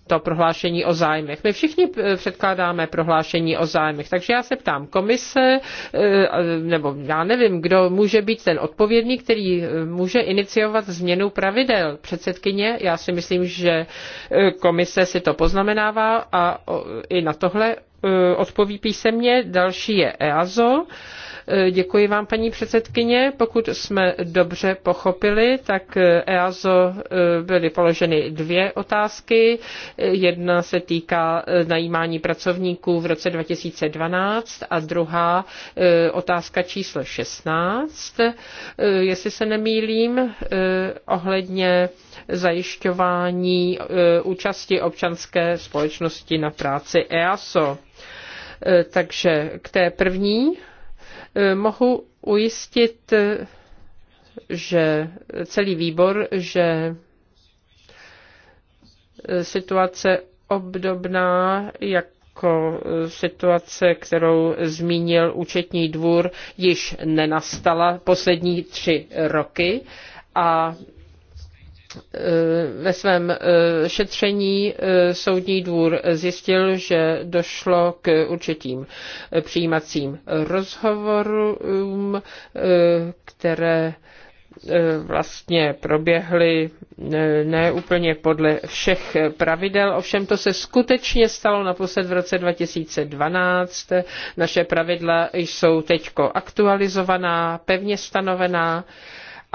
to prohlášení o zájmech. My všichni předkládáme prohlášení o zájmech, takže já se ptám komise, nebo já nevím, kdo může být ten odpovědný, který může iniciovat změnu pravidel. Předsedkyně, já si myslím, že komise si to poznamenává a i na tohle e, odpoví písemně. Další je EASO. Eh, děkuji vám, paní předsedkyně. Pokud jsme dobře pochopili, tak eh, EASO eh, byly položeny dvě otázky. Jedna se týká najímání pracovníků v roce 2012 a druhá otázka číslo 16, jestli se nemýlím, ohledně zajišťování účasti občanské společnosti na práci EASO. Takže k té první Eh, mohu ujistit, eh, že celý výbor, že eh, situace obdobná jako situace, kterou zmínil účetní dvůr, již nenastala poslední tři roky a Eh, ve svém eh, šetření eh, soudní dvůr zjistil, že došlo k určitým přijímacím rozhovorům, které vlastně proběhly neúplně podle všech pravidel. Ovšem to se skutečně stalo naposled v roce 2012. Naše pravidla jsou teď aktualizovaná, pevně stanovená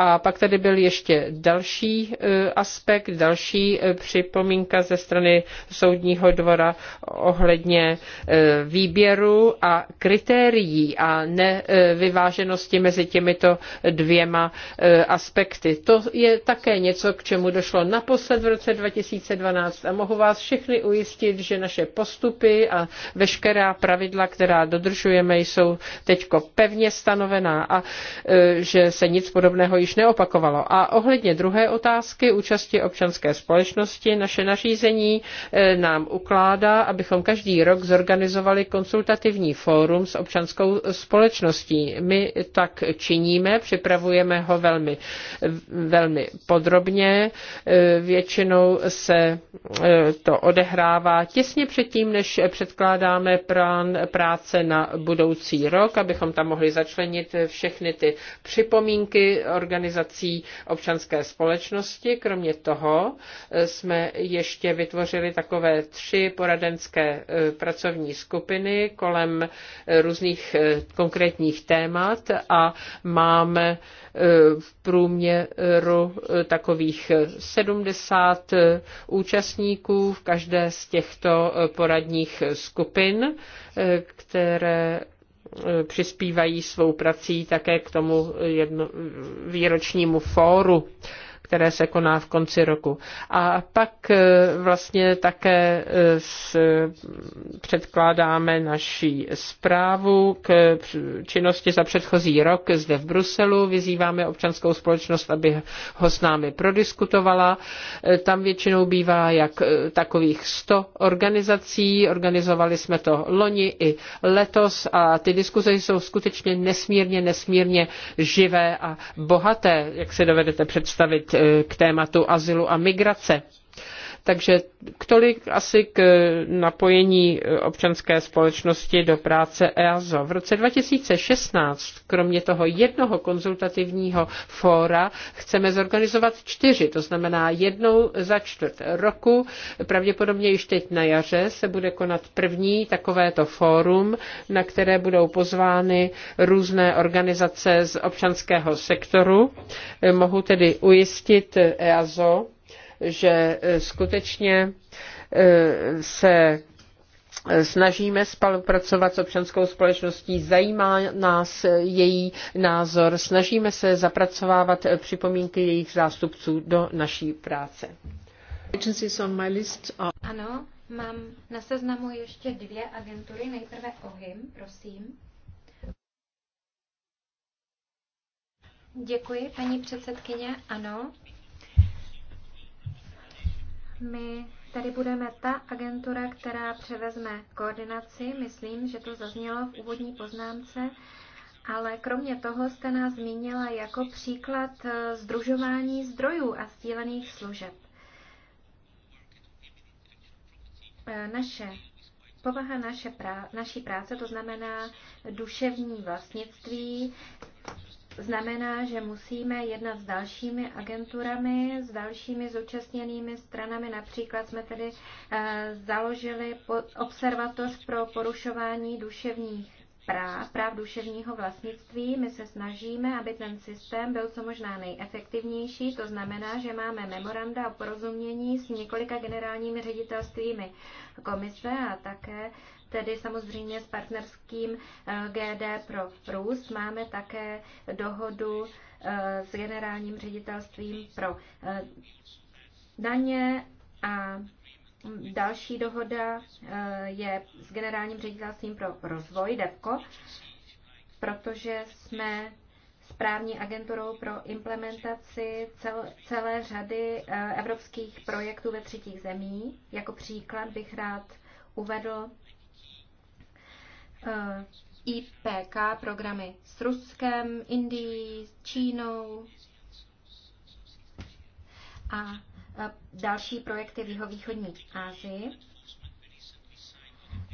a pak tady byl ještě další e, aspekt, další e, připomínka ze strany soudního dvora ohledně e, výběru a kritérií a nevyváženosti mezi těmito dvěma aspekty. To je také něco, k čemu došlo naposled v roce 2012 a mohu vás všechny ujistit, že naše postupy a veškerá pravidla, která dodržujeme, jsou teď pevně stanovená a že se nic podobného již již neopakovalo. A ohledně druhé otázky účasti občanské společnosti, naše nařízení eh, nám ukládá, abychom každý rok zorganizovali konsultativní fórum s občanskou společností. My tak činíme, připravujeme ho velmi, velmi podrobně. Eh, většinou se eh, to odehrává těsně předtím, než předkládáme plán práce na budoucí rok, abychom tam mohli začlenit všechny ty připomínky organizací občanské společnosti. Kromě toho eh, jsme ještě vytvořili takové tři poradenské eh, pracovní skupiny kolem eh, různých konkrétních témat a máme v průměru takových 70 účastníků v každé z těchto poradních skupin, které Eh, přispívají svou prací také k tomu jedno, eh, výročnímu fóru které se koná v konci roku. A pak e, vlastně také e, předkládáme naší zprávu k činnosti za předchozí rok zde v Bruselu. Vyzýváme občanskou společnost, aby ho s námi prodiskutovala. E, tam většinou bývá jak takových 100 organizací. Organizovali jsme to loni i letos a ty diskuze jsou skutečně nesmírně, nesmírně živé a bohaté, jak si dovedete představit Eh, k tématu azylu a migrace. Takže tolik asi k eh, napojení eh, občanské společnosti do práce EASO. V roce 2016, kromě toho jednoho konzultativního fóra, chceme zorganizovat čtyři, to znamená jednou za čtvrt roku. Pravděpodobně již teď na jaře se bude konat první takovéto fórum, na které budou pozvány různé organizace z občanského sektoru. Eh, mohu tedy ujistit EASO, že eh, skutečně eh, se eh, snažíme spolupracovat s občanskou společností, zajímá nás její názor, snažíme se zapracovávat připomínky jejich zástupců do naší práce. Ano, mám na seznamu ještě dvě agentury, nejprve OHIM, prosím. Děkuji, paní předsedkyně. Ano, my tady budeme ta agentura, která převezme koordinaci. Myslím, že to zaznělo v úvodní poznámce. Ale kromě toho jste nás zmínila jako příklad eh, združování zdrojů a sdílených služeb. Eh, naše povaha naše prá, naší práce, to znamená duševní vlastnictví, znamená, že musíme jednat s dalšími agenturami, s dalšími zúčastněnými stranami. Například jsme tedy eh, založili observatoř pro porušování duševních práv, práv duševního vlastnictví. My se snažíme, aby ten systém byl co možná nejefektivnější. To znamená, že máme memoranda o porozumění s několika generálními ředitelstvími komise a také tedy samozřejmě s partnerským eh, GD pro růst. Máme také dohodu eh, s generálním ředitelstvím pro eh, daně a další dohoda je s generálním ředitelstvím pro rozvoj DEVKO, protože jsme správní agenturou pro implementaci cel, celé řady evropských projektů ve třetích zemí. Jako příklad bych rád uvedl Eh, IPK programy s Ruskem, Indií, Čínou a eh, další projekty v jihovýchodní Asii.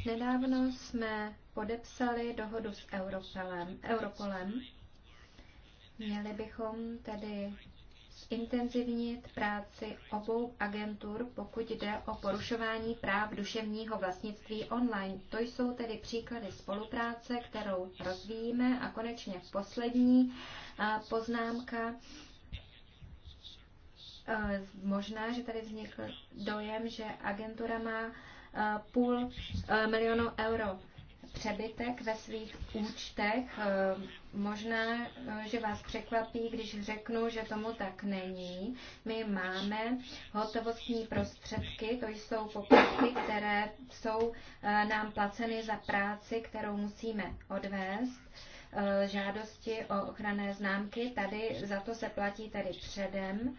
Nedávno jsme podepsali dohodu s Europolem. Europolem. Měli bychom tedy zintenzivnit práci obou agentur, pokud jde o porušování práv duševního vlastnictví online. To jsou tedy příklady spolupráce, kterou rozvíjíme. A konečně poslední eh, poznámka. Eh, možná, že tady vznikl dojem, že agentura má eh, půl milionu euro přebytek ve svých účtech. Eh, možná, eh, že vás překvapí, když řeknu, že tomu tak není. My máme hotovostní prostředky, to jsou poplatky, které jsou eh, nám placeny za práci, kterou musíme odvést žádosti o ochranné známky. Tady za to se platí tedy předem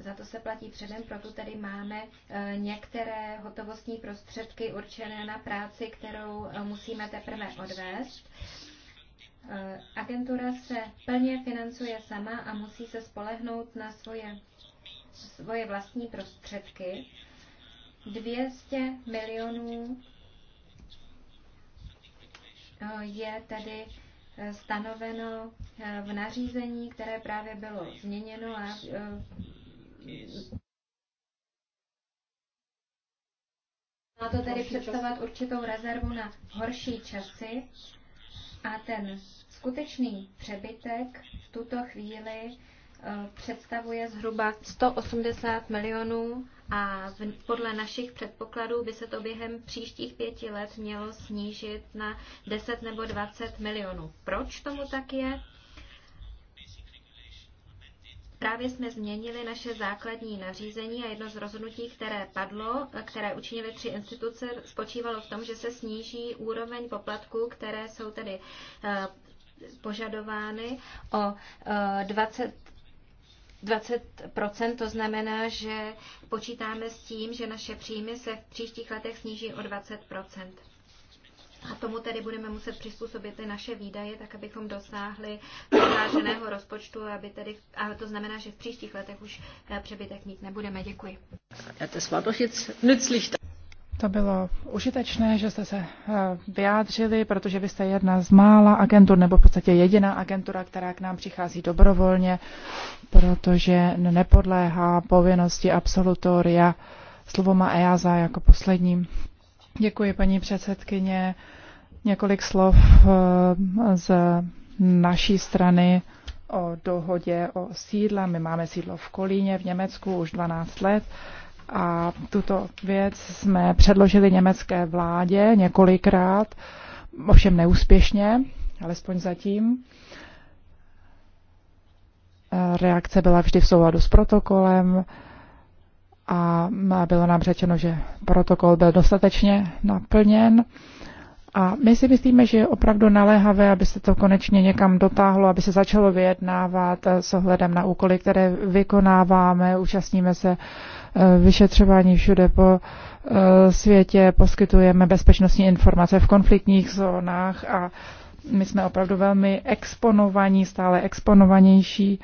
za to se platí předem, proto tedy máme e, některé hotovostní prostředky určené na práci, kterou e, musíme teprve odvést. E, agentura se plně financuje sama a musí se spolehnout na svoje, svoje vlastní prostředky. 200 milionů je tedy stanoveno eh, v nařízení, které právě bylo změněno a eh, má to tedy představovat určitou rezervu na horší časy a ten skutečný přebytek v tuto chvíli eh, představuje zhruba 180 milionů a v, podle našich předpokladů by se to během příštích pěti let mělo snížit na 10 nebo 20 milionů. Proč tomu tak je? Právě jsme změnili naše základní nařízení a jedno z rozhodnutí, které padlo, které učinili tři instituce, spočívalo v tom, že se sníží úroveň poplatků, které jsou tedy eh, požadovány o 20 eh, 20%, to znamená, že počítáme s tím, že naše příjmy se v příštích letech sníží o 20%. A tomu tedy budeme muset přizpůsobit i naše výdaje, tak abychom dosáhli vyváženého rozpočtu, aby tedy, a to znamená, že v příštích letech už eh, přebytek mít nebudeme. Děkuji. Ja, das war doch jetzt to bylo užitečné, že jste se eh, vyjádřili, protože vy jste jedna z mála agentur, nebo v podstatě jediná agentura, která k nám přichází dobrovolně, protože nepodléhá povinnosti absolutoria. Slovo má EASA jako poslední. Děkuji, paní předsedkyně. Několik slov eh, z naší strany o dohodě o sídla. My máme sídlo v Kolíně v Německu už 12 let a tuto věc jsme předložili německé vládě několikrát, ovšem neúspěšně, alespoň zatím. E, reakce byla vždy v souladu s protokolem a bylo nám řečeno, že protokol byl dostatečně naplněn. A my si myslíme, že je opravdu naléhavé, aby se to konečně někam dotáhlo, aby se začalo vyjednávat e, s ohledem na úkoly, které vykonáváme, účastníme se Eh, vyšetřování všude po eh, světě, poskytujeme bezpečnostní informace v konfliktních zónách a my jsme opravdu velmi exponovaní, stále exponovanější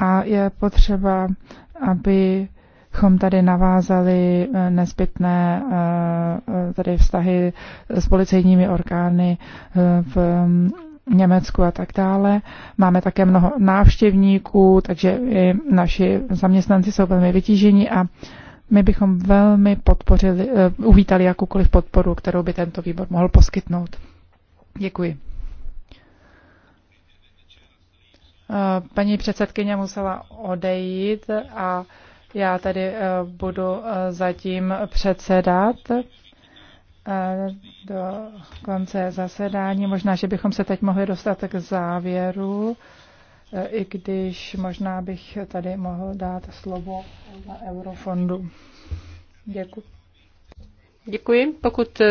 a je potřeba, abychom tady navázali eh, nezbytné tady vztahy s policejními orgány v Německu a tak dále. Máme také mnoho návštěvníků, takže i naši zaměstnanci jsou velmi vytížení a my bychom velmi podpořili, eh, uvítali jakoukoliv podporu, kterou by tento výbor mohl poskytnout. Děkuji. Eh, paní předsedkyně musela odejít a já tady eh, budu zatím předsedat do konce zasedání. Možná, že bychom se teď mohli dostat k závěru, e, i když možná bych tady mohl dát slovo na Eurofondu. Děkuji. Děkuji. Pokud e,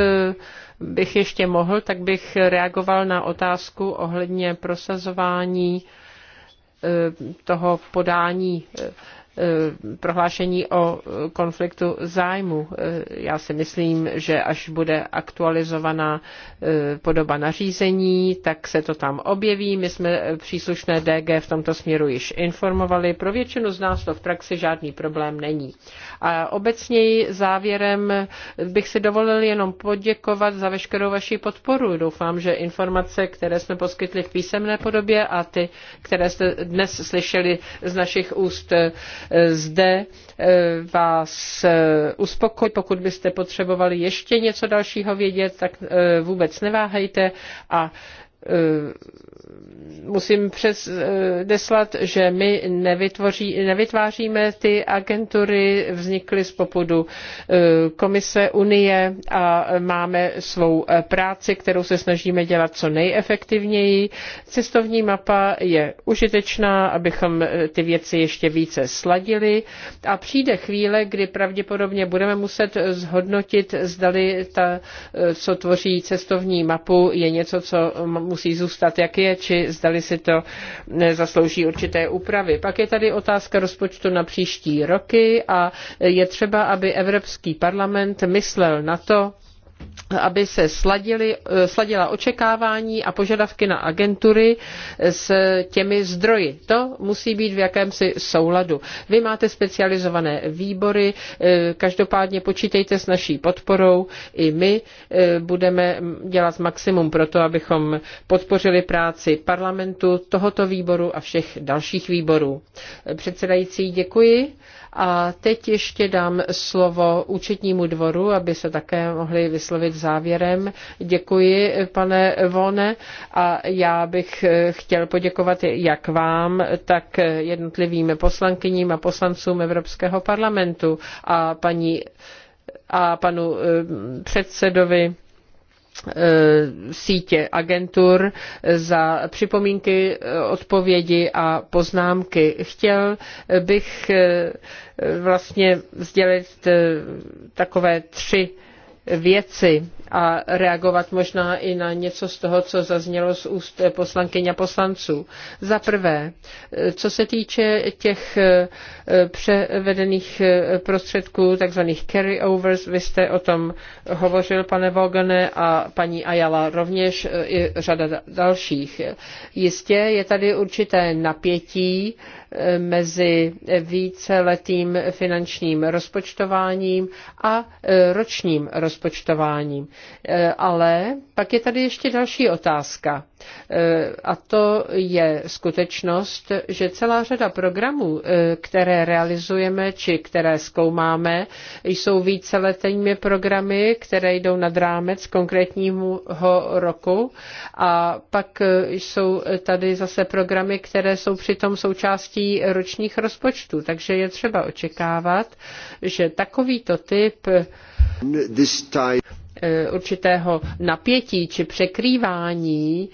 bych ještě mohl, tak bych reagoval na otázku ohledně prosazování e, toho podání Eh, prohlášení o eh, konfliktu zájmu. Eh, já si myslím, že až bude aktualizovaná podoba nařízení, tak se to tam objeví. My jsme příslušné DG v tomto směru již informovali. Pro většinu z nás to v praxi žádný problém není. A obecněji závěrem bych si dovolil jenom poděkovat za veškerou vaši podporu. Doufám, že informace, které jsme poskytli v písemné podobě a ty, které jste dnes slyšeli z našich úst, zde eh, vás eh, uspokojit. Pokud byste potřebovali ještě něco dalšího vědět, tak eh, vůbec neváhejte a Eh, musím předeslat, eh, že my nevytvoří, nevytváříme ty agentury, vznikly z popudu eh, Komise Unie a máme svou práci, kterou se snažíme dělat co nejefektivněji. Cestovní mapa je užitečná, abychom ty věci ještě více sladili a přijde chvíle, kdy pravděpodobně budeme muset zhodnotit, zdali ta, co tvoří cestovní mapu, je něco, co musí zůstat, jak je, či zdali si to zaslouží určité úpravy. Pak je tady otázka rozpočtu na příští roky a je třeba, aby Evropský parlament myslel na to, aby se sladili, eh, sladila očekávání a požadavky na agentury s těmi zdroji. To musí být v jakémsi souladu. Vy máte specializované výbory, eh, každopádně počítejte s naší podporou. I my eh, budeme dělat maximum pro to, abychom podpořili práci parlamentu, tohoto výboru a všech dalších výborů. Předsedající, děkuji. A teď ještě dám slovo účetnímu dvoru, aby se také mohli vyslovit závěrem. Děkuji, pane Vone, a já bych chtěl poděkovat jak vám, tak jednotlivým poslankyním a poslancům Evropského parlamentu a paní a panu eh, předsedovi E, sítě agentur za připomínky, e, odpovědi a poznámky. Chtěl bych e, vlastně sdělit takové tři věci a reagovat možná i na něco z toho, co zaznělo z úst poslankyň a poslanců. Za prvé, co se týče těch eh, převedených eh, prostředků, takzvaných carryovers, vy jste o tom hovořil, pane Vogene, a paní Ajala rovněž eh, i řada dalších. Jistě je tady určité napětí, mezi víceletým finančním rozpočtováním a e, ročním rozpočtováním. E, ale pak je tady ještě další otázka. Eh, a to je skutečnost, že celá řada programů, eh, které realizujeme či které zkoumáme, jsou víceletými programy, které jdou nad rámec konkrétního roku. A pak eh, jsou tady zase programy, které jsou přitom součástí ročních rozpočtů. Takže je třeba očekávat, že takovýto typ E, určitého napětí či překrývání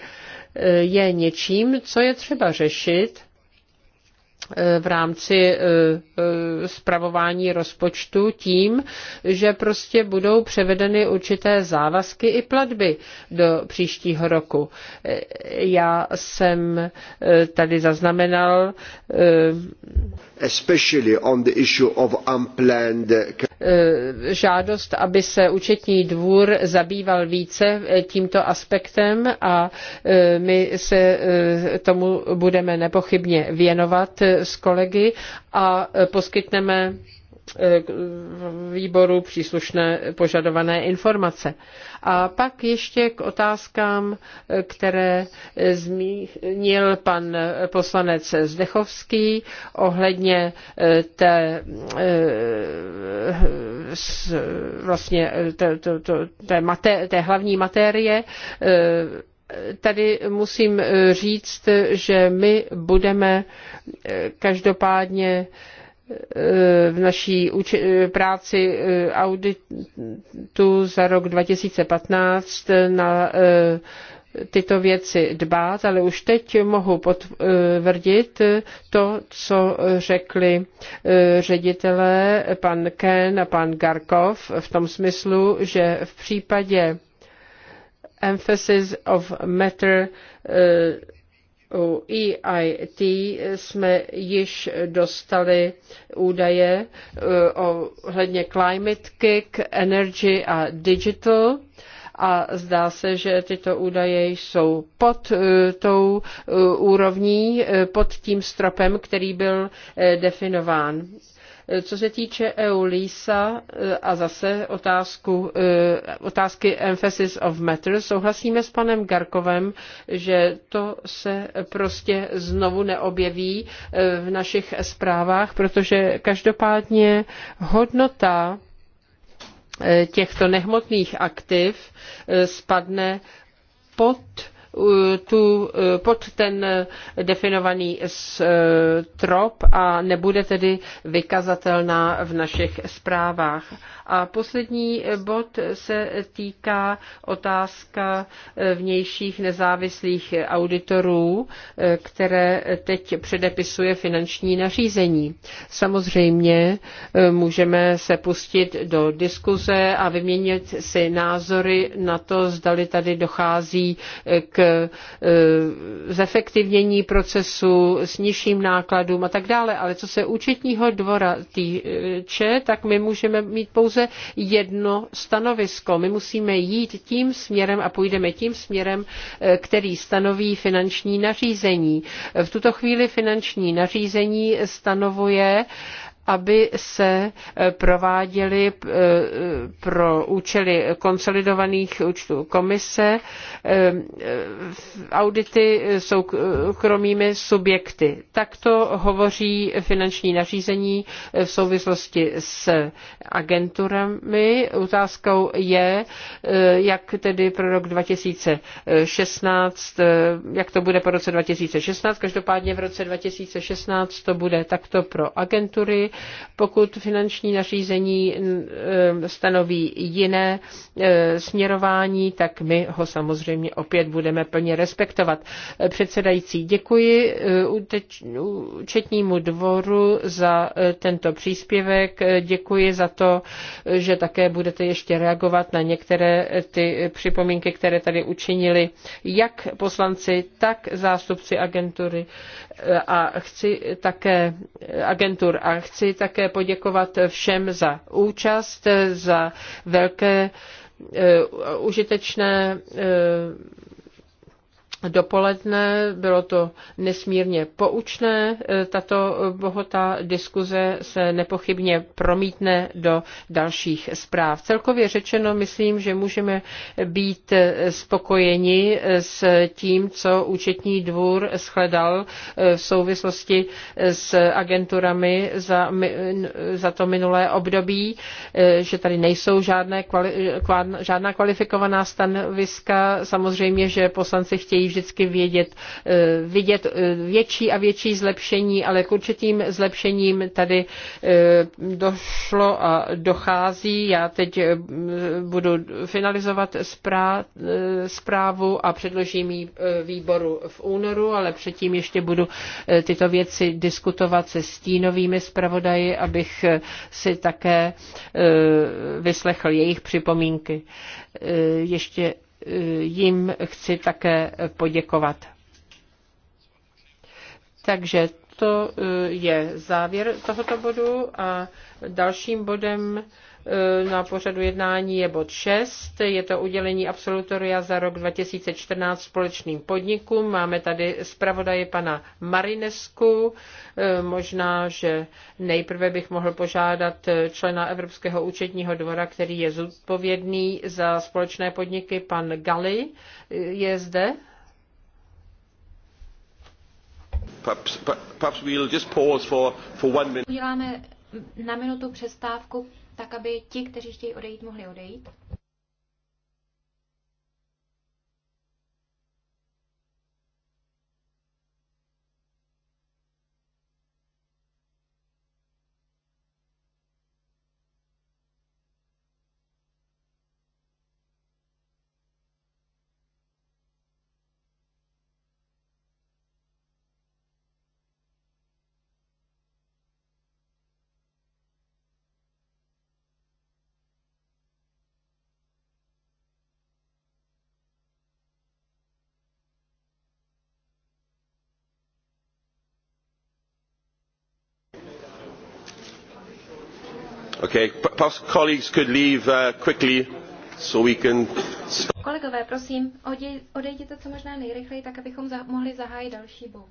e, je něčím, co je třeba řešit e, v rámci spravování rozpočtu tím, že prostě budou převedeny určité závazky i platby do příštího roku. Já jsem tady zaznamenal especially on the issue of unplanned Eh, žádost, aby se účetní dvůr zabýval více eh, tímto aspektem a eh, my se tomu budeme nepochybně věnovat s kolegy a poskytneme E, výboru příslušné požadované informace. A pak ještě k otázkám, e, které zmínil pan poslanec Zdechovský ohledně e, té vlastně té, té, té, maté, té hlavní matérie. tady musím říct, že my budeme každopádně Eh, v naší eh, práci eh, auditu za rok 2015 na tyto věci dbát, ale už teď mohu potvrdit to, co řekli ředitelé pan Ken a pan Garkov v tom smyslu, že v případě emphasis of matter u EIT jsme již dostali údaje eh, ohledně Climate Kick, Energy a Digital a zdá se, že tyto údaje jsou pod eh, tou eh, úrovní, pod tím stropem, který byl definován. Co se týče EU Lisa eh, a zase otázku, eh, otázky Emphasis of Matter, souhlasíme s panem Garkovem, že to se prostě znovu neobjeví eh, v našich zprávách, protože každopádně hodnota těchto nehmotných aktiv spadne pod tu, e, pod ten e, definovaný e, strop a nebude tedy vykazatelná v našich zprávách. A poslední bod se týká otázka vnějších nezávislých auditorů, které teď předepisuje finanční nařízení. Samozřejmě můžeme se pustit do diskuze a vyměnit si názory na to, zdali tady dochází k Eh, zefektivnění procesu, s nižším nákladům a tak dále. Ale co se účetního dvora týče, tak my můžeme mít pouze jedno stanovisko. My musíme jít tím směrem a půjdeme tím směrem, eh, který stanoví finanční nařízení. V tuto chvíli finanční nařízení stanovuje, aby se eh, prováděly eh, pro účely konsolidovaných účtů komise eh, audity soukromými subjekty. Takto hovoří finanční nařízení v souvislosti s agenturami. Otázkou je, jak tedy pro rok 2016, jak to bude po roce 2016. Každopádně v roce 2016 to bude takto pro agentury pokud finanční nařízení eh, stanoví jiné eh, směrování, tak my ho samozřejmě opět budeme plně respektovat. Eh, předsedající, děkuji účetnímu dvoru za tento příspěvek. Děkuji za to, že také budete ještě reagovat na některé ty připomínky, které tady učinili jak poslanci, tak zástupci agentury a chci také agentur a chci chci také poděkovat všem za účast, za velké eh, užitečné eh, dopoledne. Bylo to nesmírně poučné. E, tato bohatá diskuze se nepochybně promítne do dalších zpráv. Celkově řečeno, myslím, že můžeme být spokojeni s tím, co účetní dvůr shledal e, v souvislosti s agenturami za, za to minulé období, e, že tady nejsou žádné, žádná kvalifikovaná stanoviska. Samozřejmě, že poslanci chtějí vždycky vědět, eh, vidět eh, větší a větší zlepšení, ale k určitým zlepšením tady eh, došlo a dochází. Já teď budu finalizovat zprávu a předložím ji výboru v únoru, ale předtím ještě budu tyto věci diskutovat se stínovými zpravodaji, abych si také vyslechl jejich připomínky. Ještě jim chci také poděkovat. Takže to eh, je závěr tohoto bodu a dalším bodem Eh, na pořadu jednání je bod 6. Je to udělení absolutoria za rok 2014 společným podnikům. Máme tady zpravodaje pana Marinesku. Eh, možná, že nejprve bych mohl požádat eh, člena Evropského účetního dvora, který je zodpovědný za společné podniky, pan Gali. Je zde? Uděláme na minutu přestávku, tak aby ti, kteří chtějí odejít, mohli odejít. Uh, Kolegové, prosím, odejděte co možná nejrychleji, tak abychom za- mohli zahájit další bod.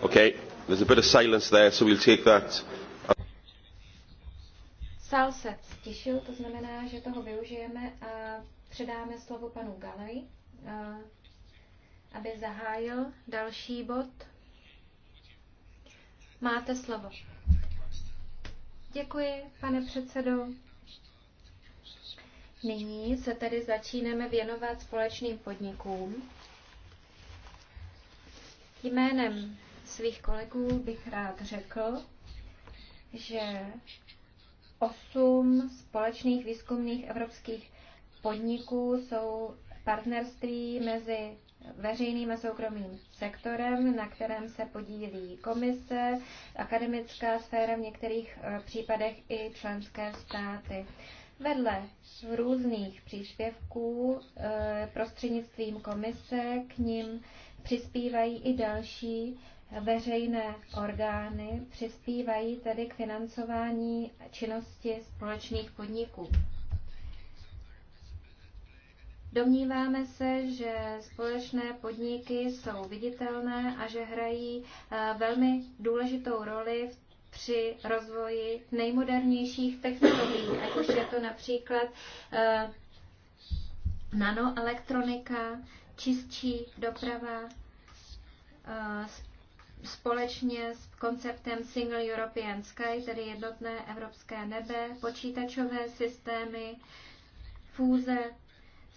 Okay, there's a bit of silence there, so we'll take that. Sál se stišil, to znamená, že toho využijeme a předáme slovo panu Galovi, uh, aby zahájil další bod máte slovo. Děkuji, pane předsedo. Nyní se tedy začínáme věnovat společným podnikům. Jménem svých kolegů bych rád řekl, že osm společných výzkumných evropských podniků jsou partnerství mezi veřejným a soukromým sektorem, na kterém se podílí komise, akademická sféra, v některých eh, případech i členské státy. Vedle různých příspěvků eh, prostřednictvím komise k ním přispívají i další veřejné orgány, přispívají tedy k financování činnosti společných podniků. Domníváme se, že společné podniky jsou viditelné a že hrají eh, velmi důležitou roli v při rozvoji nejmodernějších technologií, ať už je to například eh, nanoelektronika, čistší doprava, eh, společně s konceptem Single European Sky, tedy jednotné evropské nebe, počítačové systémy, fúze,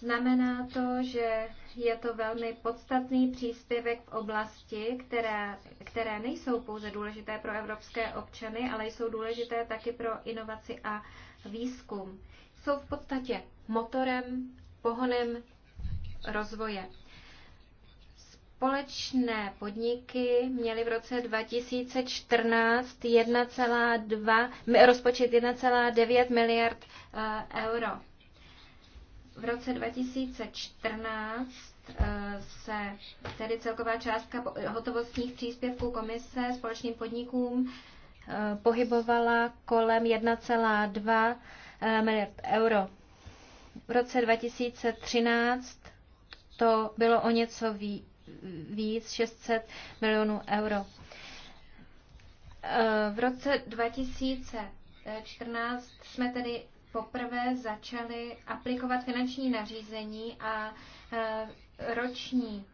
Znamená to, že je to velmi podstatný příspěvek v oblasti, které, které nejsou pouze důležité pro evropské občany, ale jsou důležité taky pro inovaci a výzkum. Jsou v podstatě motorem, pohonem rozvoje. Společné podniky měly v roce 2014 1,2, rozpočet 1,9 miliard eh, euro. V roce 2014 eh, se tedy celková částka hotovostních příspěvků komise společným podnikům eh, pohybovala kolem 1,2 eh, miliard euro. V roce 2013 to bylo o něco víc, 600 milionů euro. V roce 2014 jsme tedy poprvé začali aplikovat finanční nařízení a e, roční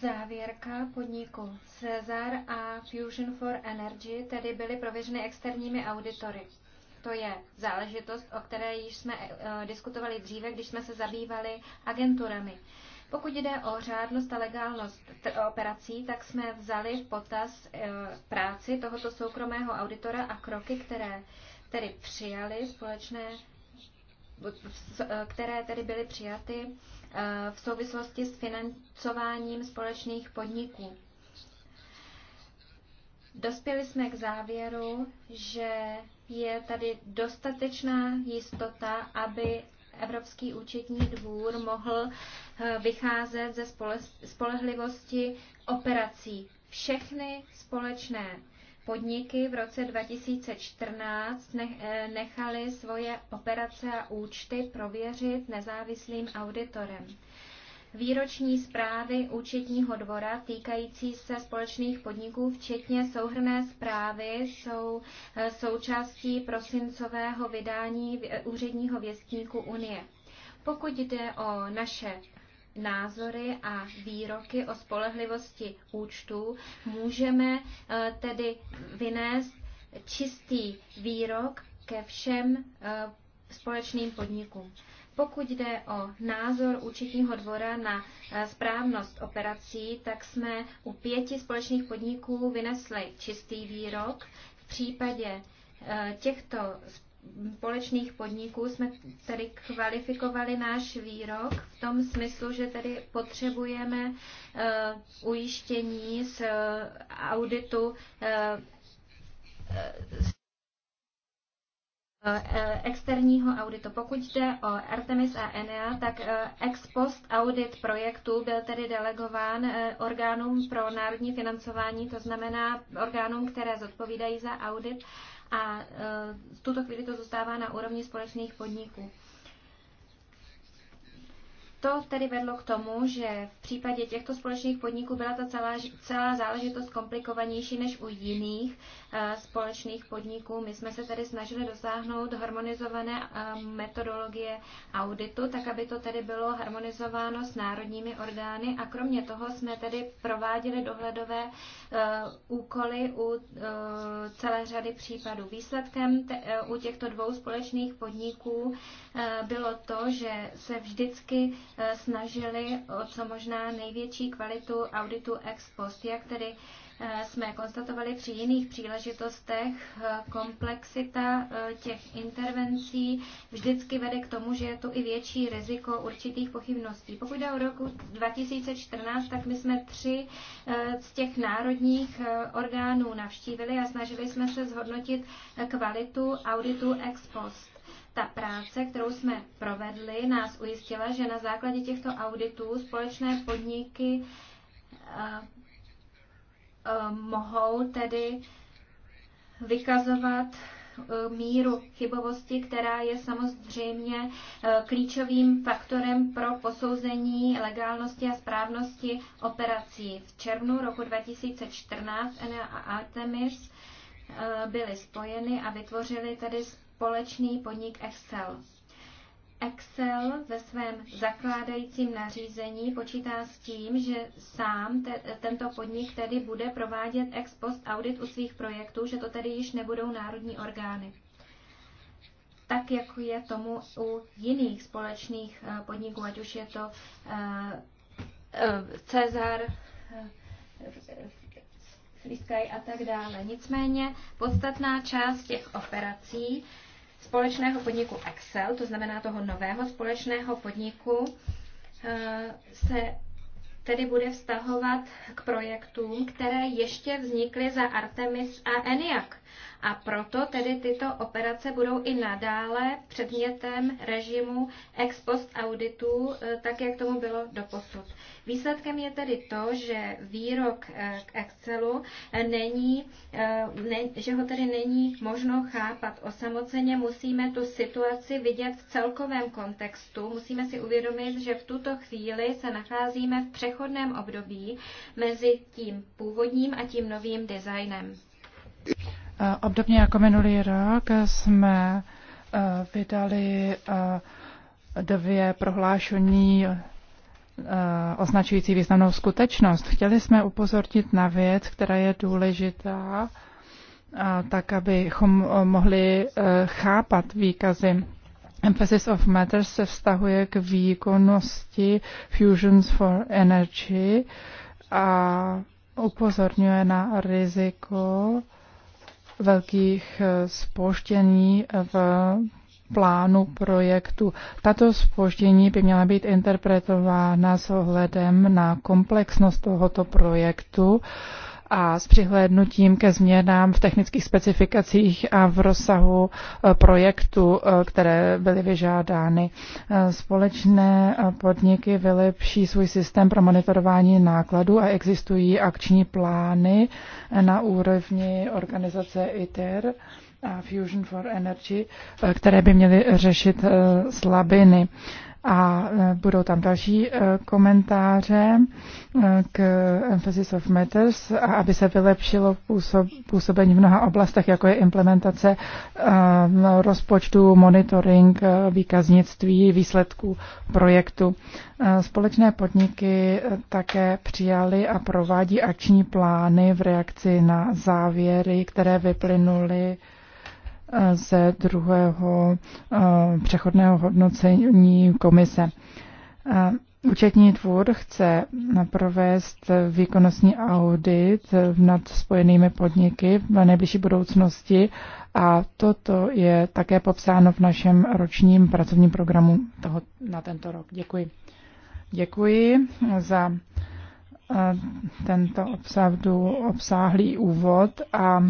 Závěrka podniku Cezar a Fusion for Energy tedy byly prověřeny externími auditory. To je záležitost, o které již jsme e, e, diskutovali dříve, když jsme se zabývali agenturami. Pokud jde o řádnost a legálnost operací, tak jsme vzali v potaz práci tohoto soukromého auditora a kroky, které tedy přijali společné, které tedy byly přijaty eh, v souvislosti s financováním společných podniků. Dospěli jsme k závěru, že je tady dostatečná jistota, aby Evropský účetní dvůr mohl eh, vycházet ze spolehlivosti operací. Všechny společné podniky v roce 2014 eh, nechaly svoje operace a účty prověřit nezávislým auditorem. Výroční zprávy účetního dvora týkající se společných podniků, včetně souhrné zprávy, jsou eh, součástí prosincového vydání eh, úředního věstníku Unie. Pokud jde o naše názory a výroky o spolehlivosti účtů můžeme eh, tedy vynést čistý výrok ke všem eh, společným podnikům. Pokud jde o názor účetního dvora na eh, správnost operací, tak jsme u pěti společných podniků vynesli čistý výrok. V případě těchto společných společných podniků jsme tady kvalifikovali náš výrok v tom smyslu, že tady potřebujeme uh, ujištění z uh, auditu uh, externího auditu. Pokud jde o Artemis a Enea, tak ex post audit projektu byl tedy delegován orgánům pro národní financování, to znamená orgánům, které zodpovídají za audit a eh, v tuto chvíli to zůstává na úrovni společných podniků. To tedy vedlo k tomu, že v případě těchto společných podniků byla ta celá, celá záležitost komplikovanější než u jiných Eh, společných podniků. My jsme se tedy snažili dosáhnout harmonizované eh, metodologie auditu, tak aby to tedy bylo harmonizováno s národními orgány a kromě toho jsme tedy prováděli dohledové eh, úkoly u celé řady případů. Výsledkem u těchto dvou společných podniků bylo to, že se vždycky snažili o co možná největší kvalitu auditu ex post, jak tedy Eh, jsme konstatovali při jiných příležitostech, eh, komplexita eh, těch intervencí vždycky vede k tomu, že je tu i větší riziko určitých pochybností. Pokud jde o roku 2014, tak my jsme tři z těch národních orgánů navštívili a snažili jsme se zhodnotit kvalitu auditu ex post. Ta práce, kterou jsme provedli, nás ujistila, že na základě těchto auditů společné podniky Eh, mohou tedy vykazovat eh, míru chybovosti, která je samozřejmě eh, klíčovým faktorem pro posouzení legálnosti a správnosti operací. V červnu roku 2014 ENA a Artemis byly spojeny a vytvořily tedy společný podnik Excel. Excel ve svém zakládajícím nařízení počítá s tím, že sám te, tento podnik tedy bude provádět ex post audit u svých projektů, že to tedy již nebudou národní orgány. Tak, jak je tomu u jiných společných eh, podniků, ať už je to eh, eh, Cezar, Free a tak dále. Nicméně podstatná část těch operací společného podniku Excel, to znamená toho nového společného podniku, eh, se tedy bude vztahovat k projektům, které ještě vznikly za Artemis a ENIAC. A proto tedy tyto operace budou i nadále předmětem režimu ex post auditu, eh, tak jak tomu bylo doposud. Výsledkem je tedy to, že výrok eh, k Excelu eh, není, ne, že ho tedy není možno chápat osamoceně, musíme tu situaci vidět v celkovém kontextu, musíme si uvědomit, že v tuto chvíli se nacházíme v přechodném období mezi tím původním a tím novým designem. Eh, obdobně jako minulý rok jsme eh, vydali eh, dvě prohlášení označující významnou skutečnost. Chtěli jsme upozornit na věc, která je důležitá, tak abychom mohli chápat výkazy. Emphasis of Matters se vztahuje k výkonnosti Fusions for Energy a upozorňuje na riziko velkých spoždění eh, eh, v plánu projektu. Tato spoždění by měla být interpretována s ohledem na komplexnost tohoto projektu a s přihlédnutím ke změnám v technických specifikacích a v rozsahu eh, projektu, eh, které byly vyžádány. Eh, společné podniky vylepší svůj systém pro monitorování nákladů a existují akční plány na úrovni organizace ITER a Fusion for Energy, které by měly řešit slabiny a e, budou tam další e, komentáře e, k Emphasis of Matters, aby se vylepšilo působení v mnoha oblastech, jako je implementace rozpočtu, monitoring, výkaznictví, výsledků projektu. Společné podniky také přijali a provádí akční plány v reakci na závěry, které vyplynuly ze druhého eh, přechodného hodnocení komise. Eh, účetní tvůr chce provést výkonnostní audit nad spojenými podniky v nejbližší budoucnosti a toto je také popsáno v našem ročním pracovním programu toho, na tento rok. Děkuji. Děkuji za eh, tento obsahdu obsáhlý úvod a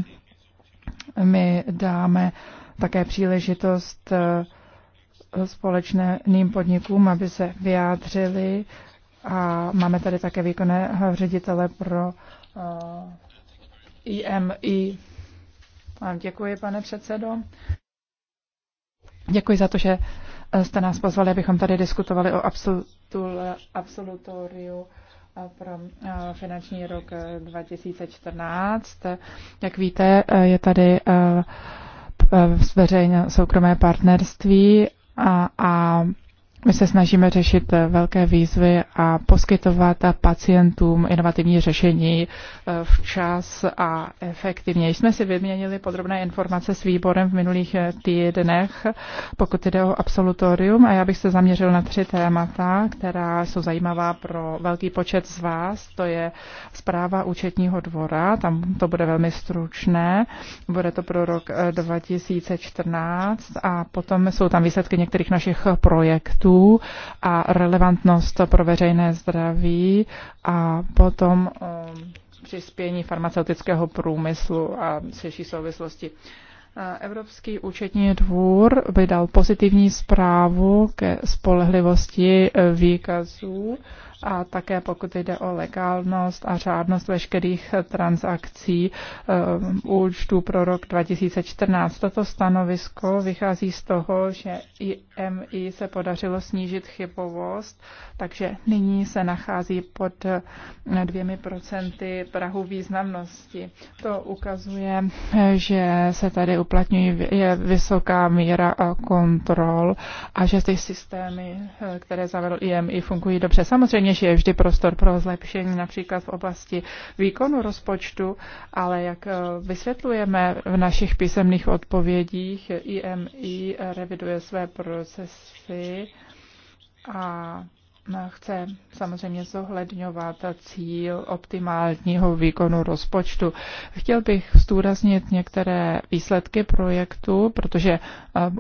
my dáme také příležitost eh, společným podnikům, aby se vyjádřili a máme tady také výkonné ředitele pro IMI. Eh, děkuji, pane předsedo. Děkuji za to, že eh, jste nás pozvali, abychom tady diskutovali o absolutoriu pro eh, finanční rok 2014. Eh, Jak víte, eh, je tady veřejně soukromé partnerství a, a my se snažíme řešit eh, velké výzvy a poskytovat pacientům inovativní řešení eh, včas a efektivně. Jsme si vyměnili podrobné informace s výborem v minulých eh, týdnech, pokud jde o absolutorium a já bych se zaměřil na tři témata, která jsou zajímavá pro velký počet z vás. To je zpráva účetního dvora, tam to bude velmi stručné, bude to pro rok 2014 a potom jsou tam výsledky některých našich projektů dopadů a relevantnost pro veřejné zdraví a potom um, přispění farmaceutického průmyslu a širší souvislosti. Eh, Evropský účetní dvůr vydal pozitivní zprávu ke spolehlivosti eh, výkazů a také pokud jde o legálnost a řádnost veškerých transakcí eh, účtů pro rok 2014. Toto stanovisko vychází z toho, že IMI se podařilo snížit chybovost, takže nyní se nachází pod eh, dvěmi procenty Prahu významnosti. To ukazuje, eh, že se tady uplatňuje vysoká míra kontrol a že ty systémy, které zavedl IMI, fungují dobře. Samozřejmě Samozřejmě, že je vždy prostor pro zlepšení, například v oblasti výkonu rozpočtu, ale jak eh, vysvětlujeme v našich písemných odpovědích, IMI reviduje své procesy a chce samozřejmě zohledňovat cíl optimálního výkonu rozpočtu. Chtěl bych zdůraznit některé výsledky projektu, protože eh,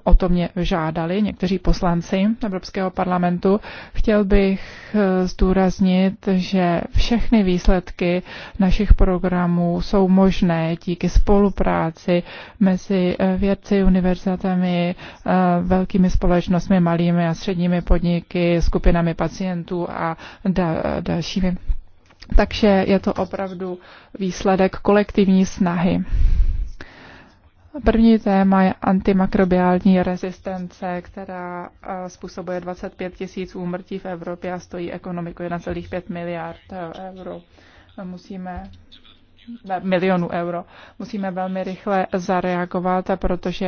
o to mě žádali někteří poslanci Evropského parlamentu. Chtěl bych eh, zdůraznit, že všechny výsledky našich programů jsou možné díky spolupráci mezi eh, vědci, univerzitami, velkými společnostmi, malými a středními podniky, skupinami pacientů pacientů a da, dalšími. Takže je to opravdu výsledek kolektivní snahy. První téma je antimakrobiální rezistence, která eh, způsobuje 25 tisíc úmrtí v Evropě a stojí ekonomiku 1,5 miliard eh, euro. Musíme milionů euro. Musíme velmi rychle zareagovat, protože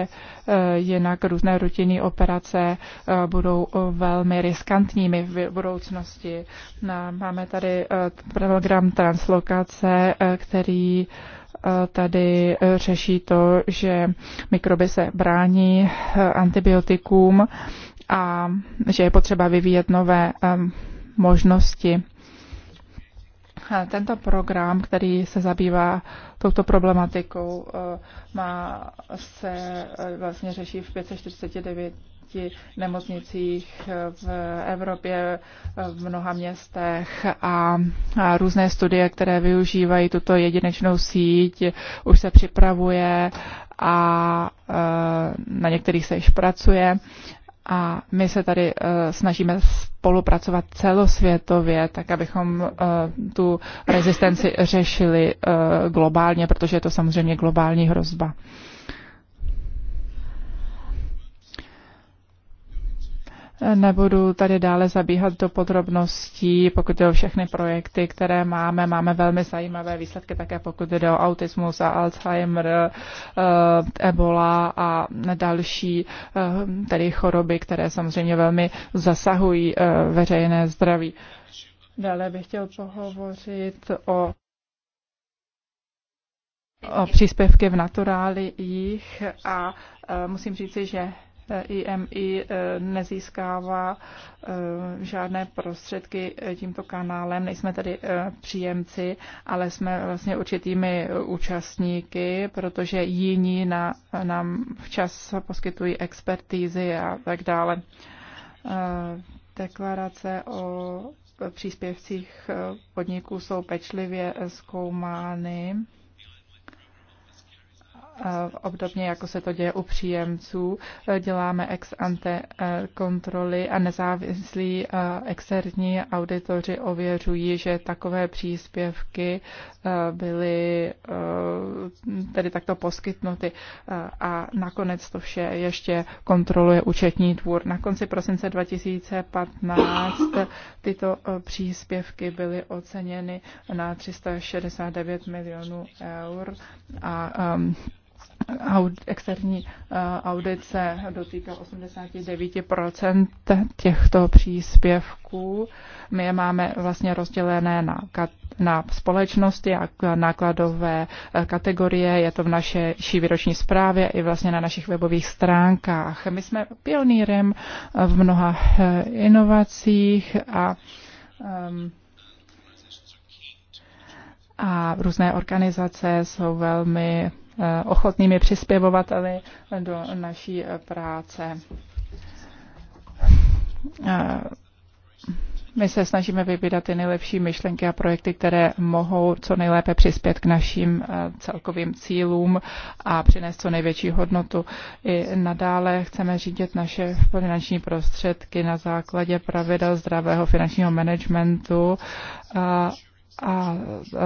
eh, jinak různé rutinní operace eh, budou eh, velmi riskantními v budoucnosti. Máme tady program translokace, který tady řeší to, že mikroby se brání antibiotikům a že je potřeba vyvíjet nové možnosti Eh, tento program, který se zabývá touto problematikou, eh, má se eh, vlastně řeší v 549 nemocnicích v Evropě, v mnoha městech a, a různé studie, které využívají tuto jedinečnou síť, už se připravuje a na některých se již pracuje. A my se tady eh, snažíme spolupracovat celosvětově, tak abychom eh, tu rezistenci řešili eh, globálně, protože je to samozřejmě globální hrozba. Nebudu tady dále zabíhat do podrobností, pokud jde o všechny projekty, které máme. Máme velmi zajímavé výsledky také, pokud jde o autismus a Alzheimer, eh, ebola a další eh, tedy choroby, které samozřejmě velmi zasahují eh, veřejné zdraví. Dále bych chtěl pohovořit o o příspěvky v naturálích a musím říci, že IMI e e, nezískává e, žádné prostředky tímto kanálem, nejsme tedy příjemci, ale jsme vlastně určitými účastníky, protože jiní na, nám včas poskytují expertízy a tak dále. Deklarace o příspěvcích podniků jsou pečlivě zkoumány obdobně jako se to děje u příjemců. Děláme ex ante eh, kontroly a nezávislí eh, externí auditoři ověřují, že takové příspěvky eh, byly tedy takto poskytnuty a nakonec to vše ještě kontroluje účetní dvůr. Na konci prosince 2015 tyto příspěvky byly oceněny na 369 milionů eur a um, externí audit se 89% těchto příspěvků. My je máme vlastně rozdělené na, na společnosti a nákladové eh, kategorie. Je to v naší výroční zprávě i vlastně na našich webových stránkách. My jsme pionýrem eh, v mnoha eh, inovacích a um, a různé organizace jsou velmi Eh, ochotnými přispěvovateli do naší eh, práce. Eh, my se snažíme vybírat ty nejlepší myšlenky a projekty, které mohou co nejlépe přispět k našim celkovým cílům a přinést co největší hodnotu. I nadále chceme řídit naše finanční prostředky na základě pravidel zdravého finančního managementu a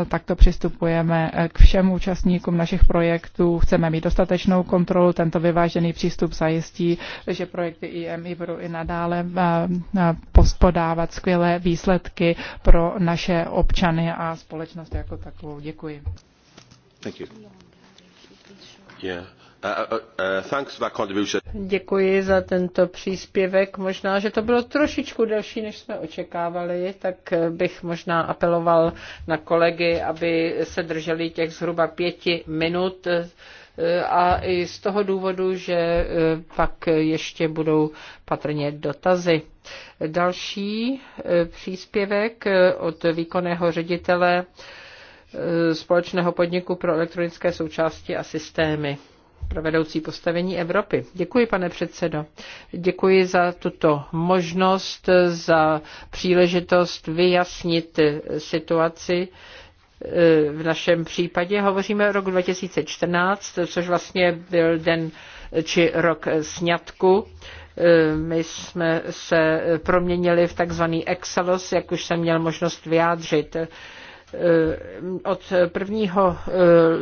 takto přistupujeme e, k všem účastníkům našich projektů. Chceme mít dostatečnou kontrolu, tento vyvážený přístup zajistí, že projekty IMI budou i nadále e, e, pospodávat skvělé výsledky pro naše občany a společnost jako takovou. Děkuji. Thank you. Yeah. Děkuji za tento příspěvek. Možná, že to bylo trošičku delší, než jsme očekávali, tak bych možná apeloval na kolegy, aby se drželi těch zhruba pěti minut a i z toho důvodu, že pak ještě budou patrně dotazy. Další příspěvek od výkonného ředitele společného podniku pro elektronické součásti a systémy pro vedoucí postavení Evropy. Děkuji, pane předsedo. Děkuji za tuto možnost, za příležitost vyjasnit situaci e, v našem případě hovoříme o roku 2014, což vlastně byl den či rok sňatku. E, my jsme se proměnili v takzvaný Excelos, jak už jsem měl možnost vyjádřit od 1. Eh,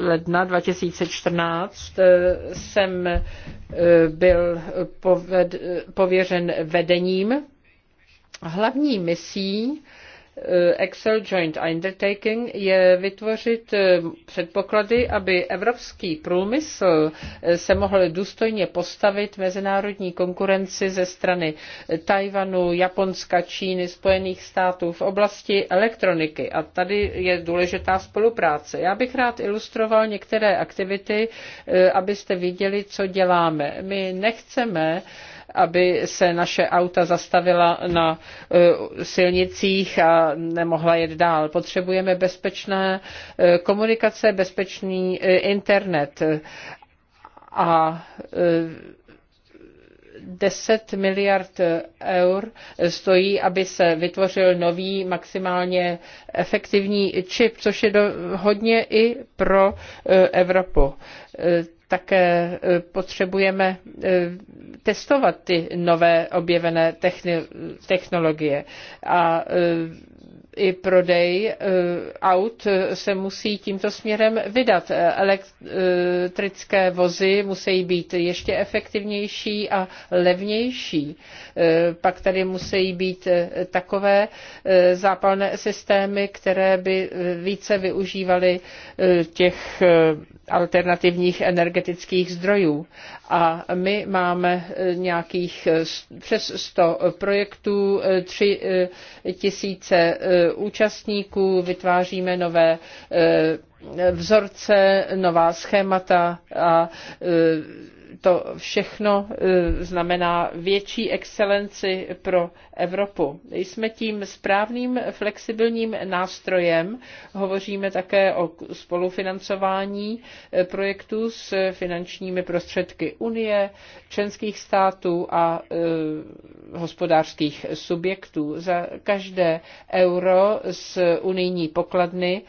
ledna 2014 eh, jsem eh, byl pověřen vedením. Hlavní misí Eh, Excel Joint Undertaking je vytvořit eh, předpoklady, aby evropský průmysl eh, se mohl důstojně postavit mezinárodní konkurenci ze strany Tajvanu, Japonska, Číny, Spojených států v oblasti elektroniky. A tady je důležitá spolupráce. Já bych rád ilustroval některé aktivity, abyste viděli, co děláme. My nechceme, aby se naše auta zastavila na e, silnicích a nemohla jet dál. Potřebujeme bezpečné e, komunikace, bezpečný e, internet a 10 miliard eur stojí, aby se vytvořil nový maximálně efektivní čip, což je do, hodně i pro Evropu. Také eh, potřebujeme eh, testovat ty nové objevené technologie a eh, i prodej aut se musí tímto směrem vydat. Elektrické vozy musí být ještě efektivnější a levnější. Pak tady musí být takové zápalné systémy, které by více využívaly těch alternativních energetických zdrojů. A my máme eh, nějakých eh, přes 100 projektů, 3 eh, tisíce účastníků, vytváříme nové vzorce, nová schémata a to všechno e, znamená větší excelenci pro Evropu. Jsme tím správným flexibilním nástrojem. Hovoříme také o spolufinancování e, projektů s finančními prostředky Unie, členských států a e, hospodářských subjektů. Za každé euro z unijní pokladny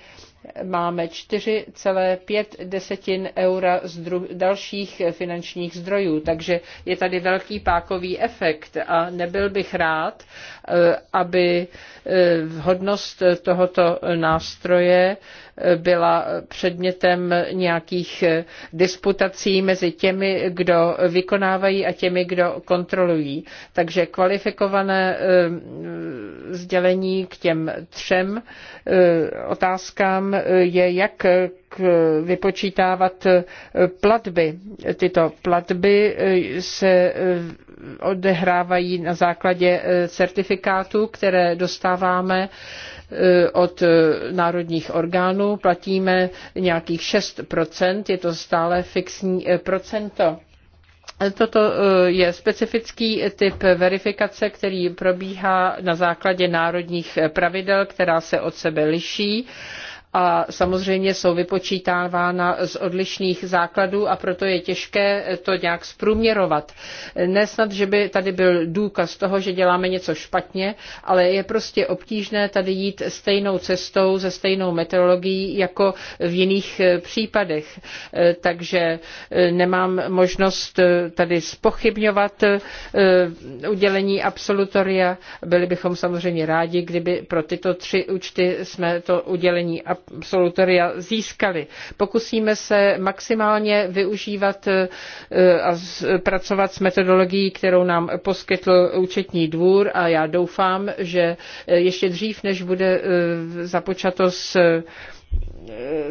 máme 4,5 desetin eura z dalších finančních zdrojů, takže je tady velký pákový efekt a nebyl bych rád, Eh, aby eh, hodnost tohoto nástroje eh, byla předmětem nějakých disputací mezi těmi, kdo vykonávají a těmi, kdo kontrolují. Takže kvalifikované sdělení k těm třem otázkám je, jak Eh, vypočítávat eh, platby. Tyto platby eh, se odehrávají na základě certifikátů, které dostáváme od národních orgánů. Platíme nějakých 6%, je to stále fixní procento. Toto je specifický typ verifikace, který probíhá na základě národních pravidel, která se od sebe liší a samozřejmě jsou vypočítávána z odlišných základů a proto je těžké to nějak zprůměrovat. Nesnad, že by tady byl důkaz toho, že děláme něco špatně, ale je prostě obtížné tady jít stejnou cestou se stejnou meteorologií jako v jiných eh, případech. Eh, takže eh, nemám možnost tady spochybňovat udělení absolutoria. Byli bychom samozřejmě rádi, kdyby pro tyto tři účty jsme to udělení absolutoria absolutoria získali. Pokusíme se maximálně využívat eh, a pracovat s metodologií, kterou nám poskytl účetní dvůr a já doufám, že eh, ještě dřív, než bude eh, započato s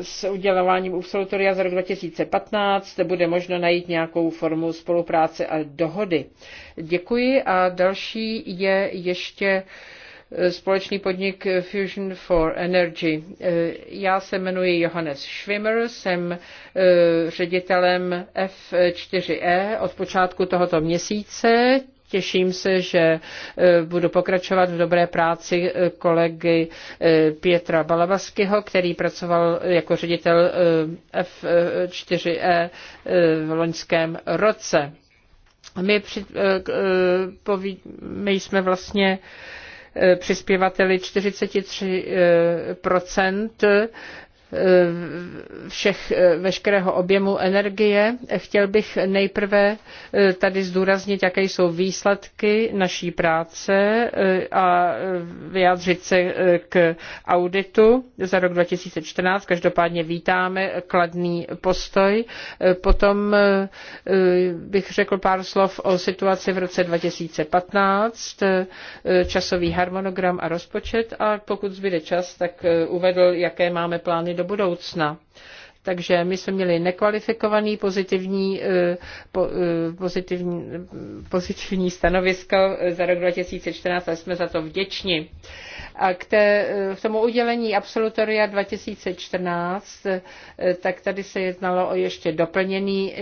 s udělováním absolutoria za rok 2015 bude možno najít nějakou formu spolupráce a dohody. Děkuji a další je ještě společný podnik Fusion for Energy. Já se jmenuji Johannes Schwimmer, jsem eh, ředitelem F4E od počátku tohoto měsíce. Těším se, že eh, budu pokračovat v dobré práci eh, kolegy Pětra Balavaskyho, který pracoval jako ředitel F4E v loňském roce. My, při, my jsme vlastně Eh, přispěvateli 43 Eh, všech, eh, veškerého objemu energie. Chtěl bych nejprve eh, tady zdůraznit, jaké jsou výsledky naší práce a vyjádřit se k auditu za rok 2014. Každopádně vítáme kladný postoj. Potom bych řekl pár slov o situaci v roce 2015, časový harmonogram a rozpočet a pokud zbyde čas, tak uvedl, jaké máme plány do budoucna. Takže my jsme měli nekvalifikovaný pozitivní, eh, eh, pozitivní, eh, pozitivní stanovisko za rok 2014 a jsme za to vděční. A k, té, k tomu udělení absolutoria 2014, tak tady se jednalo o ještě doplněný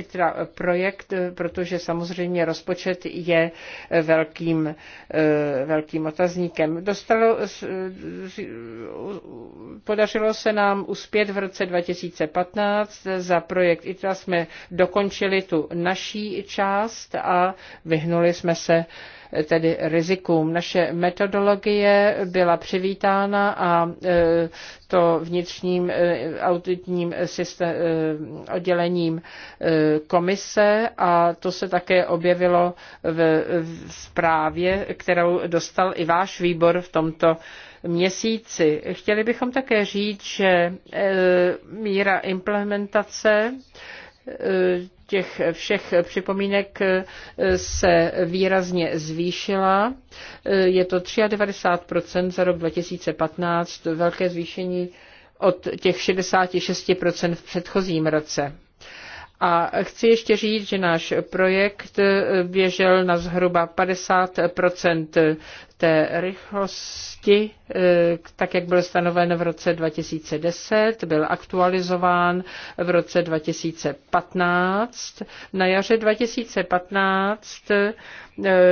projekt, protože samozřejmě rozpočet je velkým, velkým otazníkem. Dostalo, podařilo se nám uspět v roce 2015 2015. Za projekt ITRA jsme dokončili tu naší část a vyhnuli jsme se eh, tedy rizikům. Naše metodologie byla přivítána a eh, to vnitřním eh, auditním systém, oddělením komise a to se také objevilo v, v zprávě, kterou dostal i váš výbor v tomto měsíci. Chtěli bychom také říct, že e, míra implementace e, těch všech připomínek e, se výrazně zvýšila. Je to 93% za rok 2015, velké zvýšení od těch 66% v předchozím roce. A chci ještě říct, že náš projekt běžel na zhruba 50 té rychlosti, eh, tak jak byl stanoven v roce 2010, byl aktualizován v roce 2015. Na jaře 2015 eh,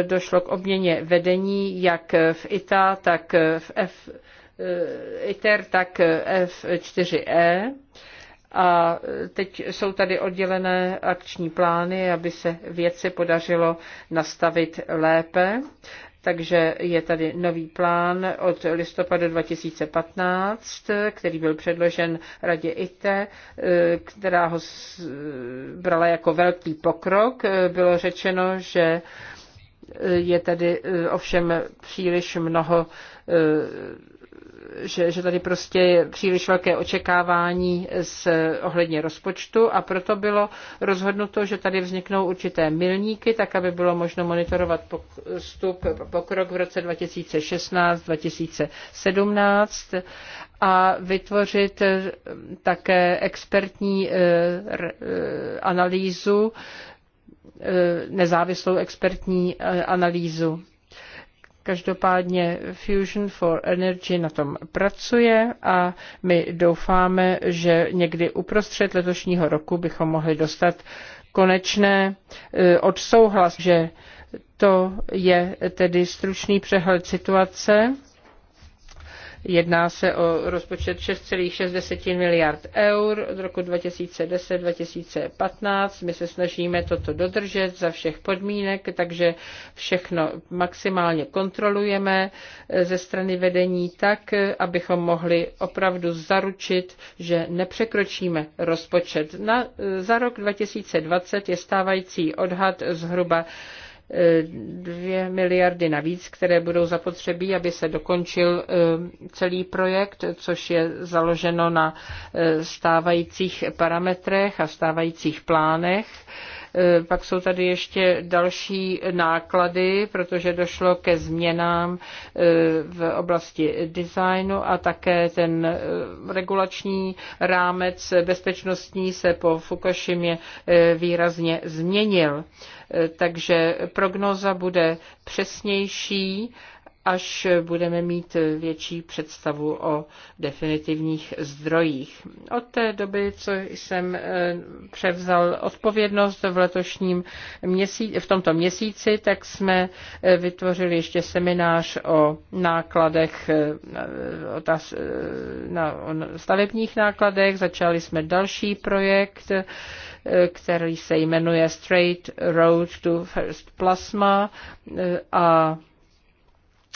došlo k obměně vedení jak v ITA, tak v F, eh, ITER, tak F4E a teď jsou tady oddělené akční plány, aby se věci podařilo nastavit lépe. Takže je tady nový plán od listopadu 2015, který byl předložen Radě ITE, která ho brala jako velký pokrok. Bylo řečeno, že je tady eh, ovšem příliš mnoho eh, že, že tady prostě je příliš velké očekávání z, ohledně rozpočtu a proto bylo rozhodnuto, že tady vzniknou určité milníky, tak aby bylo možno monitorovat postup, pokrok v roce 2016, 2017 a vytvořit eh, také expertní eh, eh, analýzu, nezávislou expertní analýzu Každopádně Fusion for Energy na tom pracuje a my doufáme, že někdy uprostřed letošního roku bychom mohli dostat konečné e, odsouhlas, že to je tedy stručný přehled situace Jedná se o rozpočet 6,6 miliard eur od roku 2010-2015. My se snažíme toto dodržet za všech podmínek, takže všechno maximálně kontrolujeme ze strany vedení tak, abychom mohli opravdu zaručit, že nepřekročíme rozpočet. Na, za rok 2020 je stávající odhad zhruba dvě miliardy navíc, které budou zapotřebí, aby se dokončil eh, celý projekt, což je založeno na eh, stávajících parametrech a stávajících plánech. Eh, pak jsou tady ještě další náklady, protože došlo ke změnám eh, v oblasti designu a také ten eh, regulační rámec bezpečnostní se po Fukushimě výrazně změnil. Takže prognoza bude přesnější až budeme mít větší představu o definitivních zdrojích. Od té doby, co jsem eh, převzal odpovědnost v letošním měsíci, v tomto měsíci, tak jsme eh, vytvořili ještě seminář o nákladech, eh, o stavebních nákladech, začali jsme další projekt, který se jmenuje Straight Road to First Plasma a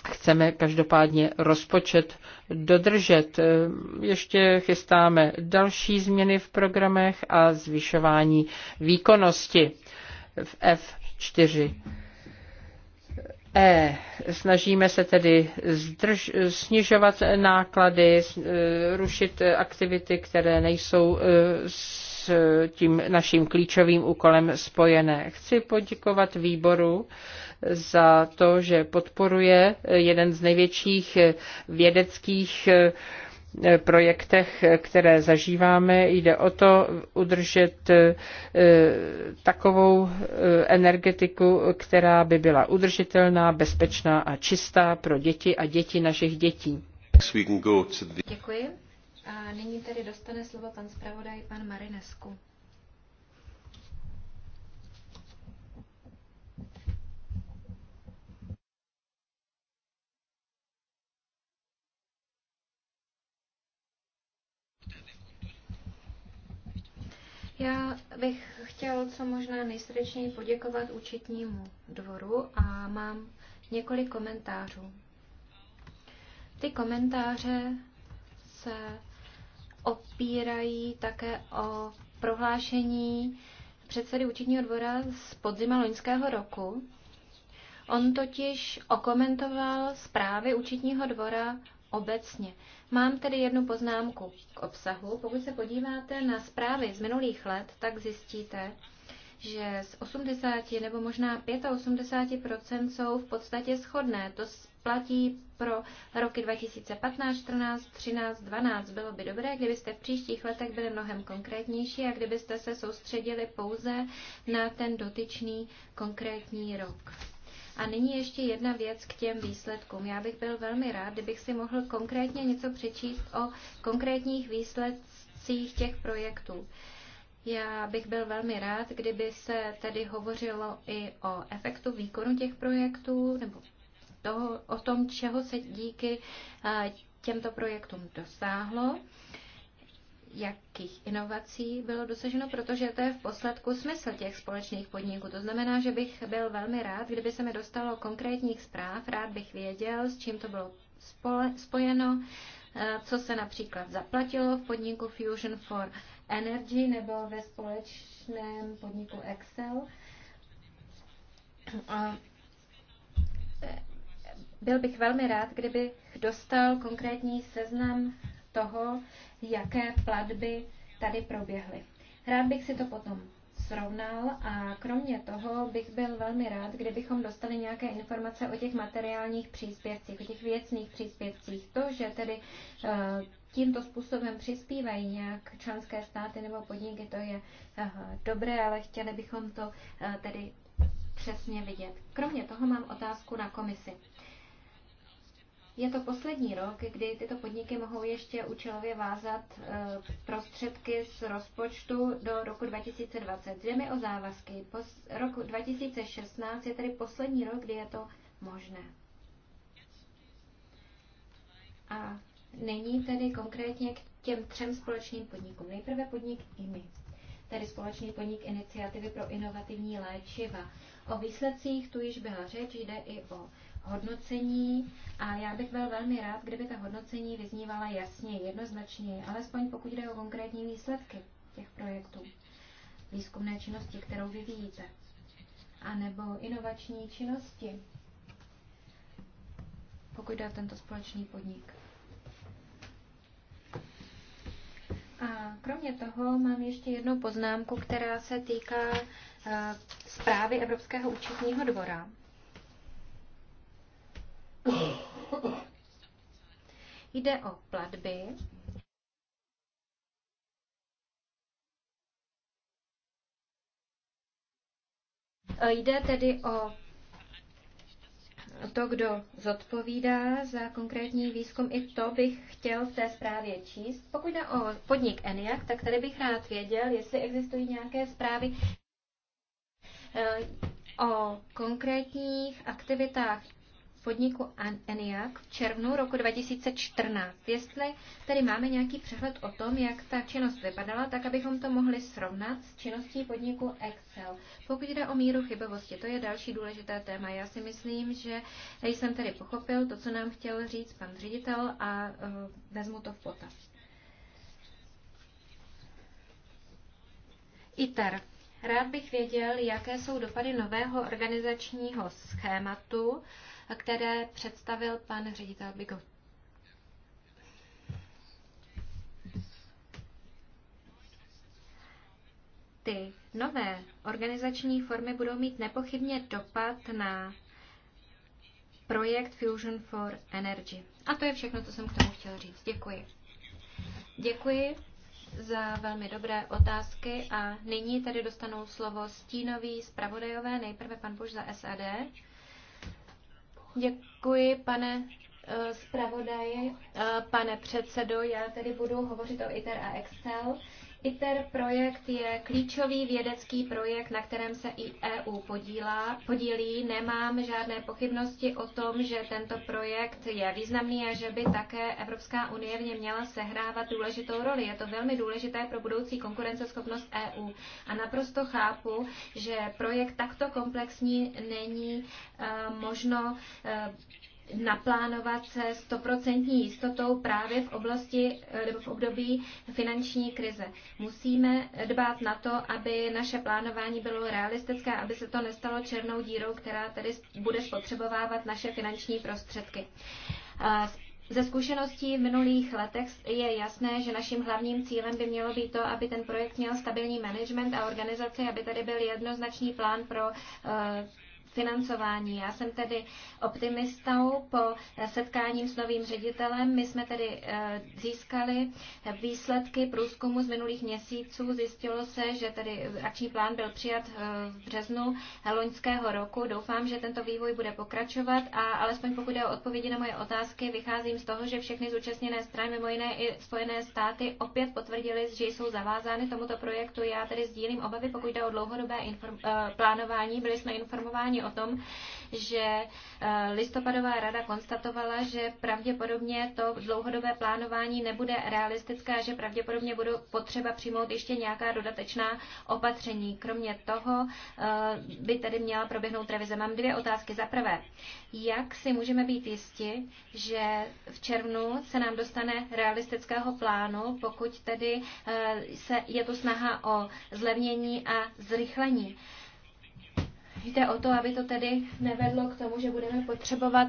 chceme každopádně rozpočet dodržet. Ještě chystáme další změny v programech a zvyšování výkonnosti v F4. E. Snažíme se tedy zdrž, snižovat náklady, e, rušit aktivity, které nejsou e, s tím naším klíčovým úkolem spojené. Chci poděkovat výboru za to, že podporuje jeden z největších vědeckých eh, projektech, které zažíváme. Jde o to udržet eh, takovou eh, energetiku, která by byla udržitelná, bezpečná a čistá pro děti a děti našich dětí. Děkuji. A nyní tedy dostane slovo pan zpravodaj, pan Marinesku. Já bych chtěl co možná nejsrdečněji poděkovat účetnímu dvoru a mám několik komentářů. Ty komentáře se opírají také o prohlášení předsedy účetního dvora z podzima loňského roku. On totiž okomentoval zprávy účetního dvora obecně. Mám tedy jednu poznámku k obsahu. Pokud se podíváte na zprávy z minulých let, tak zjistíte, že z 80 nebo možná 85 jsou v podstatě shodné. To platí pro roky 2015, 14, 13, 12. Bylo by dobré, kdybyste v příštích letech byli mnohem konkrétnější a kdybyste se soustředili pouze na ten dotyčný konkrétní rok. A nyní ještě jedna věc k těm výsledkům. Já bych byl velmi rád, kdybych si mohl konkrétně něco přečíst o konkrétních výsledcích těch projektů. Já bych byl velmi rád, kdyby se tedy hovořilo i o efektu výkonu těch projektů nebo toho, o tom, čeho se díky eh, těmto projektům dosáhlo jakých inovací bylo dosaženo, protože to je v posledku smysl těch společných podniků. To znamená, že bych byl velmi rád, kdyby se mi dostalo konkrétních zpráv, rád bych věděl, s čím to bylo spole, spojeno, eh, co se například zaplatilo v podniku Fusion for Energy nebo ve společném podniku Excel. Eh, byl bych velmi rád, kdybych dostal konkrétní seznam toho, jaké platby tady proběhly. Rád bych si to potom srovnal a kromě toho bych byl velmi rád, kdybychom dostali nějaké informace o těch materiálních příspěvcích, o těch věcných příspěvcích. To, že tedy eh, tímto způsobem přispívají nějak členské státy nebo podniky, to je eh, dobré, ale chtěli bychom to eh, tedy přesně vidět. Kromě toho mám otázku na komisi. Je to poslední rok, kdy tyto podniky mohou ještě účelově vázat eh, prostředky z rozpočtu do roku 2020. Jde mi o závazky. Po roku 2016 je tedy poslední rok, kdy je to možné. A nyní tedy konkrétně k těm třem společným podnikům. Nejprve podnik IMI, tedy společný podnik iniciativy pro inovativní léčiva. O výsledcích tu již byla řeč, jde i o hodnocení a já bych byl velmi rád, kdyby ta hodnocení vyznívala jasně, jednoznačně, alespoň pokud jde o konkrétní výsledky těch projektů, výzkumné činnosti, kterou vyvíjíte, anebo inovační činnosti, pokud jde o tento společný podnik. A kromě toho mám ještě jednu poznámku, která se týká eh, zprávy Evropského účetního dvora. Jde o platby, Jde tedy o to, kdo zodpovídá za konkrétní výzkum, i to bych chtěl v té zprávě číst. Pokud jde o podnik ENIAC, tak tady bych rád věděl, jestli existují nějaké zprávy eh, o konkrétních aktivitách podniku ENIAC v červnu roku 2014. Jestli tedy máme nějaký přehled o tom, jak ta činnost vypadala, tak abychom to mohli srovnat s činností podniku Excel. Pokud jde o míru chybovosti, to je další důležité téma. Já si myslím, že jsem tedy pochopil to, co nám chtěl říct pan ředitel a eh, vezmu to v potaz. ITER. Rád bych věděl, jaké jsou dopady nového organizačního schématu které představil pan ředitel Bigot. Ty nové organizační formy budou mít nepochybně dopad na projekt Fusion for Energy. A to je všechno, co jsem k tomu chtěla říct. Děkuji. Děkuji za velmi dobré otázky a nyní tady dostanou slovo stínoví zpravodajové, nejprve pan Bož za SAD. Děkuji, pane eh, zpravodaji, eh, pane předsedo. Já tedy budu hovořit o ITER a Excel. ITER projekt je klíčový vědecký projekt, na kterém se i EU podílá, podílí. Nemám žádné pochybnosti o tom, že tento projekt je významný a že by také Evropská unie v něm měla sehrávat důležitou roli. Je to velmi důležité pro budoucí konkurenceschopnost EU. A naprosto chápu, že projekt takto komplexní není uh, možno uh, naplánovat se stoprocentní jistotou právě v oblasti eh, nebo v období finanční krize. Musíme dbát na to, aby naše plánování bylo realistické, aby se to nestalo černou dírou, která tedy bude spotřebovávat naše finanční prostředky. Eh, ze zkušeností v minulých letech je jasné, že naším hlavním cílem by mělo být to, aby ten projekt měl stabilní management a organizaci, aby tady byl jednoznačný plán pro eh, financování. Já jsem tedy optimistou po setkáním s novým ředitelem. My jsme tedy eh, získali výsledky průzkumu z minulých měsíců. Zjistilo se, že tedy akční plán byl přijat eh, v březnu loňského roku. Doufám, že tento vývoj bude pokračovat a alespoň pokud je o odpovědi na moje otázky, vycházím z toho, že všechny zúčastněné strany, mimo jiné i Spojené státy, opět potvrdili, že jsou zavázány tomuto projektu. Já tedy sdílím obavy, pokud jde o dlouhodobé eh, plánování. Byli jsme informováni o tom, že eh, listopadová rada konstatovala, že pravděpodobně to dlouhodobé plánování nebude realistické a že pravděpodobně budou potřeba přijmout ještě nějaká dodatečná opatření. Kromě toho eh, by tedy měla proběhnout revize. Mám dvě otázky. Za prvé, jak si můžeme být jisti, že v červnu se nám dostane realistického plánu, pokud tedy eh, se, je tu snaha o zlevnění a zrychlení. Jde o to, aby to tedy nevedlo k tomu, že budeme potřebovat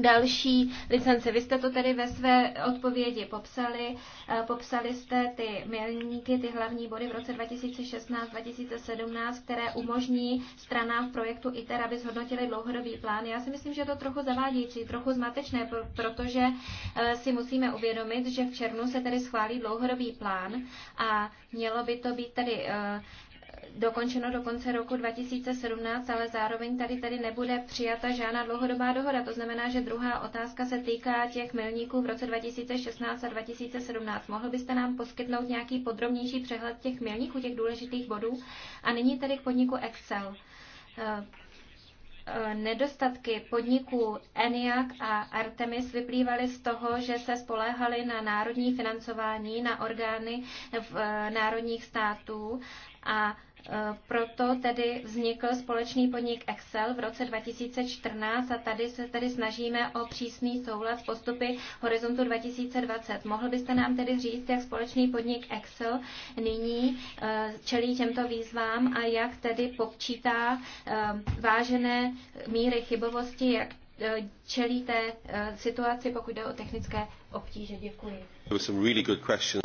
další licence. Vy jste to tedy ve své odpovědi popsali. Eh, popsali jste ty milníky, ty hlavní body v roce 2016-2017, které umožní stranám v projektu ITER, aby zhodnotili dlouhodobý plán. Já si myslím, že je to trochu zavádějící, trochu zmatečné, protože eh, si musíme uvědomit, že v červnu se tedy schválí dlouhodobý plán a mělo by to být tedy eh, dokončeno do konce roku 2017, ale zároveň tady tady nebude přijata žádná dlouhodobá dohoda. To znamená, že druhá otázka se týká těch milníků v roce 2016 a 2017. Mohl byste nám poskytnout nějaký podrobnější přehled těch milníků, těch důležitých bodů? A nyní tedy k podniku Excel eh, eh, nedostatky podniků ENIAC a Artemis vyplývaly z toho, že se spoléhaly na národní financování, na orgány v eh, národních států a Eh, proto tedy vznikl společný podnik Excel v roce 2014 a tady se tedy snažíme o přísný soulad postupy Horizontu 2020. Mohl byste nám tedy říct, jak společný podnik Excel nyní eh, čelí těmto výzvám a jak tedy počítá eh, vážené míry chybovosti, jak Eh, čelíte eh, situaci, pokud jde o technické obtíže. Děkuji.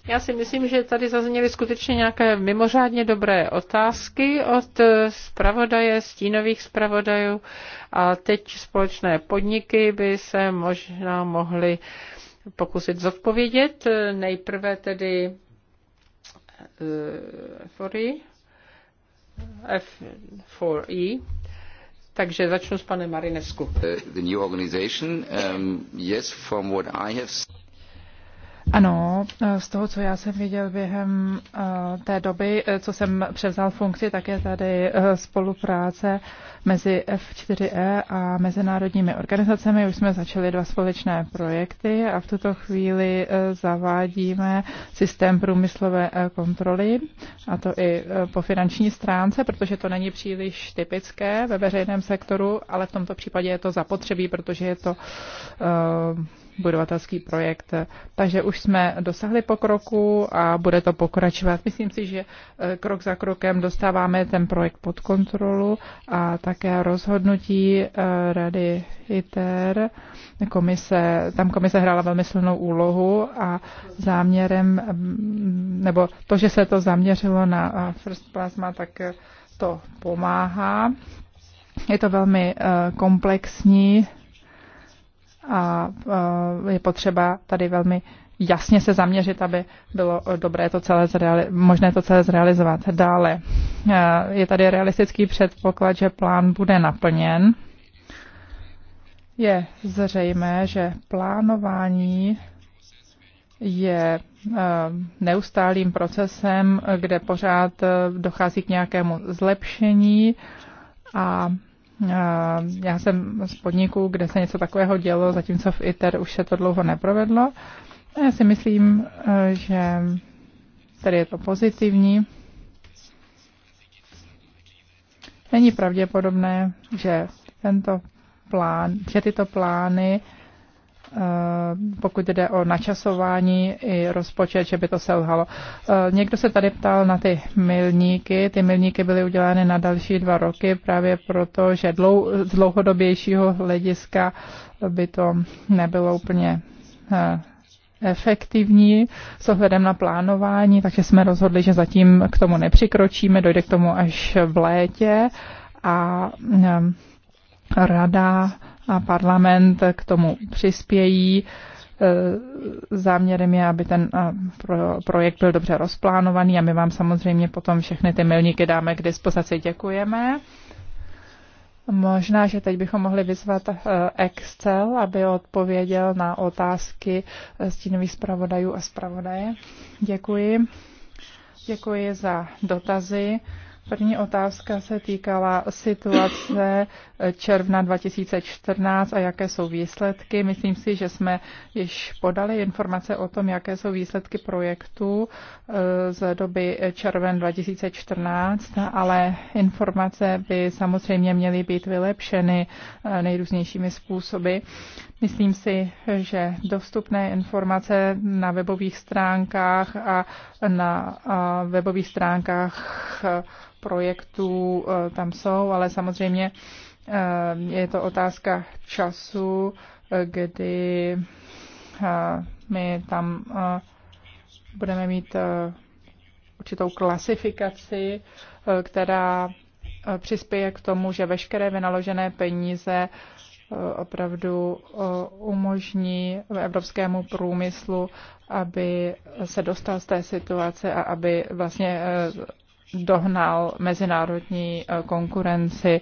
Já si myslím, že tady zazněly skutečně nějaké mimořádně dobré otázky od eh, zpravodaje, stínových zpravodajů a teď společné podniky by se možná mohly pokusit zodpovědět. Nejprve tedy uh, F4E. F4E. Takže začnu s panem Marinesku. Eh, the new organization, um, yes, from what I have... Ano, eh, z toho, co já jsem viděl během eh, té doby, eh, co jsem převzal funkci, tak je tady spolupráce mezi F4E a mezinárodními organizacemi. Už jsme začali dva společné projekty a v tuto chvíli zavádíme systém průmyslové kontroly, a to i po finanční stránce, protože to není příliš typické ve veřejném sektoru, ale v tomto případě je to zapotřebí, protože je to budovatelský projekt. Takže už jsme dosahli pokroku a bude to pokračovat. Myslím si, že eh, krok za krokem dostáváme ten projekt pod kontrolu a také rozhodnutí eh, Rady ITER. Komise, tam komise hrála velmi silnou úlohu a záměrem, mm, nebo to, že se to zaměřilo na eh, First Plasma, tak to pomáhá. Je to velmi komplexní a eh, je potřeba tady velmi jasně se zaměřit, aby bylo dobré to celé zreali- možné to celé zrealizovat. Dále eh, je tady realistický předpoklad, že plán bude naplněn. Je zřejmé, že plánování je eh, neustálým procesem, kde pořád dochází k nějakému zlepšení a já jsem z podniku, kde se něco takového dělo, zatímco v ITER už se to dlouho neprovedlo. A já si myslím, e, že tady je to pozitivní. Není pravděpodobné, že tento plán, že tyto plány Eh, pokud jde o načasování i rozpočet, že by to selhalo. Eh, někdo se tady ptal na ty milníky. Ty milníky byly udělány na další dva roky právě proto, že dlou, z dlouhodobějšího hlediska by to nebylo úplně eh, efektivní s ohledem na plánování, takže jsme rozhodli, že zatím k tomu nepřikročíme, dojde k tomu až v létě a rada a parlament k tomu přispějí. E, záměrem je, aby ten e, projekt byl dobře rozplánovaný a my vám samozřejmě potom všechny ty milníky dáme k dispozici. Děkujeme. Možná, že teď bychom mohli vyzvat e, Excel, aby odpověděl na otázky stínových zpravodajů a zpravodaje. Děkuji. Děkuji za dotazy. První otázka se týkala situace června 2014 a jaké jsou výsledky. Myslím si, že jsme již podali informace o tom, jaké jsou výsledky projektu eh, z doby červen 2014, ale informace by samozřejmě měly být vylepšeny eh, nejrůznějšími způsoby. Myslím si, že dostupné informace na webových stránkách a na webových stránkách eh, projektů eh, tam jsou, ale samozřejmě eh, je to otázka času, kdy my tam budeme mít určitou klasifikaci, která přispěje k tomu, že veškeré vynaložené peníze Eh, opravdu eh, umožní evropskému průmyslu, aby se dostal z té situace a aby vlastně eh, dohnal mezinárodní konkurenci.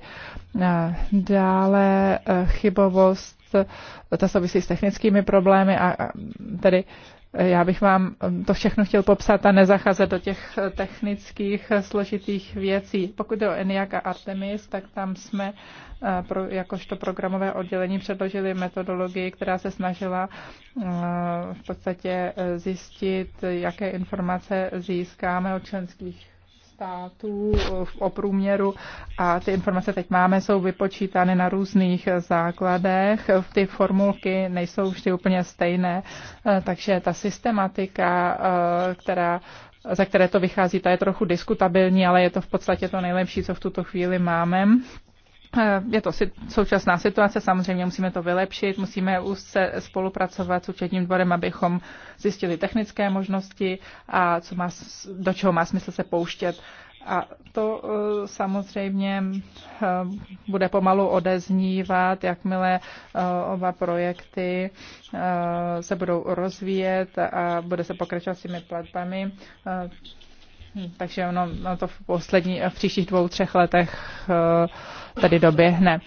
Dále chybovost, ta souvisí s technickými problémy a tedy já bych vám to všechno chtěl popsat a nezacházet do těch technických složitých věcí. Pokud jde o ENIAC a Artemis, tak tam jsme eh, pro, jakožto programové oddělení předložili metodologii, která se snažila eh, v podstatě eh, zjistit, jaké informace získáme od členských států eh, o průměru a ty informace teď máme, jsou vypočítány na různých základech. Ty formulky nejsou vždy úplně stejné, eh, takže ta systematika, eh, která za které to vychází, ta je trochu diskutabilní, ale je to v podstatě to nejlepší, co v tuto chvíli máme. Eh, je to současná situace, samozřejmě musíme to vylepšit, musíme už se spolupracovat s účetním dvorem, abychom zjistili technické možnosti a co má, do čeho má smysl se pouštět. A to eh, samozřejmě eh, bude pomalu odeznívat, jakmile oba projekty se budou rozvíjet a bude se pokračovat s těmi platbami. Hm, takže ono ono to v, poslední, v příštích dvou, třech letech tady doběhne.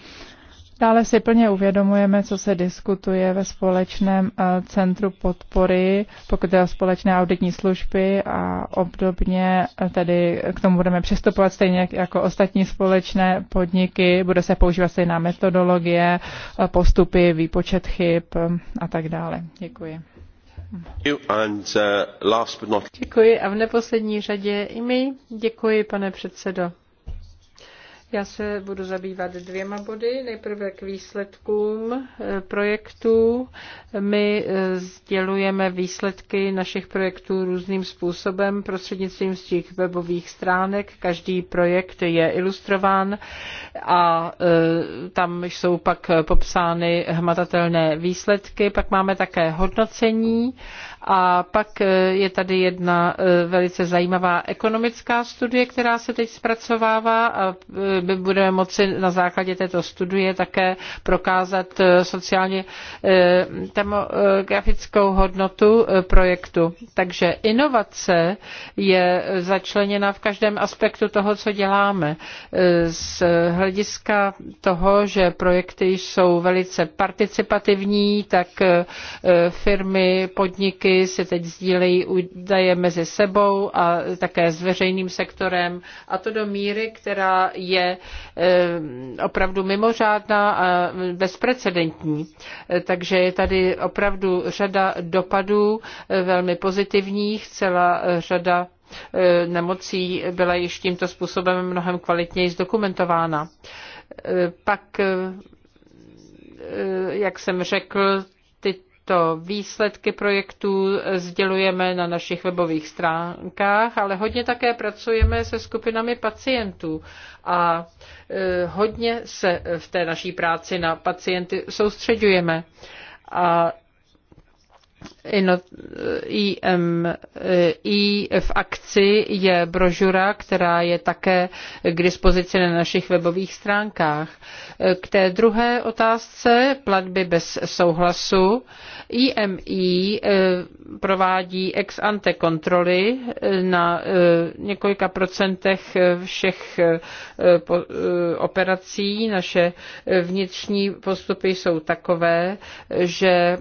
Dále si plně uvědomujeme, co se diskutuje ve společném eh, centru podpory, pokud je o společné auditní služby a obdobně eh, tedy k tomu budeme přistupovat stejně jako ostatní společné podniky. Bude se používat stejná metodologie, eh, postupy, výpočet chyb a tak dále. Děkuji. Uh, Děkuji a v neposlední řadě i my. Děkuji, pane předsedo. Já se budu zabývat dvěma body. Nejprve k výsledkům eh, projektů. My eh, sdělujeme výsledky našich projektů různým způsobem prostřednictvím z těch webových stránek. Každý projekt je ilustrován a eh, tam jsou pak popsány hmatatelné výsledky. Pak máme také hodnocení a pak je tady jedna velice zajímavá ekonomická studie, která se teď zpracovává a my budeme moci na základě této studie také prokázat eh, sociálně eh, demografickou hodnotu eh, projektu. Takže inovace je začleněna v každém aspektu toho, co děláme. Z hlediska toho, že projekty jsou velice participativní, tak firmy, podniky se teď sdílejí údaje mezi sebou a také s veřejným sektorem a to do míry, která je Eh, opravdu mimořádná a bezprecedentní. Eh, takže je tady opravdu řada dopadů eh, velmi pozitivních, celá řada nemocí byla již tímto způsobem mnohem kvalitněji zdokumentována. Pak, jak jsem řekl, Tyto výsledky projektů sdělujeme na našich webových stránkách, ale hodně také pracujeme se skupinami pacientů a e, hodně se v té naší práci na pacienty soustředujeme. A IMI v akci je brožura, která je také k dispozici na našich webových stránkách. K té druhé otázce, platby bez souhlasu, IMI eh, provádí ex ante kontroly na eh, několika procentech všech eh, operací. Naše vnitřní postupy jsou takové, že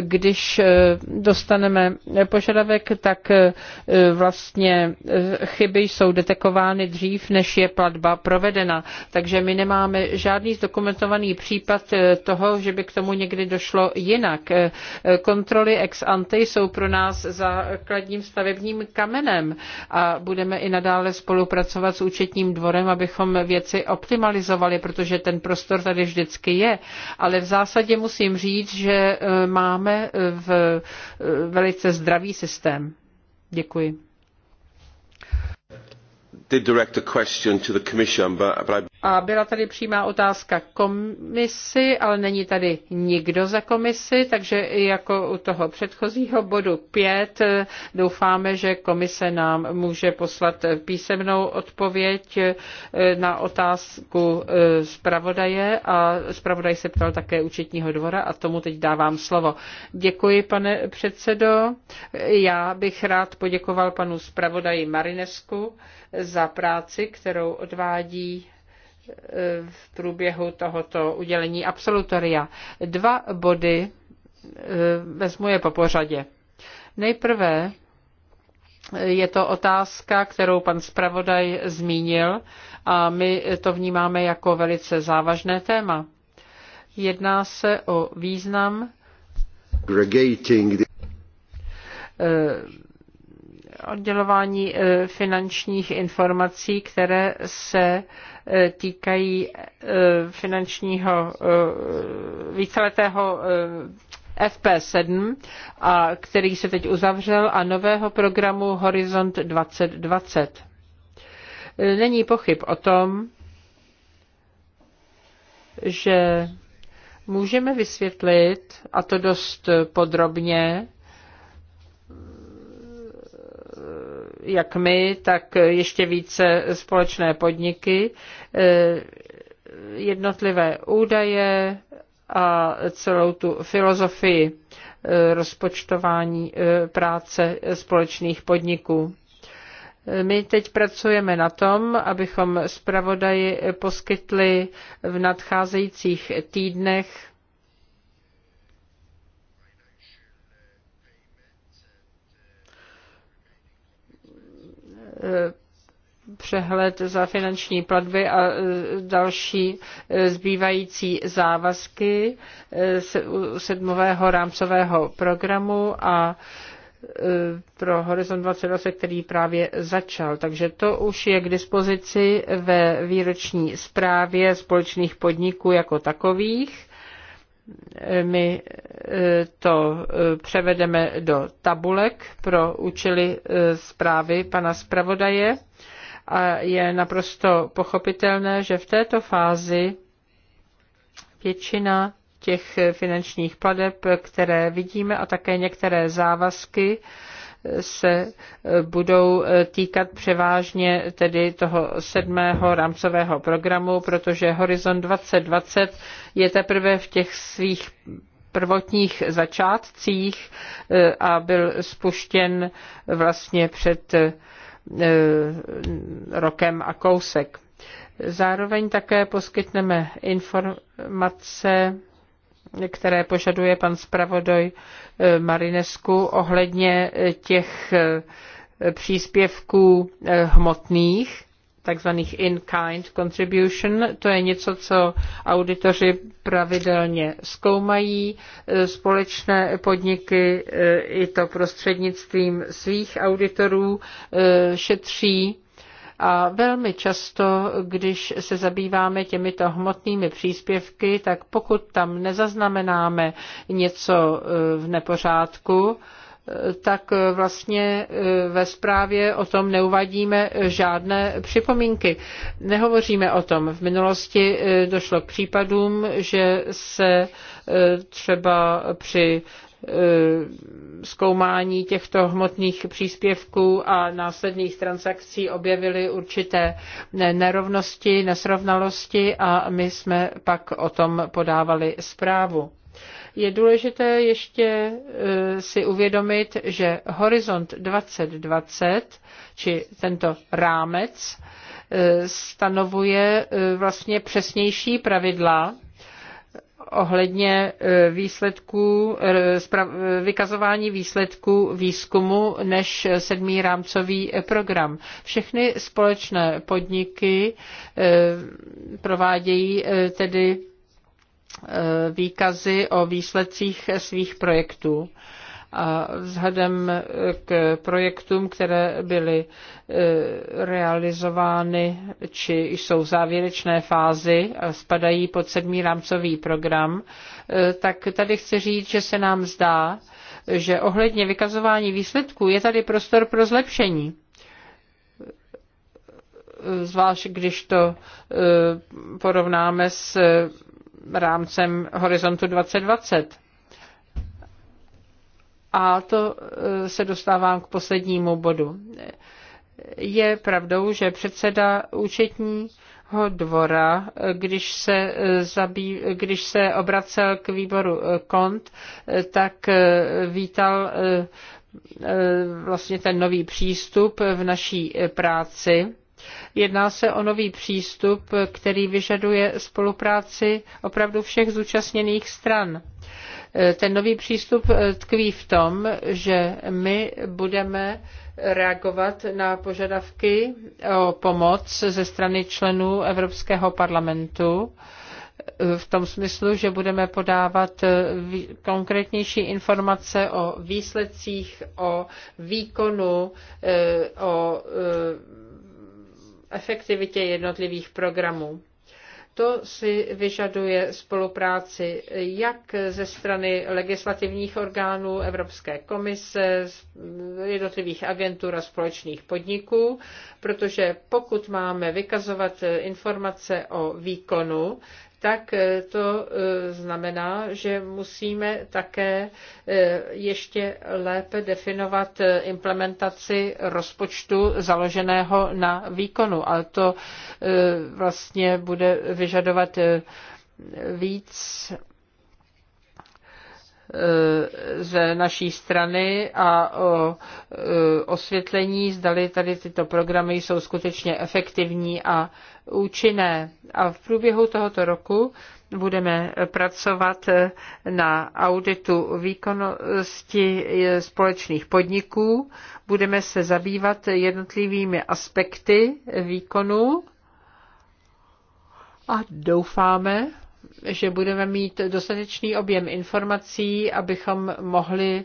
když dostaneme požadavek, tak e, vlastně e, chyby jsou detekovány dřív, než je platba provedena. Takže my nemáme žádný zdokumentovaný případ e, toho, že by k tomu někdy došlo jinak. Kontroly ex ante jsou pro nás základním stavebním kamenem a budeme i nadále spolupracovat s účetním dvorem, abychom věci optimalizovali, protože ten prostor tady vždycky je. Ale v zásadě musím říct, že máme v Eh, velice zdravý systém. Děkuji. A byla tady přímá otázka komisi, ale není tady nikdo za komisi, takže jako u toho předchozího bodu 5 eh, doufáme, že komise nám může poslat písemnou odpověď eh, na otázku eh, zpravodaje a zpravodaj se ptal také účetního dvora a tomu teď dávám slovo. Děkuji, pane předsedo. Já bych rád poděkoval panu zpravodaji Marinesku za práci, kterou odvádí v průběhu tohoto udělení absolutoria. Dva body e, vezmu je po pořadě. Nejprve e, je to otázka, kterou pan zpravodaj zmínil a my to vnímáme jako velice závažné téma. Jedná se o význam e, oddělování finančních informací, které se E, týkají e, finančního e, víceletého FP7, a který se teď uzavřel, a nového programu Horizont 2020. Není pochyb o tom, že můžeme vysvětlit, a to dost podrobně, jak my, tak ještě více společné podniky, eh, jednotlivé údaje a celou tu filozofii eh, rozpočtování eh, práce společných podniků. My teď pracujeme na tom, abychom zpravodaji poskytli v nadcházejících týdnech Eh, přehled za finanční platby a eh, další eh, zbývající závazky sedmového rámcového programu a pro Horizon 2020, který právě začal. Takže to už je k dispozici ve výroční zprávě společných podniků jako takových my e, to e, převedeme do tabulek pro účely e, zprávy pana zpravodaje a je naprosto pochopitelné, že v této fázi většina těch finančních pladeb, které vidíme a také některé závazky, se eh, budou eh, týkat převážně tedy toho sedmého rámcového programu, protože Horizon 2020 je teprve v těch svých prvotních začátcích eh, a byl spuštěn vlastně před rokem a kousek. Zároveň také poskytneme informace které požaduje pan zpravodaj eh, Marinesku ohledně eh, těch eh, příspěvků hmotných, takzvaných in-kind contribution. To je něco, co auditoři pravidelně zkoumají společné podniky i to prostřednictvím svých auditorů šetří a velmi často, když se zabýváme těmito hmotnými příspěvky, tak pokud tam nezaznamenáme něco eh, v nepořádku, eh, tak eh, vlastně ve zprávě o tom neuvadíme žádné připomínky. Nehovoříme o tom. V minulosti došlo k případům, že se třeba při Eh, zkoumání těchto hmotných příspěvků a následných transakcí objevily určité nerovnosti, nesrovnalosti a my jsme pak o tom podávali zprávu. Je důležité ještě eh, si uvědomit, že Horizont 2020, či tento rámec, eh, stanovuje vlastně přesnější pravidla ohledně e, výsledků, vykazování výsledků výzkumu než sedmý rámcový e, program. Všechny společné podniky e, provádějí tedy výkazy o výsledcích svých projektů. A vzhledem k projektům, které byly e, realizovány, či jsou v závěrečné fázi a spadají pod sedmý rámcový program, e, tak tady chci říct, že se nám zdá, že ohledně vykazování výsledků je tady prostor pro zlepšení zvlášť když to e, porovnáme s rámcem Horizontu 2020. A to e, se dostávám k poslednímu bodu. Je pravdou, že předseda účetní dvora, když se, e, zabý, když se obracel k výboru e, kont, tak vítal vlastně ten nový přístup v naší práci Jedná se o nový přístup, který vyžaduje spolupráci opravdu všech zúčastněných stran. Ten nový přístup tkví v tom, že my budeme reagovat na požadavky o pomoc ze strany členů Evropského parlamentu v tom smyslu, že budeme podávat konkrétnější informace o výsledcích, o výkonu, eh, o eh, efektivitě jednotlivých programů. To si vyžaduje spolupráci jak ze strany legislativních orgánů Evropské komise, jednotlivých agentur a společných podniků, protože pokud máme vykazovat informace o výkonu, tak eh, to eh, znamená, že musíme také eh, ještě lépe definovat implementaci rozpočtu založeného na výkonu. Ale to vlastně bude vyžadovat víc ze naší strany a o e, osvětlení, zdali tady tyto programy jsou skutečně efektivní a účinné. A v průběhu tohoto roku budeme pracovat na auditu výkonnosti společných podniků, budeme se zabývat jednotlivými aspekty výkonu a doufáme, že budeme mít dostatečný objem informací, abychom mohli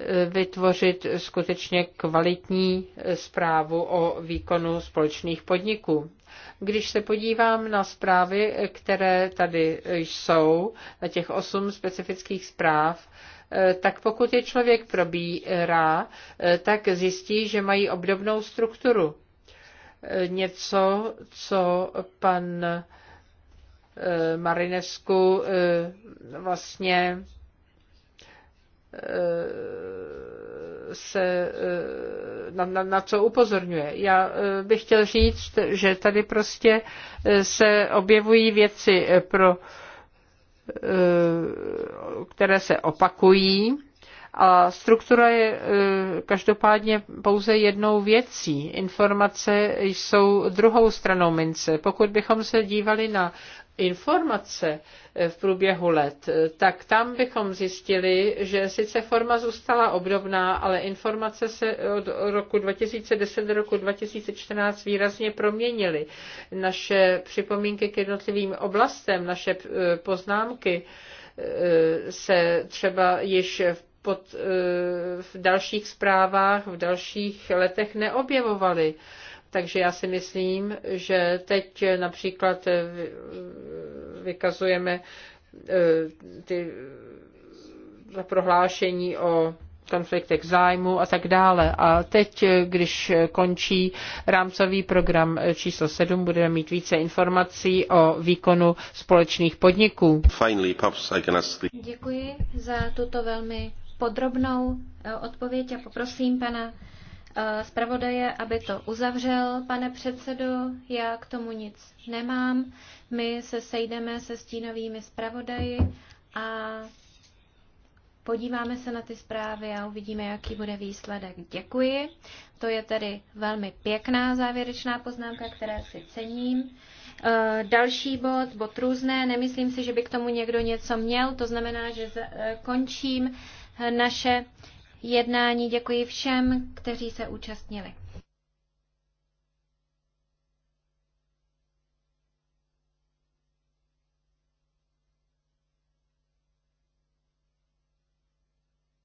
e, vytvořit skutečně kvalitní e, zprávu o výkonu společných podniků. Když se podívám na zprávy, které tady jsou, na těch osm specifických zpráv, e, tak pokud je člověk probírá, tak zjistí, že mají obdobnou strukturu. Něco, co pan Eh, Marinesku eh, vlastně eh, se na, na, na co upozorňuje. Já bych chtěl říct, že tady prostě se objevují věci pro které se opakují a struktura je e, každopádně pouze jednou věcí. Informace jsou druhou stranou mince. Pokud bychom se dívali na informace e, v průběhu let, e, tak tam bychom zjistili, že sice forma zůstala obdobná, ale informace se od roku 2010 do roku 2014 výrazně proměnily. Naše připomínky k jednotlivým oblastem, naše poznámky se třeba již v pod, eh, v dalších zprávách, v dalších letech neobjevovaly. Takže já si myslím, že teď například eh, eh, vykazujeme ty prohlášení o konfliktech zájmu a tak dále. A teď, když končí rámcový program číslo 7, budeme mít více informací o výkonu společných podniků. Děkuji za tuto velmi podrobnou eh, odpověď a poprosím pana eh, zpravodaje, aby to uzavřel. Pane předsedo, já k tomu nic nemám. My se sejdeme se stínovými zpravodaji a podíváme se na ty zprávy a uvidíme, jaký bude výsledek. Děkuji. To je tedy velmi pěkná závěrečná poznámka, které si cením. Eh, další bod, bod různé, nemyslím si, že by k tomu někdo něco měl, to znamená, že končím naše jednání. Děkuji všem, kteří se účastnili.